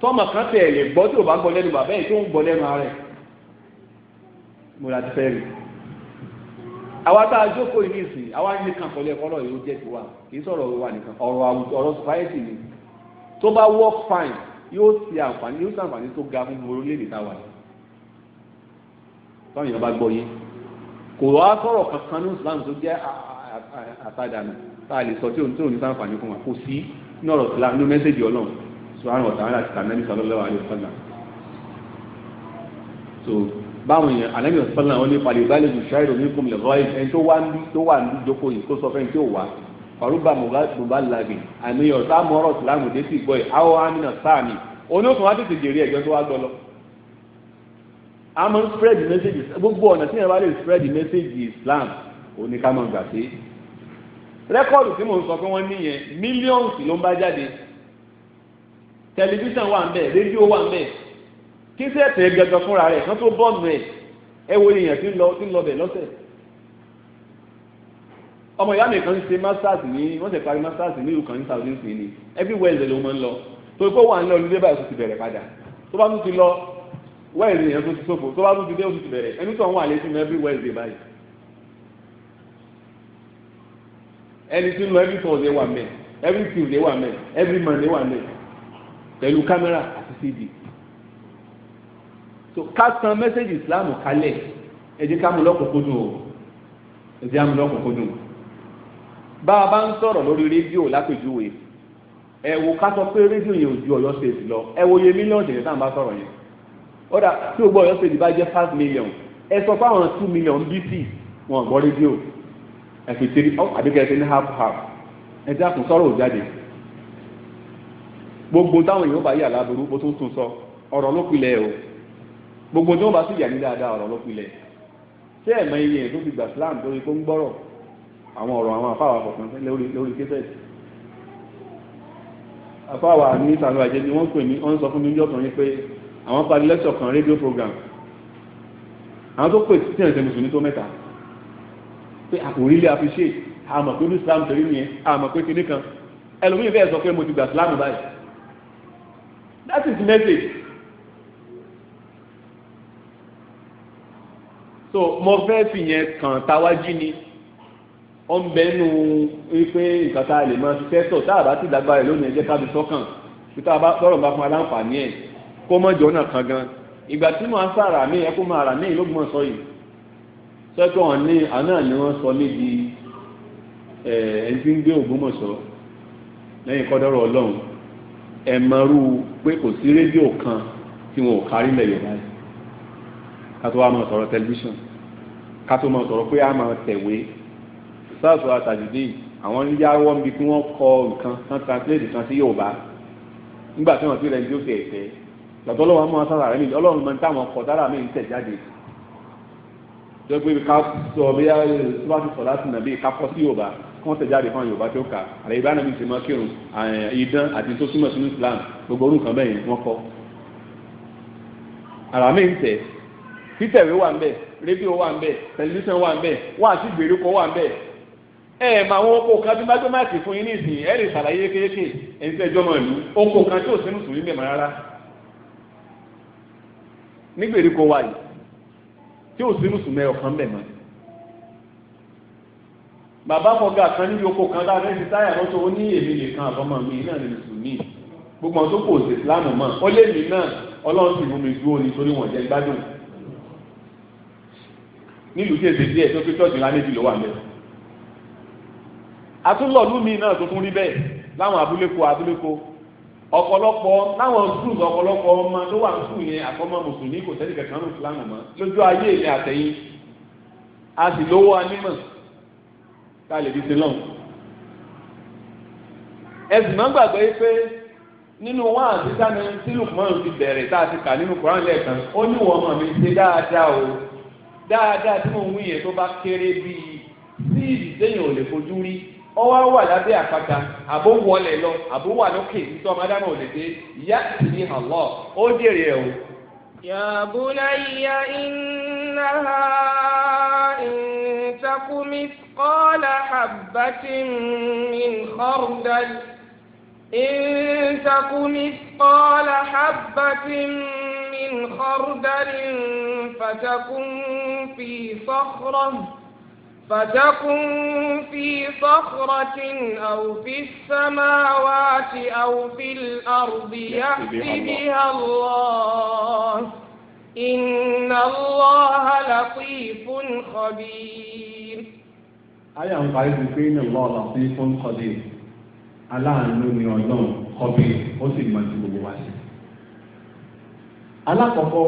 tọ́mọ̀ kan tẹ̀ lè gbọ́ tí ò bá gbọ́ lẹ́nu bàbá ẹ̀ tó ń gbọ́ lẹ́nu ara ẹ̀ mo là ti fẹ́ rí àwa tá a jókòó yìí nìsín àwa nìkan kọ́ lẹ́kọ́ ọ̀rọ̀ yìí ó jẹ́ tiwa kì í sọ̀rọ̀ wa nìkan ọ̀rọ̀ àwùjọ ọ̀rọ̀ society ni tó bá work fine yóò ṣe àǹfààní yóò ṣe àǹfààní tó ga fún gbogbo orílẹ̀-èdè táwa yìí tọ́yìn ọba gbọ́ yé kò wá sọ̀rọ̀ kankan ní Islam tó jẹ́ àtàdànù tá a lè sọ tí òun tí òun ní ṣàǹfààní fún wa kò sí ní ọ̀rọ̀ Islam ní mẹ́sẹ̀gì Ọlọ́run sùhánù ọ̀tàwọn àti tànàbí sọlọ́lọ́wọ́ àlẹ́ ọ̀sán náà so báwọn yẹn àlẹ́ ọ̀sán náà wọ́n ní palẹ̀ ìbálẹ̀ ju ṣáìrò ní kùmìlẹ̀ rọ́ì ẹni tó wá ní tó wà ní jókòó yìí kó sọ fẹ́ni tí ò wá ọ̀rúbà mùbá làgì àmì ọ̀sá mọ́rọ̀ sìlámù dé sí ìgbọ́ yìí amínà sáàmì oníkùn wá tètè jèrè ẹ̀gbẹ́ tó wá gbọ́ lọ. a spread messages gbogbo ọ̀nà tí yẹn bá lè spread message Islam òní ká máa gbà sí. rẹ́kọ̀dù tí mò sọ pé wọ́n níyẹn millions ló ń bá jáde tẹlifíṣàn wà ń bẹ rédíò wà ń bẹ kí sẹ́ẹ̀tẹ̀ gẹ́gẹ́ fúnra rẹ̀ kan tó bọ́ọ̀nù ẹ̀ ẹ wo èèyàn tí ń lọ tí ń lọ bẹ̀ lọ́sẹ̀ ọmọ ìyá mi kan ṣe masters ní wọ́n ṣe parí masters ní ìlú kan ní Saudi sí ni every Wednesday ló máa ń lọ torí pé wà ń lọ ìlú débà tó ti bẹ̀rẹ̀ padà tó bá tún ti lọ Wednesday yẹn tó ti sófo tó bá tún ti dé ó ti bẹ̀rẹ̀ ẹni tó ń wà létí mi every Wednesday báyìí ẹni tí ń lọ every Thursday wà mẹ́ every Tuesday wà mẹ́ every Monday wà mẹ́ pẹ̀lú kámẹ́rà àti cd so ká san mẹ́sẹ̀gì islam kalẹ̀ ẹ jẹ́ ká mú lọ́kùnkúndùn o ẹ jẹ́ ká mú lọ́kùnkúndùn bá a bá ń sọ̀rọ̀ lórí rédíò lápèjúwe ẹ wo ká sọ pé rédíò yẹn ò ju Ọ̀yọ́ state lọ ẹ wo iye mílíọ̀nù tẹ̀lé tá bá sọ̀rọ̀ yẹn ọ̀dà tí o gbọ́ Ọ̀yọ́ state bá jẹ́ five million ẹ sọ fún àwọn two million bc wọn gbọ́ rédíò ẹ fi tiri ọ àbíkẹ́ ẹ ti ní half half ẹ ti ò jáde gbogbo táwọn èèyàn bá yà láburú bó tún tún sọ ọ̀rọ̀ ló pilẹ̀ o gbogbo tí wọ́n bá sì yà ní dáadáa ọ̀rọ̀ ló pilẹ̀ ṣé ẹ̀mọ iye yẹn tó fi gbà Islam lórí kó ń gbọ́rọ̀ àwọn ọ̀rọ̀ àwọn afáwà kọ̀ọ̀kan lórí kéfẹ́ afáwà ní ìsàlù àjẹ́ ni wọ́n pè mí wọ́n sọ fún mi ní ọ̀tàn yín pé àwọn parí lẹ́tọ̀ kan rédíò program àwọn tó pè tí ẹ̀sẹ̀ mùsùlùmí tó mẹ́ta pé àkòrí ilé àfiṣe àmọ̀ pé ní Islam torí nìyẹn àmọ̀ pé kinní kan ẹlòmíì fẹ́ sọ pé mo ti gbà Islam báyìí That is the message. So mo fẹ́ fìyẹn kàn táwájú ni wọ́n bẹ nù pé nǹkan tá a lè máa ṣiṣẹ́ tọ̀ tá a bá ti lágbára lónìí ẹ jẹ́ ká fi sọ́kàn kí tá a bá sọ̀rọ̀ bá fún aláǹfààní ẹ̀ kó mọ̀ jọ náà kan gan ìgbà tí mo sá ara mi ẹ kó máa rà mí lóògùn sọ yìí sọ́kàn wọn ní àná ni wọ́n sọ níbi ẹ̀ ẹ̀ ń gbé Ògbómọ̀ṣọ́ lẹ́yìn kọ́dọ̀rọ̀ Ọlọ́run ẹ̀mọ́rú pé kò sí rédíò kan tí wọn ò kárí lẹ̀ Yorùbá yìí ká tó wá máa sọ̀rọ̀ tẹlifíṣàn ká tó máa sọ̀rọ̀ pé a máa tẹ̀wé sars àtàdìdì àwọn yáwọ́ níbi kí wọ́n kọ nǹkan kan translate kan sí Yorùbá nígbà tí wọ́n ti rẹ̀ ní oṣù ẹ̀fẹ́ lọ́tọ́ lọ́wọ́ máa sára rẹ̀ mi ọlọ́run máa ń táwọn ọkọ̀ dára mi ń tẹ̀ jáde jẹ́ pé ká sọ bí wọ́n ti wọ́n tẹ̀ jáde fún yorùbá tí ó kà àlẹ́ ìbá nàbí ti máa kírun ìdán àti tó túmọ̀ sínú islam gbogbo orú nǹkan bẹ́ẹ̀ wọ́n kọ́. àràmì ń tẹ̀ títẹ̀wé wà ń bẹ̀ rédíò wà ń bẹ̀ tẹlifíṣàn wà ń bẹ̀ wà á sì gbèríko wà ń bẹ̀. ẹ ẹ mà àwọn oko kan bí bá gbẹ́màkì fún yín nísìn ẹ lè ṣàlàyé kéékèèké ẹni tẹ́ jọmọ ìlú oko kan tí ò sínú sùn níbẹ̀ rárá. ní gbèríko wà yìí tí bàbá mọ̀gá kan níbi oko kan tá a fẹ́ ti táyà lọ́tọ̀ ó ní èmi nìkan àbọ̀mọ̀ mi náà ní mùsùlùmí gbogbo tó kò sí ìsìláàmù mọ́ ó lé mi náà ọlọ́run sì mú mi dúró nítorí wọ́n jẹ́ gbádùn nílùú tí èsè díẹ̀ tó fi tọ́jú ńlá méjì ló wà mẹ́rin atúlọ̀lú mi náà tó tún rí bẹ́ẹ̀ láwọn abúléko abúléko ọ̀pọ̀lọpọ̀ láwọn sùn ọ̀pọ̀lọpọ̀ ọmọ tó wà ń sùn yẹn àkọ́mọ mùsùlùmí kò tẹ́lẹ̀ kẹ̀kẹ́ ń sùn lánàá mọ́ lójú ayé ìyẹn àtẹ̀yìn a sì lówó anímọ̀ tá a lè fi ṣe náà. ẹ̀sìn máa ń gbàgbé pé nínú wọn àti sani sílù mọ́rùn ti bẹ̀rẹ̀ tá a ti kà nínú Kùránì lẹ́ẹ̀kan ó ní wọ́n mọ̀ mi ṣe dáadáa o dáadáa tí mò ń wí yẹn tó bá kéré bíi sí ìdíjẹ́yìn ò lè fojú rí ọwọ́ wà lábẹ́ àpáta àbó wọlé lọ àbó wà lókè nítorí ọmọ adáná ò lè dé ìyá sì ní àlọ́ ó dèrè ẹ̀ o. ya bunayya innaha in تك مثقال حبة من خردل إن تك مثقال حبة من خردل فتكن في صخرة فتكن في صخرة أو في السماوات أو في الأرض يأت بها الله إن الله لطيف خبير ayé àwọn parí ti pé ní ọlọ́ọ̀lá sí fún kọ́dé aláàánú ni ọlọ́run kọ́bí ó sì mọ ti gbogbo wa sí. alákọ̀ọ́kọ́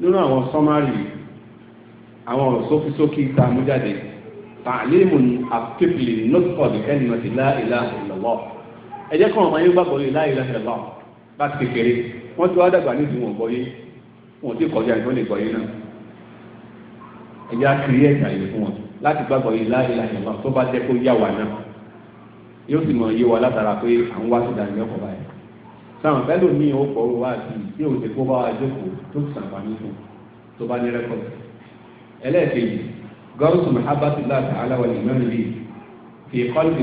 nínú àwọn sọ́márì àwọn sókísókí tá a mú jáde tàlímù àkébìlì nọ́tìfọ̀dì ẹni mọ̀ sí láìlá ìlọ́lọ́ ẹ jẹ́ kàn máa yín gbàgbọ́ lè láìlá ìlọ́lọ́ bá ti kékeré wọ́n ti wá dàgbà ní ìdíwọ̀n gbọ́ yé wọ́n ti kọjá ìdíwọ̀n lè gbọ́ yé náà ẹ jẹ́ àkìrí ẹ̀ka yìí fún wọn láti gbàgbọ́ yìí láàyè láàyè wa tó bá jẹ́ kó yá wa náà yóò sì mọ̀ yé wa látara pé à ń wá sí ìdánilẹ́kọ̀ọ́ báyìí sáwọn fẹ́ lòmí ò pọ̀ wá sí tí òde kó bá wa jókòó tó sàǹfààní fún tó bá ní rẹ́kọ̀dì ẹlẹ́ẹ̀kejì gọ́ọ̀sù mahabatullah ta'ala wal iman fi qalbi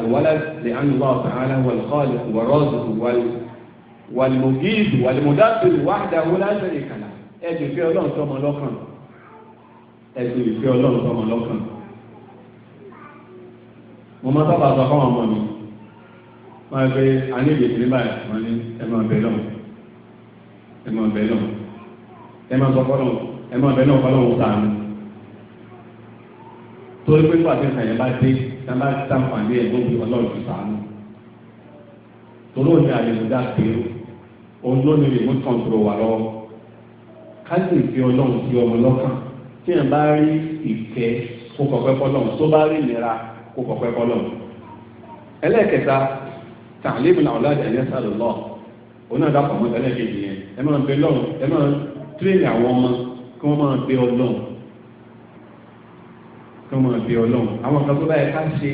alwalad li an Allah ta'ala wal khaliq wal raziq ẹ̀sùn ìfẹ́ ọlọ́run tọmọ lọ́kàn. mo máa sábà sọ fún ọmọ mi wọ́n á pé a ní ìgbésí ní báyìí wọ́n ní ẹ máa bẹ̀ lọ́wọ́ ẹ máa bẹ̀ lọ́wọ́ ẹ máa sọ fọ́lọ́ ẹ máa bẹ̀ lọ́wọ́ fọ́lọ́wọ́ sàánú. torí pé pàṣẹ sàn yẹn bá dé sábà sàǹfààní ẹ̀ ló ń bí ọlọ́run ti sàánú. torí òní àyẹ̀wò dá òun ló ní remote control wà lọ́wọ́ ká sì fi ọlọ́run sí tí yẹn bá rí ìfẹ́ kó kọ̀pẹ́ fọlọ́run tó bá rí ìlera kó kọ̀pẹ́ fọlọ́run. ẹlẹ́ẹ̀kẹta tàlíbù náà ọ̀làjà ẹ̀yẹ sálọ lọ òun náà dàpọ̀ mọ́ ẹlẹ́ẹ̀kejì yẹn ẹ máa bẹ lọ́run ẹ máa tírèlì àwọn ọmọ kí wọ́n máa bẹ ọlọ́run kí wọ́n máa bẹ ọlọ́run àwọn kan tó bá yẹ ká ṣe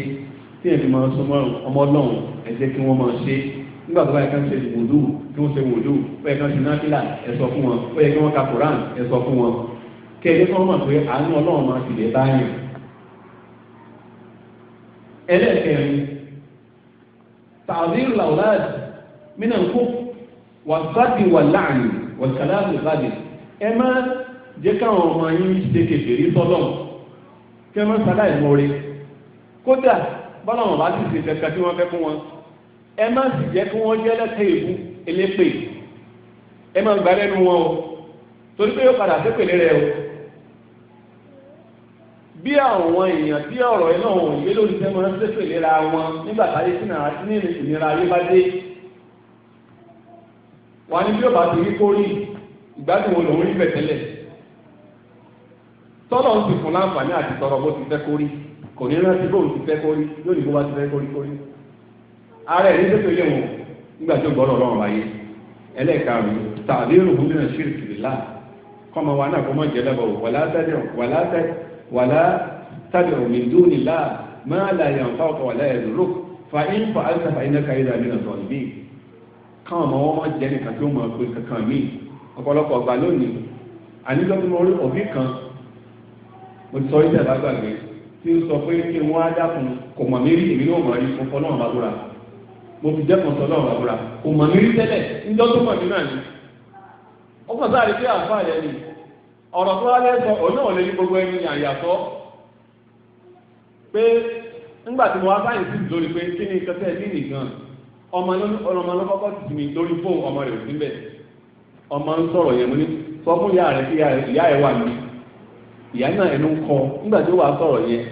tí yẹn fi máa sọ ọmọ ọlọ́run ẹ jẹ́ kí wọ́n máa ṣe nígbà tó bá ká ṣe wòlúù kí wọ́n ṣe wòlúù ó yẹ ká ṣe náfìlà ẹ sọ fún wọn ó yẹ kí wọ́n ka koran ẹ sọ fún wọn kẹ́lẹ́ fún ọmọ pé àánú ọlọ́run máa fi lè báyìí ẹlẹ́ẹ̀kẹrin tàbír làwùláàdì mínà ń kó wàsáàdì wà láàrin wàsálàmù ìbàdì ẹ má jẹ́ káwọn ọmọ yín ṣe kékeré sọ́dọ̀ kẹ́ má sálà ìmọ̀re kódà bọ́lá wọn bá ti ṣe kẹ̀kẹ́ tí wọ́n fẹ́ fún wọn ẹ má sì jẹ́ kí wọ́n jẹ́ lẹ́tẹ̀ ìbú elépè ẹ má gbà lẹ́nu wọn o torí pé yóò padà sí rẹ o bí àwọn èèyàn tí ọ̀rọ̀ iná òun ìgbé lórí tẹ́ máa ń ṣépè léra wọn nígbà táyé sínú àti ní ìnira ayé bá dé wà ní bí ó bá ti rí kórì ìgbádùn wọn lòún rí bẹ̀ tẹ́lẹ̀ tọ́lọ̀ ń ti fún láǹfààní àti tọrọ bó ti fẹ́ kórì kò ní rántí bóun ti fẹ́ kórì yóò ní bó bá ti fẹ́ kórì kórì ara ẹ̀ ní ṣépè lé wọn nígbà tí ó gbọ́dọ̀ lọ́rùn láyé ẹlẹ́ẹ̀karùn-ún tàbí wàlá tábì òmì dúni láà máa là yàn fáwọ̀kọ̀ wàlá ẹ̀ lóró fa in fa alisa fa iná ka ìdá mìíràn sọ̀rọ̀ bí káwọn ọmọ wọn jẹ́ nìkan tó mọ̀ pé kankan mí ọ̀pọ̀lọpọ̀ ọgbà lónìí àníjọ́ tí mo rí òbí kan mo sọ ìjà lágbàgbé tí ó sọ pé kí wọ́n á dákun kò mọ̀ mí rí èmi náà mọ̀ rí mo náà bá búra mo fi jẹ́ kan sọ náà bá ọ̀rọ̀ tó wáyé sọ òun náà ní gbogbo ẹni àyàtọ́ pé nígbà tí mo wá sáyẹn sí lórí pé kí ọmọ ọmọ rẹ̀ ọmọ ń sọ̀rọ̀ yẹn ní sọ fún ìyá rẹ̀ kí ìyá ẹ̀ wà ní ìyá náà ẹnu ń kọ nígbà tí wà sọ̀rọ̀ yẹn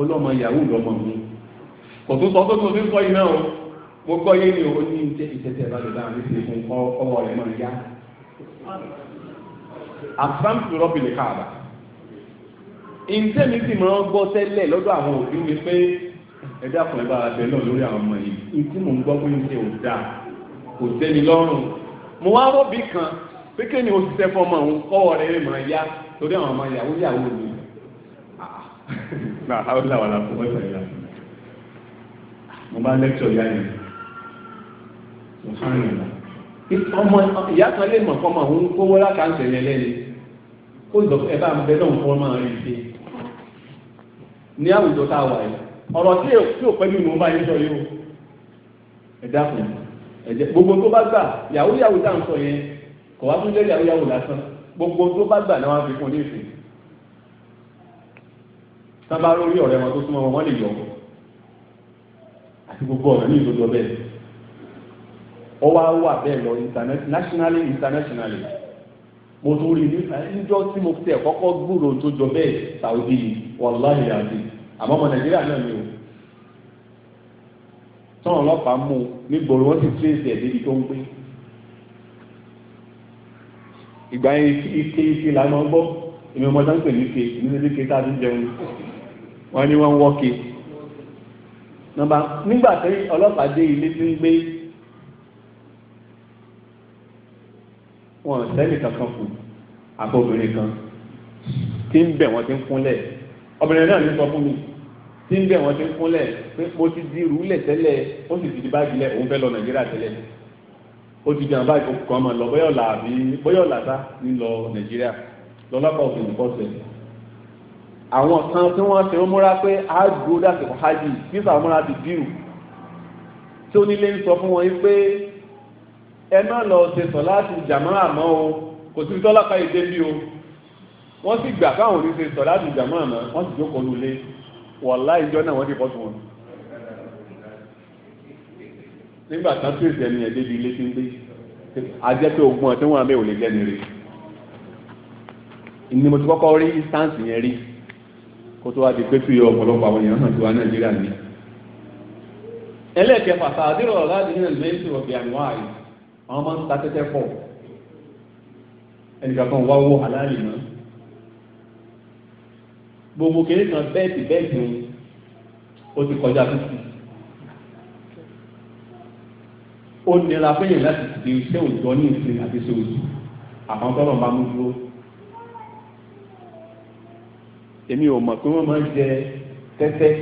ọlọ́mọ mi kò tún sọ tún o mo gbọ́ ni o ní ìtẹ́tẹ́ bá ṣe ọmọ rẹ̀ yá. àfáǹtì rọ́bì ní káàbà ìǹtẹ́mi sì máa ń gbọ́ tẹ́lẹ̀ lọ́dọ̀ àwọn òbí mi pé ẹ̀dá kan bá a bẹ̀ náà lórí àwọn ọmọ yìí ìtí mò ń gbọ́ pé ṣe ò dáa kò tẹ́ni lọ́rùn mo wá rọ́bì kan pé kéènì o ṣiṣẹ́ fọmọ òun kọ́wọ́ rẹ̀ rẹ̀ máa yá torí àwọn ọmọ ìyàwó ìyàwó mi náà àwọn ìlàwọ̀ làkọ̀ wọ́n ìfẹ̀ yà mo bá lẹ́kṣọ̀ yá yẹn mo sáré yẹn náà ọmọ ìyá kan lè mọ̀ fọmọ òun kówó látàǹtẹ̀ lẹ́lẹ́ni kó lọ ẹ bá ń bẹ lọ́hùn fún ọmọ rẹ̀ ṣe ní àwùjọ tá a wà yìí ọ̀rọ̀ tí yóò pẹ́ bí mo bá yín sọ o ẹ dákun ẹ̀jẹ̀ gbogbo tó bá gbà yahoo yahoo tá à ń sọ yẹn kò wá tún jẹ́ yahoo yahoo lásán gbogbo tó bá gbà náà wá fi kún ní ìsìn sábà lórí ọ̀rẹ́ wọn tó súnmọ́ wọn wọ́n lè yọ̀ àti gbogbo ọ̀rẹ́ ní ó wá wà bẹ́ẹ̀ lọ nationally, internationally mo tún rí ní ẹjọ́ tí mo tẹ̀ kọ́kọ́ gbúrò tó jọ bẹ́ẹ̀ Saudi wàláhì àti àmọ́ ọmọ Nàìjíríà náà ni o tọ́nà ọlọ́pàá mú nígboro wọ́n sì tírèsì ẹ̀ débi tó ń gbé ìgbà yẹn ike ike la máa gbọ́ èmi ọmọ sáńpẹ̀ ní ike nínú ilé kẹta àti jẹun wọ́n ní wọ́n ń wọ́ke nígbà tí ọlọ́pàá dé ilé tí ń gbé wọn sẹ́ni kankan kù àbọ̀bìnrin kan tí ń bẹ̀ wọ́n ti ń kúnlẹ̀ obìnrin náà ní sọ fún mi tí ń bẹ̀ wọ́n ti ń kúnlẹ̀ pé mo ti di rúlẹ̀ tẹ́lẹ̀ ó sì ti di báàgì lẹ̀ òun fẹ́ lọ nàìjíríà tẹ́lẹ̀ ó ti di àwọn báàgì kan máa lọ bóyá ọ̀la àbí bóyá ọ̀la sá ní lọ nàìjíríà lọ́lọ́pàá òfin ìkọ́sẹ̀ àwọn kan tí wọ́n ti ń múra pé á dúró dàsìkò hajj nípa múra ti dìrù tí onílé ń sọ fún wọn yìí pé ẹ má lọ ṣe sọ láti jàmọ́ àmọ́ o kò sí tọ́lápá ìdé bí o wọ́n sì gbà káwọn òní ṣe sọ láti jàmọ́ àmọ́ wọ́n sì jókòó lulẹ̀ wọ̀lá ìjọ náà wọ́n ti pọ̀ tó wọn. nígbà tán tó ìṣẹ̀mí ẹ̀ débi ilé tí ń dé ajẹ́ pé ogun ọ̀tí wọn abẹ́ ò lè jẹ́ni rí ni mo ti kọ́kọ́ rí instance yẹn rí kó tó wá di pé tuyọ ọ̀pọ̀lọpọ̀ àwọn èèyàn hàn tó wá Nàìjíríà ní. ẹlẹ́ẹ̀kẹfà sàdúrà ọ̀la di nínú ìlú èsì ọ̀gbìn àmì wáyé àwọn máa ń ta tẹ́tẹ́ pọ̀ ẹnìkan kan wá owó aláàlì mọ́ gbogbo kéré kan bẹ́ẹ̀tì bẹ́ẹ̀tì o ti kọjá fífi ó nira fẹ́yìn láti ti iṣẹ́ òjò ní ìsinmi àti iṣẹ́ òjò àwọn tọ́lọ̀ máa mú dúró èmi ò mọ̀ pé wọ́n máa ń jẹ tẹ́tẹ́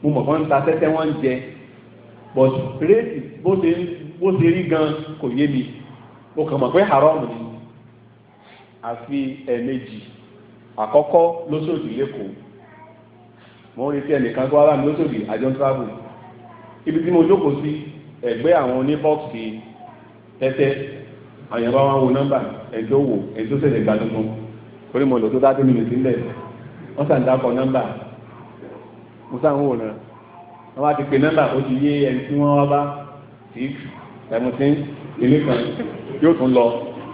mo mọ̀ kán ta tẹ́tẹ́ wọ́n ń jẹ but réètì bó ṣe ń bó ṣe rí gan kò yé mi mo kàn mọ̀ pé haram ni àfi ẹ̀ẹ̀mejì àkọ́kọ́ lóṣòdì lẹ́kọ̀ọ́ mo ń retí ẹnìkan tó ara mi lóṣòdì àjọ travel ibi tí mo jókòó sí ẹgbẹ́ àwọn oníbọ́ọ̀sì tẹ́tẹ́ àyànbá wa wo nọ́mbà ẹ̀dọ́ wò ẹ̀dọ́ sẹ̀lẹ̀ gba tuntun torí mo lò tó dájú mi sílẹ̀ wọ́n sàn dákọ̀ nọ́mbà mo sàn wò náà wọ́n bá ti pè nọ́mbà ó ti yé ẹni tí wọ́n wá bá six ẹ̀mùtí ìlú kan yóò tún lọ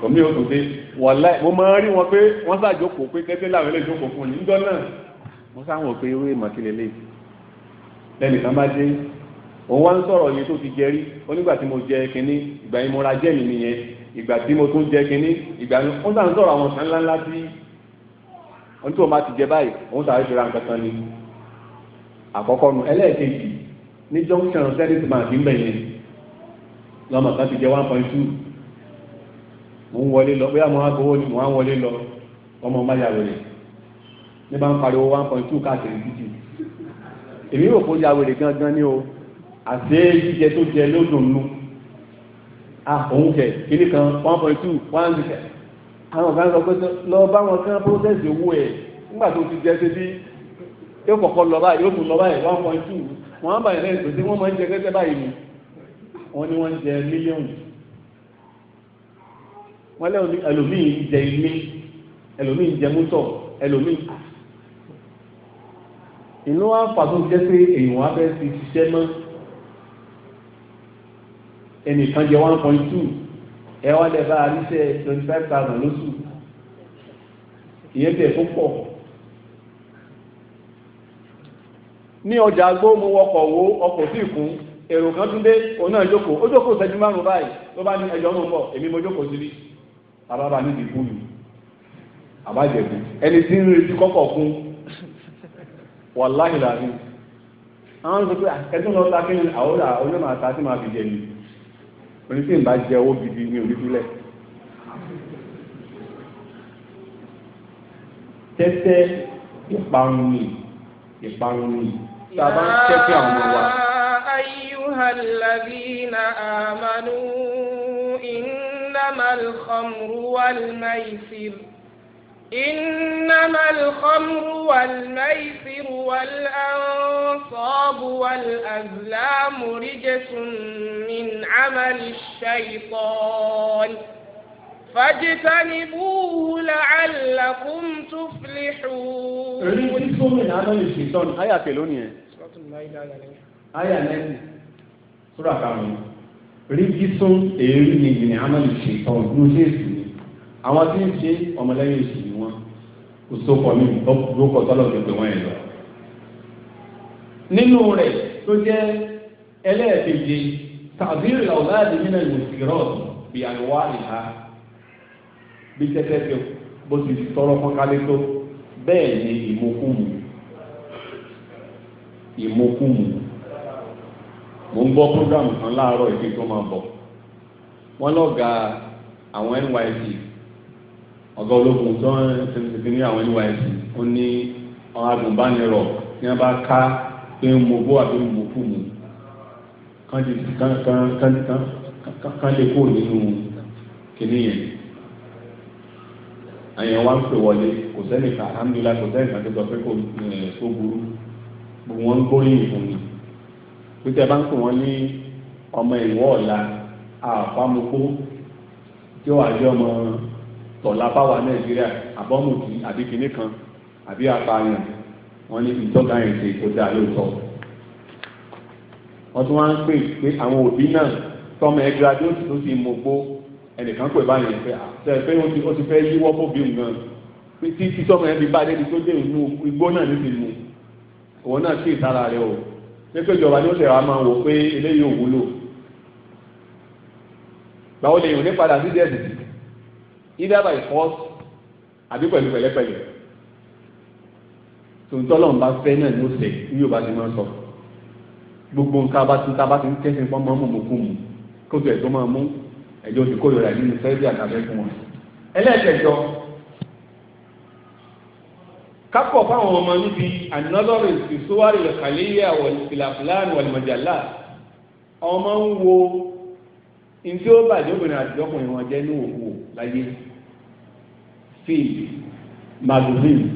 omi yóò tún dé wàlá mo máa rí wọn pé wọ́n ṣàjókòó pé tẹ́tẹ́ làwọn eléyìí jókòó fún mi níjọ́ náà mo sáwọn pé ewé màkìlẹ̀ lè lẹ́nu kan bá dé òun wá ń sọ̀rọ̀ yẹn tó ti jẹ rí ó nígbà tí mo jẹ kínní ìgbà yẹn mo ra jẹ́mi nìyẹn ìgbà tí mo tún jẹ kínní ìgbà yẹn ó sàn sọ̀rọ̀ àwọn sàn ńláńlá tí wọ́n tí wọ́n bá ti jẹ báyìí òun sàré fi ra nǹkan kan ni àkọ́kọ́ nu ẹlẹ́ẹ̀kejì ní junction service bank ń bẹ̀yẹn lọ́mọ kan ti jẹ́ one point wọlé lọ bóyá mo á ni mo á wọlé lọ ọmọ má yà ní bá ń pariwo one káàkiri títì èmi rò kó yà wèrè gangan ni o àti jíjẹ tó jẹ lódùn nù ah òun kẹ kíní kan one point àwọn kan sọ pé lọ bá wọn kan process owó ẹ nígbà tó ti jẹ ṣe bí yóò kọ́kọ́ lọ báyìí yóò tún lọ báyìí one wọn bá yẹn lẹ́yìn tó ṣe wọn máa ń jẹ gẹ́gẹ́ báyìí wọ́n ní wọ́n ń jẹ mílíọ̀nù wọ́n lẹ́wọ̀n ní ẹlòmíì ń jẹ ilé ẹlòmíì ń jẹ mọ́tò ẹlòmíì inú wa fàtó jẹ́ pé èèyàn wa fẹ́ fi ṣiṣẹ́ mọ́ ẹnìkan jẹ one point two ẹ wá lẹ́ bá a ríṣẹ́ twenty five thousand lóṣù ìyẹn bẹ̀ tó ní ọjà agbó wọkọ̀ wo ọkọ̀ sí ìkún èrò kan tún dé òun náà jókòó ó jókòó ìṣẹ́jú márùn báyìí ló bá ní ẹjọ́ ló ń èmi mo jókòó síbí àbábà níbi ìbú mi àbájẹ̀bù ẹni tí ń retí kọ́kọ̀ fún wàláhìlà ni àwọn sọ pé ẹtún lọ ta kíni àwòrà onímọ̀ àta tí máa fi jẹ ni oníṣẹ́ ìbá jẹ owó gidi ní onífilẹ̀ tẹ́tẹ́ ìparun ni ìparun ni tá a bá ń tẹ́tẹ́ àwọn wa. أيها الذين آمنوا إنما الخمر والميسر إنما الخمر والميسر والأنصاب والأزلام رجس من عمل الشيطان فاجتنبوه لعلكم تفلحون àyà lẹ́nu sórí àkàwọn rígi sún èérí ni ìrìn amẹ́lì ṣe ìtọ́wọ̀n ní oṣù èsì ni àwọn tí ń ṣe ọmọlẹ́yìn èsì ni wọ́n kò sókọ ní ìdókọ̀ tọ́lọ̀ tó pé wọ́n yẹn lọ. nínú rẹ̀ tó jẹ́ ẹlẹ́ẹ̀kejì tàbí ìlàwọ́ láti nínú bí àríwá ìhà bí tẹ́tẹ́ fi bó ti tọrọ fọ́nkálẹ́ tó bẹ́ẹ̀ ni ìmọ̀kùmù ìmọ̀kùmù mo ń gbọ́ programu kan láàárọ̀ ìdí tó máa bọ̀ wọ́n lọ́ga àwọn NYSC ọ̀gá ológun tó ń tẹ̀síntì ní àwọn NYSC ó ní àwọn agùnbánirọ̀ tí wọ́n bá ká pé mo bó àbí mo kú mu kán lè kó nínú kìnìún yẹn àyàn wa ń pè wọlé kò sẹ́nìkan alhamdulilayi kò sẹ́nìkan tó sọ pé kò burú gbogbo wọn ń gbóríyìn fún mi pété bá ń pè wọ́n ní ọmọ ìwọ ọ̀la àpamọ́kó tí ó wà jẹ́ ọmọ tọ̀lá báwa nàìjíríà àbọ́mùkì àbí kinní kan àbí apààyàn wọ́n ní ìtọ́ka yẹn ṣe kó dáa lóòótọ́ wọ́n tún wá ń pè pé àwọn òbí náà tọmọ ẹ graduate tó ti mọ̀gbó ẹnìkan pè báyìí pé àtẹ pé ó ti ó ti fẹ́ yíwọ́ fóbi nǹkan tí tí tọmọ ẹ fi bá débi tó dé inú igbó náà ní ti mu òun náà sì sára rẹ o nípa ìjọba ní ó tẹ̀wà máa wò pé eléyìí ò wúlò báwo lè yìn ní padà sí díẹ̀ dìdì either by force àbí pẹ̀lú pẹ̀lẹ́pẹ̀lẹ́ tòǹtọ́lọ́ ń bá fẹ́ náà ní ó sẹ̀ ní yóò bá ti máa sọ gbogbo nǹkan bá ti ń ta bá ti ń kẹ́sìn fún ọmọ mọ̀ kú mu kó tó ẹ̀ tó máa mú ẹ̀jọ́ ti kó yọrọ ẹ̀ nínú fẹ́ẹ́ bí àtàfẹ́ fún wọn ẹlẹ́ẹ̀kẹjọ kápọ̀ fáwọn ọmọ níbi ànínọ́dọ́rì ìsúwárì ìkàlẹ́yẹ àwọn ìfìlàfìlàní wàlùmọ̀jàlá ọmọ ń wo ntí ó bàjẹ́ obìnrin àti ọkùnrin wọn jẹ́ ní òwò láyé fíìlì magazine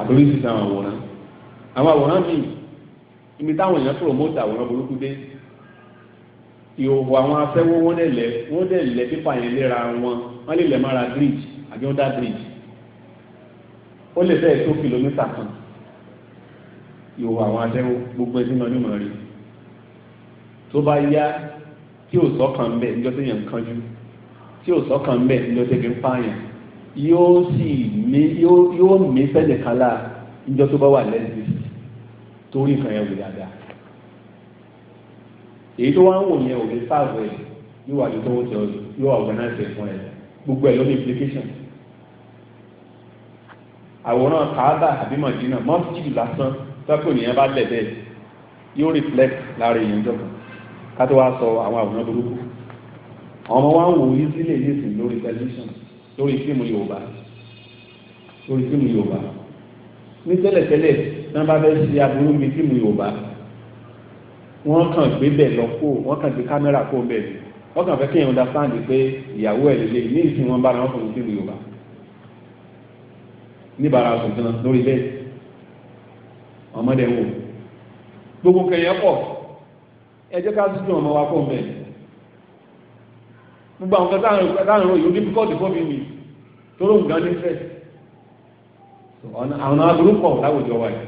àbúrísì táwọn àwòrán àwọn àwòrán míì ibi táwọn èèyàn promote àwòrán burúkú dé ìhòòhò àwọn afẹ́wọ́ wọ́n dẹ̀ lẹ̀ wọ́n dẹ̀ lẹ̀ pípa yẹn léra wọn wọ́n lè lẹ̀ mára bridge àbí wọ́n dá bridge ó lè fẹ́ tó kìlómítà kan yòówó àwọn adẹ́wò gbogbo ẹtí náà ní mọ̀ rí tó bá yá tí ò sọ́kàn mbẹ́ níjọ́ tó yàn kánjú tí ò sọ́kàn mbẹ́ níjọ́ tó fi ń pààyàn yóò sì mí yóò mí fẹ́lẹ̀ kálá níjọ́ tó bá wà lẹ́sìn torí nǹkan yẹn wò dáadáa èyí tó wá ń wò yẹn ò lè sáàbù ẹ̀ yóò wà lóṣooṣù yóò wà ọ̀gánáìsì fún ẹ gbogbo ẹ̀ ló ní implication àwòrán kaaba àbí Madina mọ́síjì lásán tọ́pọ̀ ènìyàn bá lẹ̀ bẹ́ẹ̀ yóò reflect lára èèyàn jọ kan ká tó wá sọ àwọn àwòrán burúkú ọmọ wa ń wò yí sílẹ̀ nísìn lórí tẹlifíṣàn lórí fíìmù Yorùbá lórí fíìmù Yorùbá ní tẹ́lẹ̀tẹ́lẹ̀ tí wọ́n bá fẹ́ ṣe aburú mi fíìmù Yorùbá wọ́n kàn gbé bẹ̀ lọ kó wọ́n kàn gbé kámẹ́rà kó bẹ̀ wọ́n kàn fẹ́ kéèyàn understand pé ìyàwó ẹ̀ lélẹ̀ ní ìsìn wọn bára wọn fọ̀rọ̀ níbàárà sùn gan lórí bẹ́ẹ̀ ọmọdé wò gbogbo kẹyẹ pọ̀ ẹ jẹ́ ká dúdú ọmọ wa pọ̀ mẹ́ẹ̀ gbogbo àwọn kan táwọn òyìn difficult fún mi mi tó lóun gan nífẹ̀ẹ́ àwọn aburú pọ̀ láwùjọ wa yìí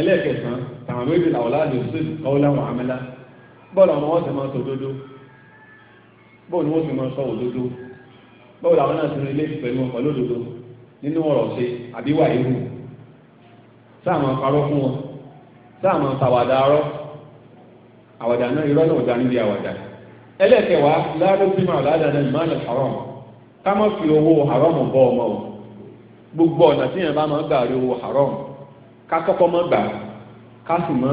ẹlẹ́ẹ̀kẹsàn tàwọn méjì làwọn láàdì òṣèlú kọ́ láwọn amẹ́lá bọ́ọ̀lù àwọn ọmọ ọ̀sẹ̀ máa sọ òdodo bọ́ọ̀lù wọn sì máa sọ òdodo bọ́ọ̀lù àwọn náà sì rí ilé ìfẹ́ wọn pẹ̀lú òdodo nínú ọ̀rọ̀ ṣe àbí wà ewu sáà máa parọ́ fún wọn sáà máa tàwàdà arọ́ àwàdà náà irọ́ náà dá níbi àwàdà ẹlẹ́kẹ̀wàá láàrú sí máa láàdá náà ìmọ̀ àlẹ́ haram ká má fi owó haram bọ́ ọmọ o gbogbo ọ̀nà tí yẹn bá máa gbà rí owó haram ká kọ́kọ́ má gbà ká sì má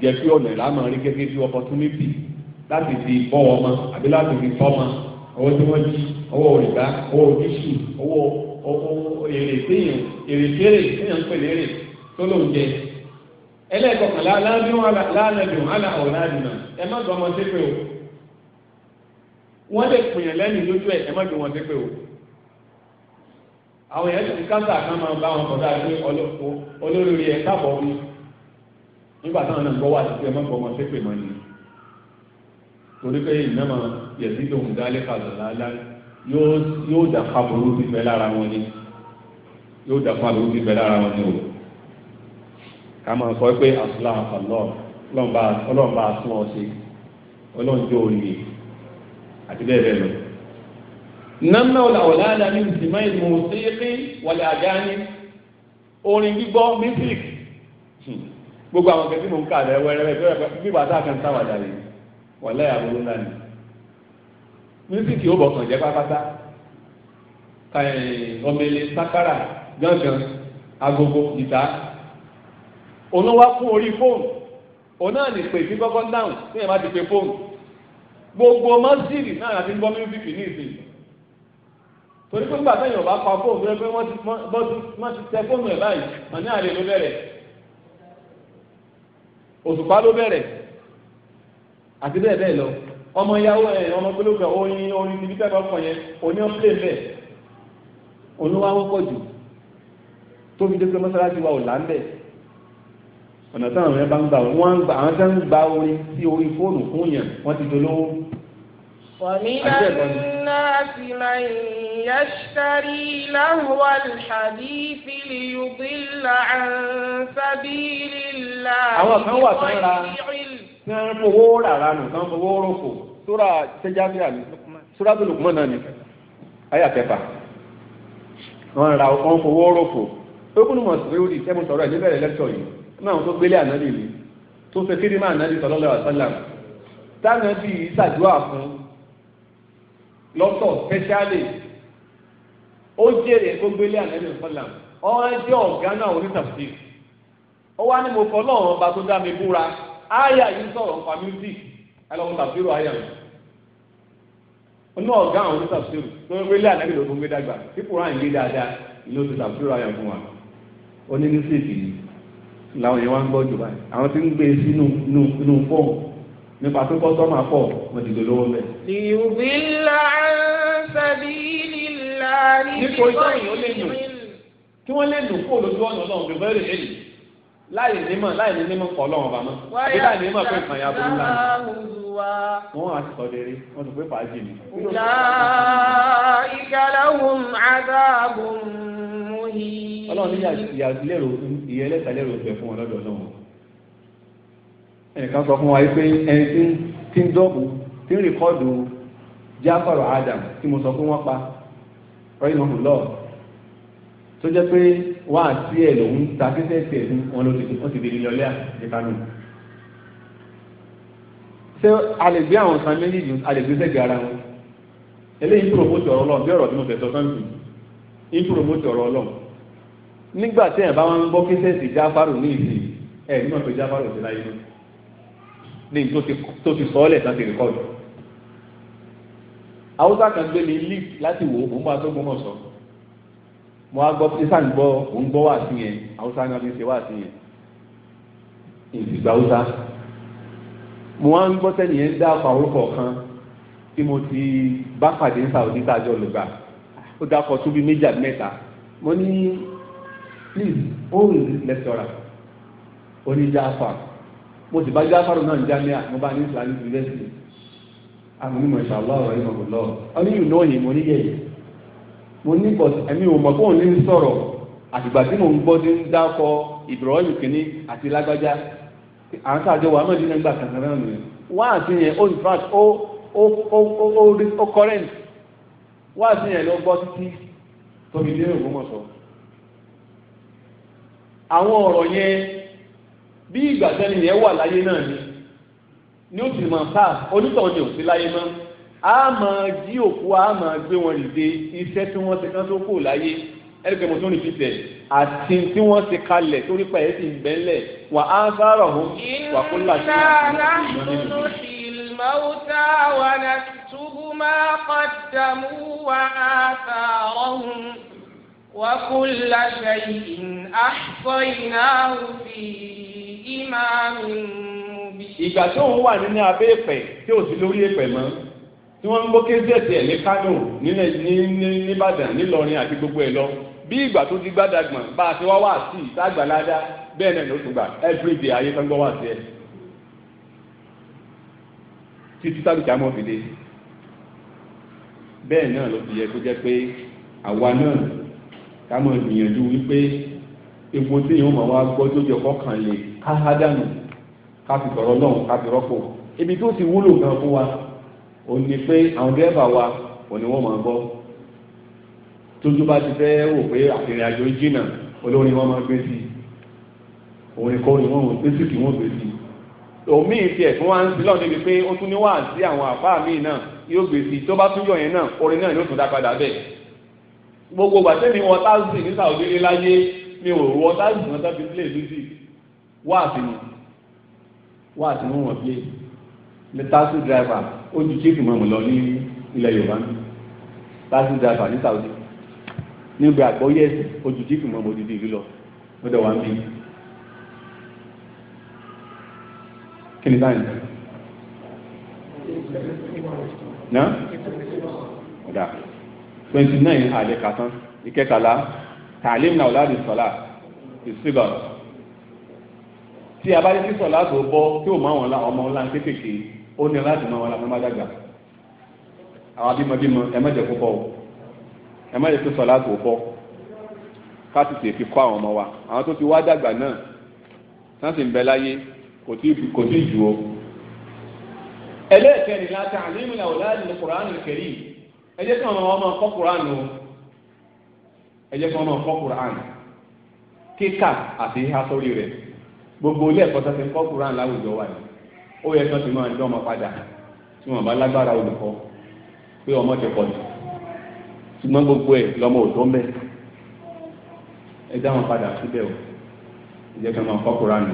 jẹ́ kí ọ̀nà ìlà máa rí gẹ́gẹ́ bí opportunity láti fi bọ́ ọmọ àbí láti fi tọ́ ọmọ owó tí wọ́n jí owó ìgbà owó ojúṣù owó o téèyàn èrè téèrè téèyàn ń pè lérè tó lóun jẹ ẹlẹ́ẹ̀kọ̀kànlá aláàbíhùn aláàbíhùn aláàbíhùn aláàbíhùn ẹ má dùn ọmọ sépè o wọ́n lè pèèyàn lẹ́nu lójú ẹ̀ ẹ má dùn wọn sépè o àwọn èèyàn ti káńtà kan máa bá wọn kọjá pé olórí ẹ káàbọ̀ wí nígbà táwọn náà gbọ́ wà sí pé ẹ má gbọ́ ọmọ sépè mọ́ ni torí pé ìnáma yẹ̀sí lòun dálé kàlọ́ láéláé yóò dàfa burú ti bẹ lára wọn ni yóò dàfa burú ti bẹ lára wọn ni o ká máa sọ pé àtúlá àfàlọ́ ọlọ́run bá tún ọ ṣe ọlọ́run jó òye àti bẹ́ẹ̀ bẹ́ẹ̀ lọ. nàmà ọ̀làwọ̀láàdà ní ìsìnmá ìmọ̀ọ́sẹ́ẹ́kẹ́ wọlé àjá ní orin gbígbọ́ music hmm. gbogbo àwọn kẹ́kẹ́ mò ń kà lẹ́wẹ́rẹ́wẹ́ bí bàtà kan sáwàdà rè wọ́n lẹ́yà náà ni mísíkì ó bọ̀kàn jẹ́ pátápátá ọmọlẹ̀ sákàrà gángan agogo ìta òun wá fún orí fóònù òun náà lè pè sí kọ́kọ́ dáhùn tí èèyàn bá ti pe fóònù gbogbo mọ́síìlì náà àti gbọ́ mísíkì ní ìsìn torí pé nígbà táyọ̀ bá pa fóònù rẹ pé wọ́n ti tẹ fóònù ẹ̀ báyìí àní àlè ló bẹ̀rẹ̀ òṣùpá ló bẹ̀rẹ̀ àti bẹ́ẹ̀ bẹ́ẹ̀ lọ ọmọ ìyàwó ẹ̀ ọmọ gbólógbò oyin oyin níbi tẹ́lẹ̀ ọkọ̀ yẹn oní ọ̀pẹ́ bẹ́ẹ̀ olúwa wọ́pọ̀ jù tó fi dé mọ́sálásí wa ò láńbẹ̀ ọ̀nà táwọn ọ̀rẹ́ bá ń gbà wọ́n ń gbà àwọn tẹ́ ń gba orin sí orí fóònù fún yàn wọ́n ti dolówó. ومن الناس من يشتري لهو الحديث ليضل عن سبيل الله àwọn kan wà tán ra tí wọ́n fowó rà ránù tán fowó rò kò sura jami'a ni sura tó lùkùmọ̀ náà kẹfà wọn ra wọn fowó rọ̀fọ̀ ó kún mọ̀ ẹ̀ níbẹ̀rẹ̀ lẹ́tọ̀ yìí náà tó gbélé ànádì ni tó fẹ́ kiri ànádì sallallahu alaihi táwọn bí fún lọ́tọ̀ ó jèrè tó gbélé ànádì ọ̀hún ọ̀gá náà ó wá ní mo fọ́ ọba tó dá mi búra áyà ọ̀nà ọ̀gá àwọn onítàfsírù tó ń wélé ànábì ló fún gbé dàgbà tí kùrán dáadáa ìlú onítàfsírù ayọ̀ fún wa onínúṣèkì làwọn yẹn wá ń gbọ́ jù báyìí àwọn tí ń gbé sínú inú fọ́ọ̀mù nípa tó kọ́ sọ́mà pọ̀ wọ́n ti dolówó mẹ́. ìwúbílà sabilillahi nípa ìtàn ìyọ́lẹ́nu kí wọ́n lè láì nímọ̀ láì ní nímọ̀ kọ́ lọ́wọ́n bàmọ́ àbí láì nímọ̀ pé nǹkan ya burú lánàá wọ́n á ti sọ dèrè wọ́n ti pé fàájì ni. ìjà lẹ́hùn àdáàbùn muhi. ọlọ́run ní ìyàlérò ìyẹlẹ́sàlérò ìgbẹ́ fún wọn lọ́dọ̀ náà. ẹnìkan sọ fún wa pé ẹni tí tí ń dọ́ọ̀bù tí ń rìkọ́ọ̀dù jáfàrọ̀ adam tí mo sọ pé wọ́n pa rẹ́yìn ọ̀hún lọ́ọ̀ tó jẹ́ pé wá àti ẹ̀ lòun ta tẹ́tẹ́ tẹ̀ fún wọn ló ti wọ́n ti délé lọlé àjẹkánú. ṣé a lè gbé àwọn san méjì jù a lè gbé sẹ́gbẹ̀ẹ́ ara wọn eléyìí promote ọ̀rọ̀ ọlọ́run bí ọ̀rọ̀ tí mo fẹ́ sọ sọ́ǹtì ń promote ọ̀rọ̀ ọlọ́run nígbà tí ẹ̀ bá wọn ń gbọ́ késẹ́sì jáfárò ní ìsìn ẹ̀ nígbà tó jáfárò sí láyé náà ní tó ti sọ ọ́lẹ̀ láti rìkọ́dù haúsá kan gbé mi leave láti wò ó mo mo wá gbọ́ isan gbọ́ òun gbọ́ wá sí yẹn haúsá ni wọ́n fi ṣe wá sí yẹn ìgbà haúsá mo wá ń gbọ́ sẹ́ni yẹn ń dá àpàwọ́pọ̀ kan tí mo ti bá pàdé ń lùgbà ó tó bí mẹ́ta mo ní please lecturer mo sì bá náà mo bá ọ ní mo mo ní bọ̀ ẹ̀mí o mọ̀ fóun ní ń sọ̀rọ̀ àtìgbà tí mò ń gbọ́ tí ń dákọ Ibrahim kìíní àti lágbájá à ń sàjọ wà mọ̀dínà gbà kankan náà nìyẹn wá àti yẹn ó in fact ó ó ó ó ó current wá àti yẹn ló gbọ́ títí tóbi dé Ògbómọ̀ṣọ́ àwọn ọ̀rọ̀ yẹn bí ìgbà tẹ́lẹ̀ yẹn wà láyé náà ni ni ó sì mọ̀ sáà onítọ̀ ni ò sí láyé náà a máa jí òkú a máa gbé wọn dìde iṣẹ́ tí wọ́n ṣe kán tó kù láyé ẹ̀rẹ́gbẹ̀ mo tún ní fífẹ̀ àti tí wọ́n ṣe kalẹ̀ torí pa ẹ̀ sì ń bẹ́ ńlẹ̀ wà á sáárọ̀ ọ̀hún wà kó láti الموتى ونكتب ما قدموا وآثارهم وكل شيء أحصيناه في إمام مبين. ìgbà tó ń wà nínú abẹ́ ìpẹ́ tí ò sí lórí ìpẹ́ mọ́ tí wọ́n ń gbọ́ kézẹ́ẹ̀tì ẹ̀ ní Kánò nìbàdàn nílọrin àti gbogbo ẹ̀ lọ bí ìgbà tó ti gbàdàgbọ̀n bá a ti wá wá sí i tágbàládá bẹ́ẹ̀ náà ló tún gbà everyday ayé fẹ́ gbọ́ wá sí ẹ títí tábìkì amọ̀fìdé bẹ́ẹ̀ náà ló fi yẹ kó jẹ́ pé àwa náà ká mọ̀ gbìyànjú wípé epo tí yóò máa wá gbọ́ tó jẹ kọ́kàn lè ká hádànù ká fi sọ̀rọ̀ náà ká fi rọ́pò ibi tó ti wúlò gan fún wa ò ní pé àwọn dẹ́rẹ́bà wa ò ní wọ́n máa gbọ́ tójú bá ti fẹ́ wò pé àtìrìn àjò jìnnà olórin wọn máa gbé sí òun kọ́ ni wọ́n mọ̀ pé sì kì wọ́n gbé sí òmí ìfi ẹ̀ fún wa ń sí lọ́dún ibi pé ó tún ní wà sí àwọn àfáà míì náà yóò gbé sí tó bá tún yọ yẹn náà orin náà yóò tún dá padà bẹ́ẹ̀ gbogbo gbàtẹ́mi wọn táàzì ní sàwọ́dé láyé mi ò wọ táàzì wọn tábí sílẹ̀ lùsì wá àfihàn wá àfihàn wọn bíi ní táàzì dráìvà ó ju chief mọ̀mù lọ ní ilẹ̀ yorùbá ní taxi driver ní saudi níbi àgbọ́yé ẹ̀sìn ó ju chief mọ̀mù odidi ìlú lọ ó dẹ̀ wá ń bí kí ni báyìí ná ọ̀dà twenty nine àdékàtán ìkẹtàlá tàlímù náà ọ̀làdì sọ́lá ìsígọ̀ tí a bá dé sí sọ́lá tó bọ́ tí ò máa wọn ọmọ ńlá kéékèèké ó ní láti máa wà awa máa dàgbà àwọn abímọbímọ ẹ má o ẹ sì fi wa àwọn tó ti wá dàgbà náà sáà ń bẹ láyé kò tí ì jù o na la ta'limu al-awlad al-Qur'an al ẹ jẹ́ kí o ẹ jẹ́ kí wọ́n gbogbo ilé ẹ̀kọ́ kọ́ ó yẹ kán ti máa dán ọmọ padà tí wọn bá lágbára olùkọ́ pé ọmọ ti pọ̀ jù ṣùgbọ́n gbogbo ẹ̀ lọ́mọ òtó ń bẹ̀ ẹ dá wọn padà síbẹ̀ o ìjẹ́ kí wọ́n máa kọ́kùrà nù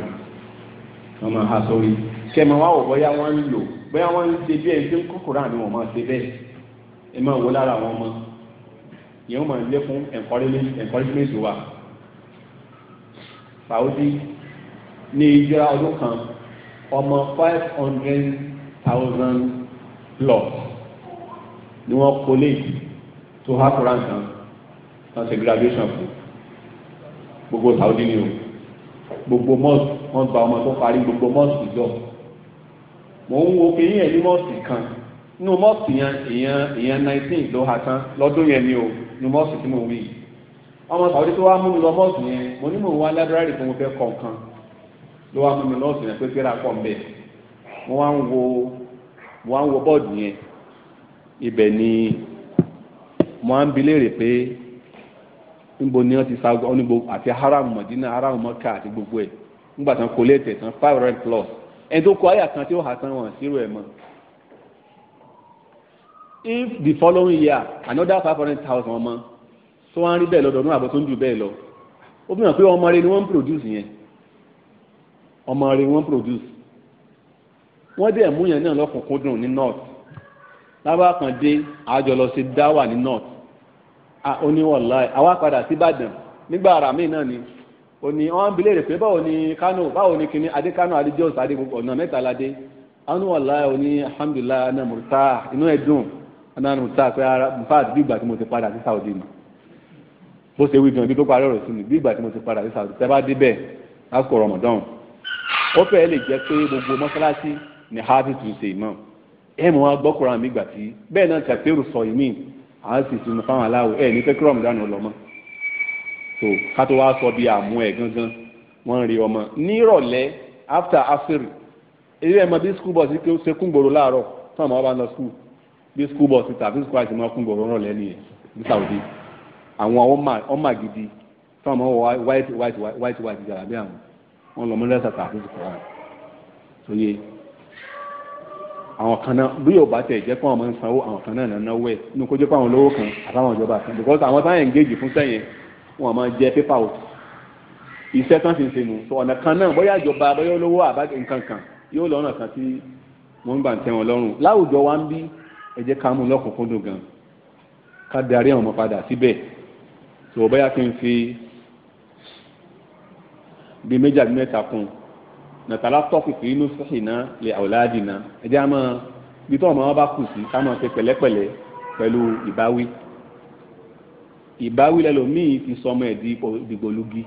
wọ́n máa ha sórí kí ẹ máa wá wò bóyá wọ́n ń lò bóyá wọ́n ń ṣe bí ẹni tí ń kọ́kùrà nù wọ́n máa ṣe bẹ́ẹ̀ ẹ máa wò lára àwọn ọmọ yẹn wọ́n máa lé fún encouragement wa Saudi ní ìjọra ọdún kan ọmọ five hundred thousand plus ni wọ́n kọ́lé tó ha koran kan wọ́n ṣe graduation fún gbogbo Saudi ni o gbogbo mosque wọ́n gba ọmọ tó parí gbogbo mosque jọ mò ń wo pé yíyan ní mosque kan nínú mosque yẹn èèyàn èèyàn nineteen ló ha tán lọ́dún yẹn ni o nínú mosque tí mo wí ọmọ Saudi tó wá mú mi lọ mosque yẹn mo ní mò ń wá ládùúrà fún mo fẹ́ kọ̀ọ̀kan ló wá mú mi lọ́ọ̀sì yẹn pé kíra pọ̀ ń bẹ̀ mo wá ń wo mo wá ń wo bọ́ọ̀dù yẹn ibẹ̀ ni mo wá ń bi léèrè pé níbo ni wọ́n ti sa oníbo àti haram mọ̀dínà haram mọ́kà àti gbogbo ẹ̀ nígbà tán kò lè tẹ̀sán five hundred plus ẹni tó kọ àyà kan tí ó hà tán wọn sírò ẹ̀ mọ́ if the following year another five hundred thousand ọmọ tó wá ń rí bẹ́ẹ̀ lọ́dọọdún àbọ̀ tó ń jù bẹ́ẹ̀ lọ ó fi hàn pé ọmọ rẹ ni wọ́n ń produce yẹn ọmọ rẹ wọ́n produce wọ́n dẹ̀ mú yẹn náà lọ́kùnkúndùn ní north lábàá kan dé àjọ lọ sí dáwà ní north oníwọ̀lá àwa padà sí ìbàdàn nígbà ara mi náà ni òní wọ́n ń bilẹ̀ rẹ̀ pé báwo ni kánò báwo ni kinní adé kánò adé jọ́ọ̀sì adé gbogbo ọ̀nà mẹ́ta ládé oníwọ̀lá òní alhamdulillah anamurta inú ẹ̀ dùn anamurta pé ara nfa àti bí ìgbà tí mo ti padà sí saudi ni bó ṣe wí gan ibi tó parí ọ̀rọ̀ sí mi bí ìgbà tí mo ti padà sí saudi tẹ́ bá dé lásìkò ramadan ó fẹ́ẹ́ lè jẹ́ pé gbogbo mọ́sálásí ni hafiz ń ṣe imam ẹ mọ̀ wá gbọ́ Kùránì mi gbà tí bẹ́ẹ̀ náà tàfírù sọ ìmí à ń sì sinmi fáwọn aláwọ̀ ẹ ní pé kúrọ̀mù dànù ọlọ́mọ tó ká tó wá sọ bí àmú ẹ gangan wọ́n rí ọmọ nírọ̀lẹ́ after afiri ilé ẹ̀mọ bí school bus ṣe kún gbòòrò láàárọ̀ fún àwọn ọba ń lọ school bí school bus tàbí school àti mọ́ kún gbòòrò rọ̀lẹ́ nìyẹn ní Saudi àwọn ọmọ àgidi fún àwọn white white white white white jàlábí àwọn wọ́n lọ mọ́lẹ́sà tààfin kọ́ran sóye àwọn kan náà bí yóò bá tẹ̀ jẹ́ pé àwọn máa ń sanwó àwọn kan náà náà náwó ẹ̀ inú kó jẹ́ pé àwọn olówó kan àtàwọn ìjọba kan because àwọn táwọn engage fún sẹ́yìn wọn máa jẹ pépà o iṣẹ́ tán sì ń sinú so ọ̀nà kan náà bóyá ìjọba bóyá olówó àbá nǹkan kan yóò lọ́nà kan tí wọ́n ń gbà ń tẹ́ wọn lọ́rùn láwùjọ wa ń bí ẹ ká mú lọ́kùnkúndùn gan ká darí àwọn ọmọ padà síbẹ̀ so bóyá kí n fi bíi méjì àbí mẹ́ta kún nàtàlá tọ́kìtì inú sọ́ọ̀sì náà lè àwòláàdì náà ẹ jẹ́ àmọ́ bí tọ́ ọmọ wọn bá kù sí ká máa ṣe pẹ̀lẹ́pẹ̀lẹ́ pẹ̀lú ìbáwí ìbáwí lẹ́lòmíì ti sọ ọmọ ẹ̀ ìdìgbòlugi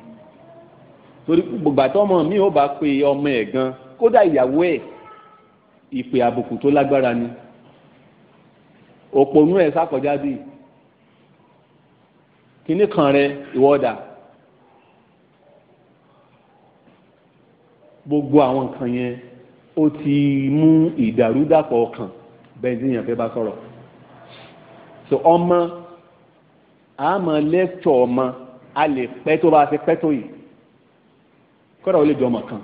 torí gbogbo àtọ́mọ mi ò bá pe ọmọ ẹ̀ gan kódà ìyàwó ẹ̀ ìpè àbùkù tó lágbára ni òpònú ẹ̀ sákọjá bíi kíní kan rẹ ìwọ́dà gbogbo àwọn nǹkan yẹn ó ti mú ìdàrúdàpọ̀ ọkàn bẹ́ẹ̀ tí fẹ́ bá sọ̀rọ̀ so ọmọ àmọ́ lẹ́tọ̀ ọmọ a lè pẹ́ tó bá ṣe pẹ́ tó yìí kọ́dà ó lè jọ ọmọ kan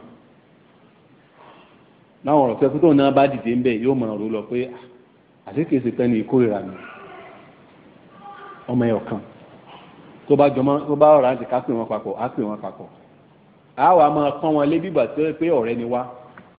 láwọn ọ̀rọ̀ pẹ́kú tó náà bá dìde ń bẹ̀ yóò mọ̀ràn ró lọ pé ah, àṣíkè ṣe ní ìkórìíra mi ọmọ ẹ̀yọ̀ kan tó bá ọ̀rọ̀ àti ká pè wọn papọ̀ á pè wọn papọ̀ àwa máa pọ́n wọn lé bígbà tó yẹ pé ọ̀rẹ́ ni wá.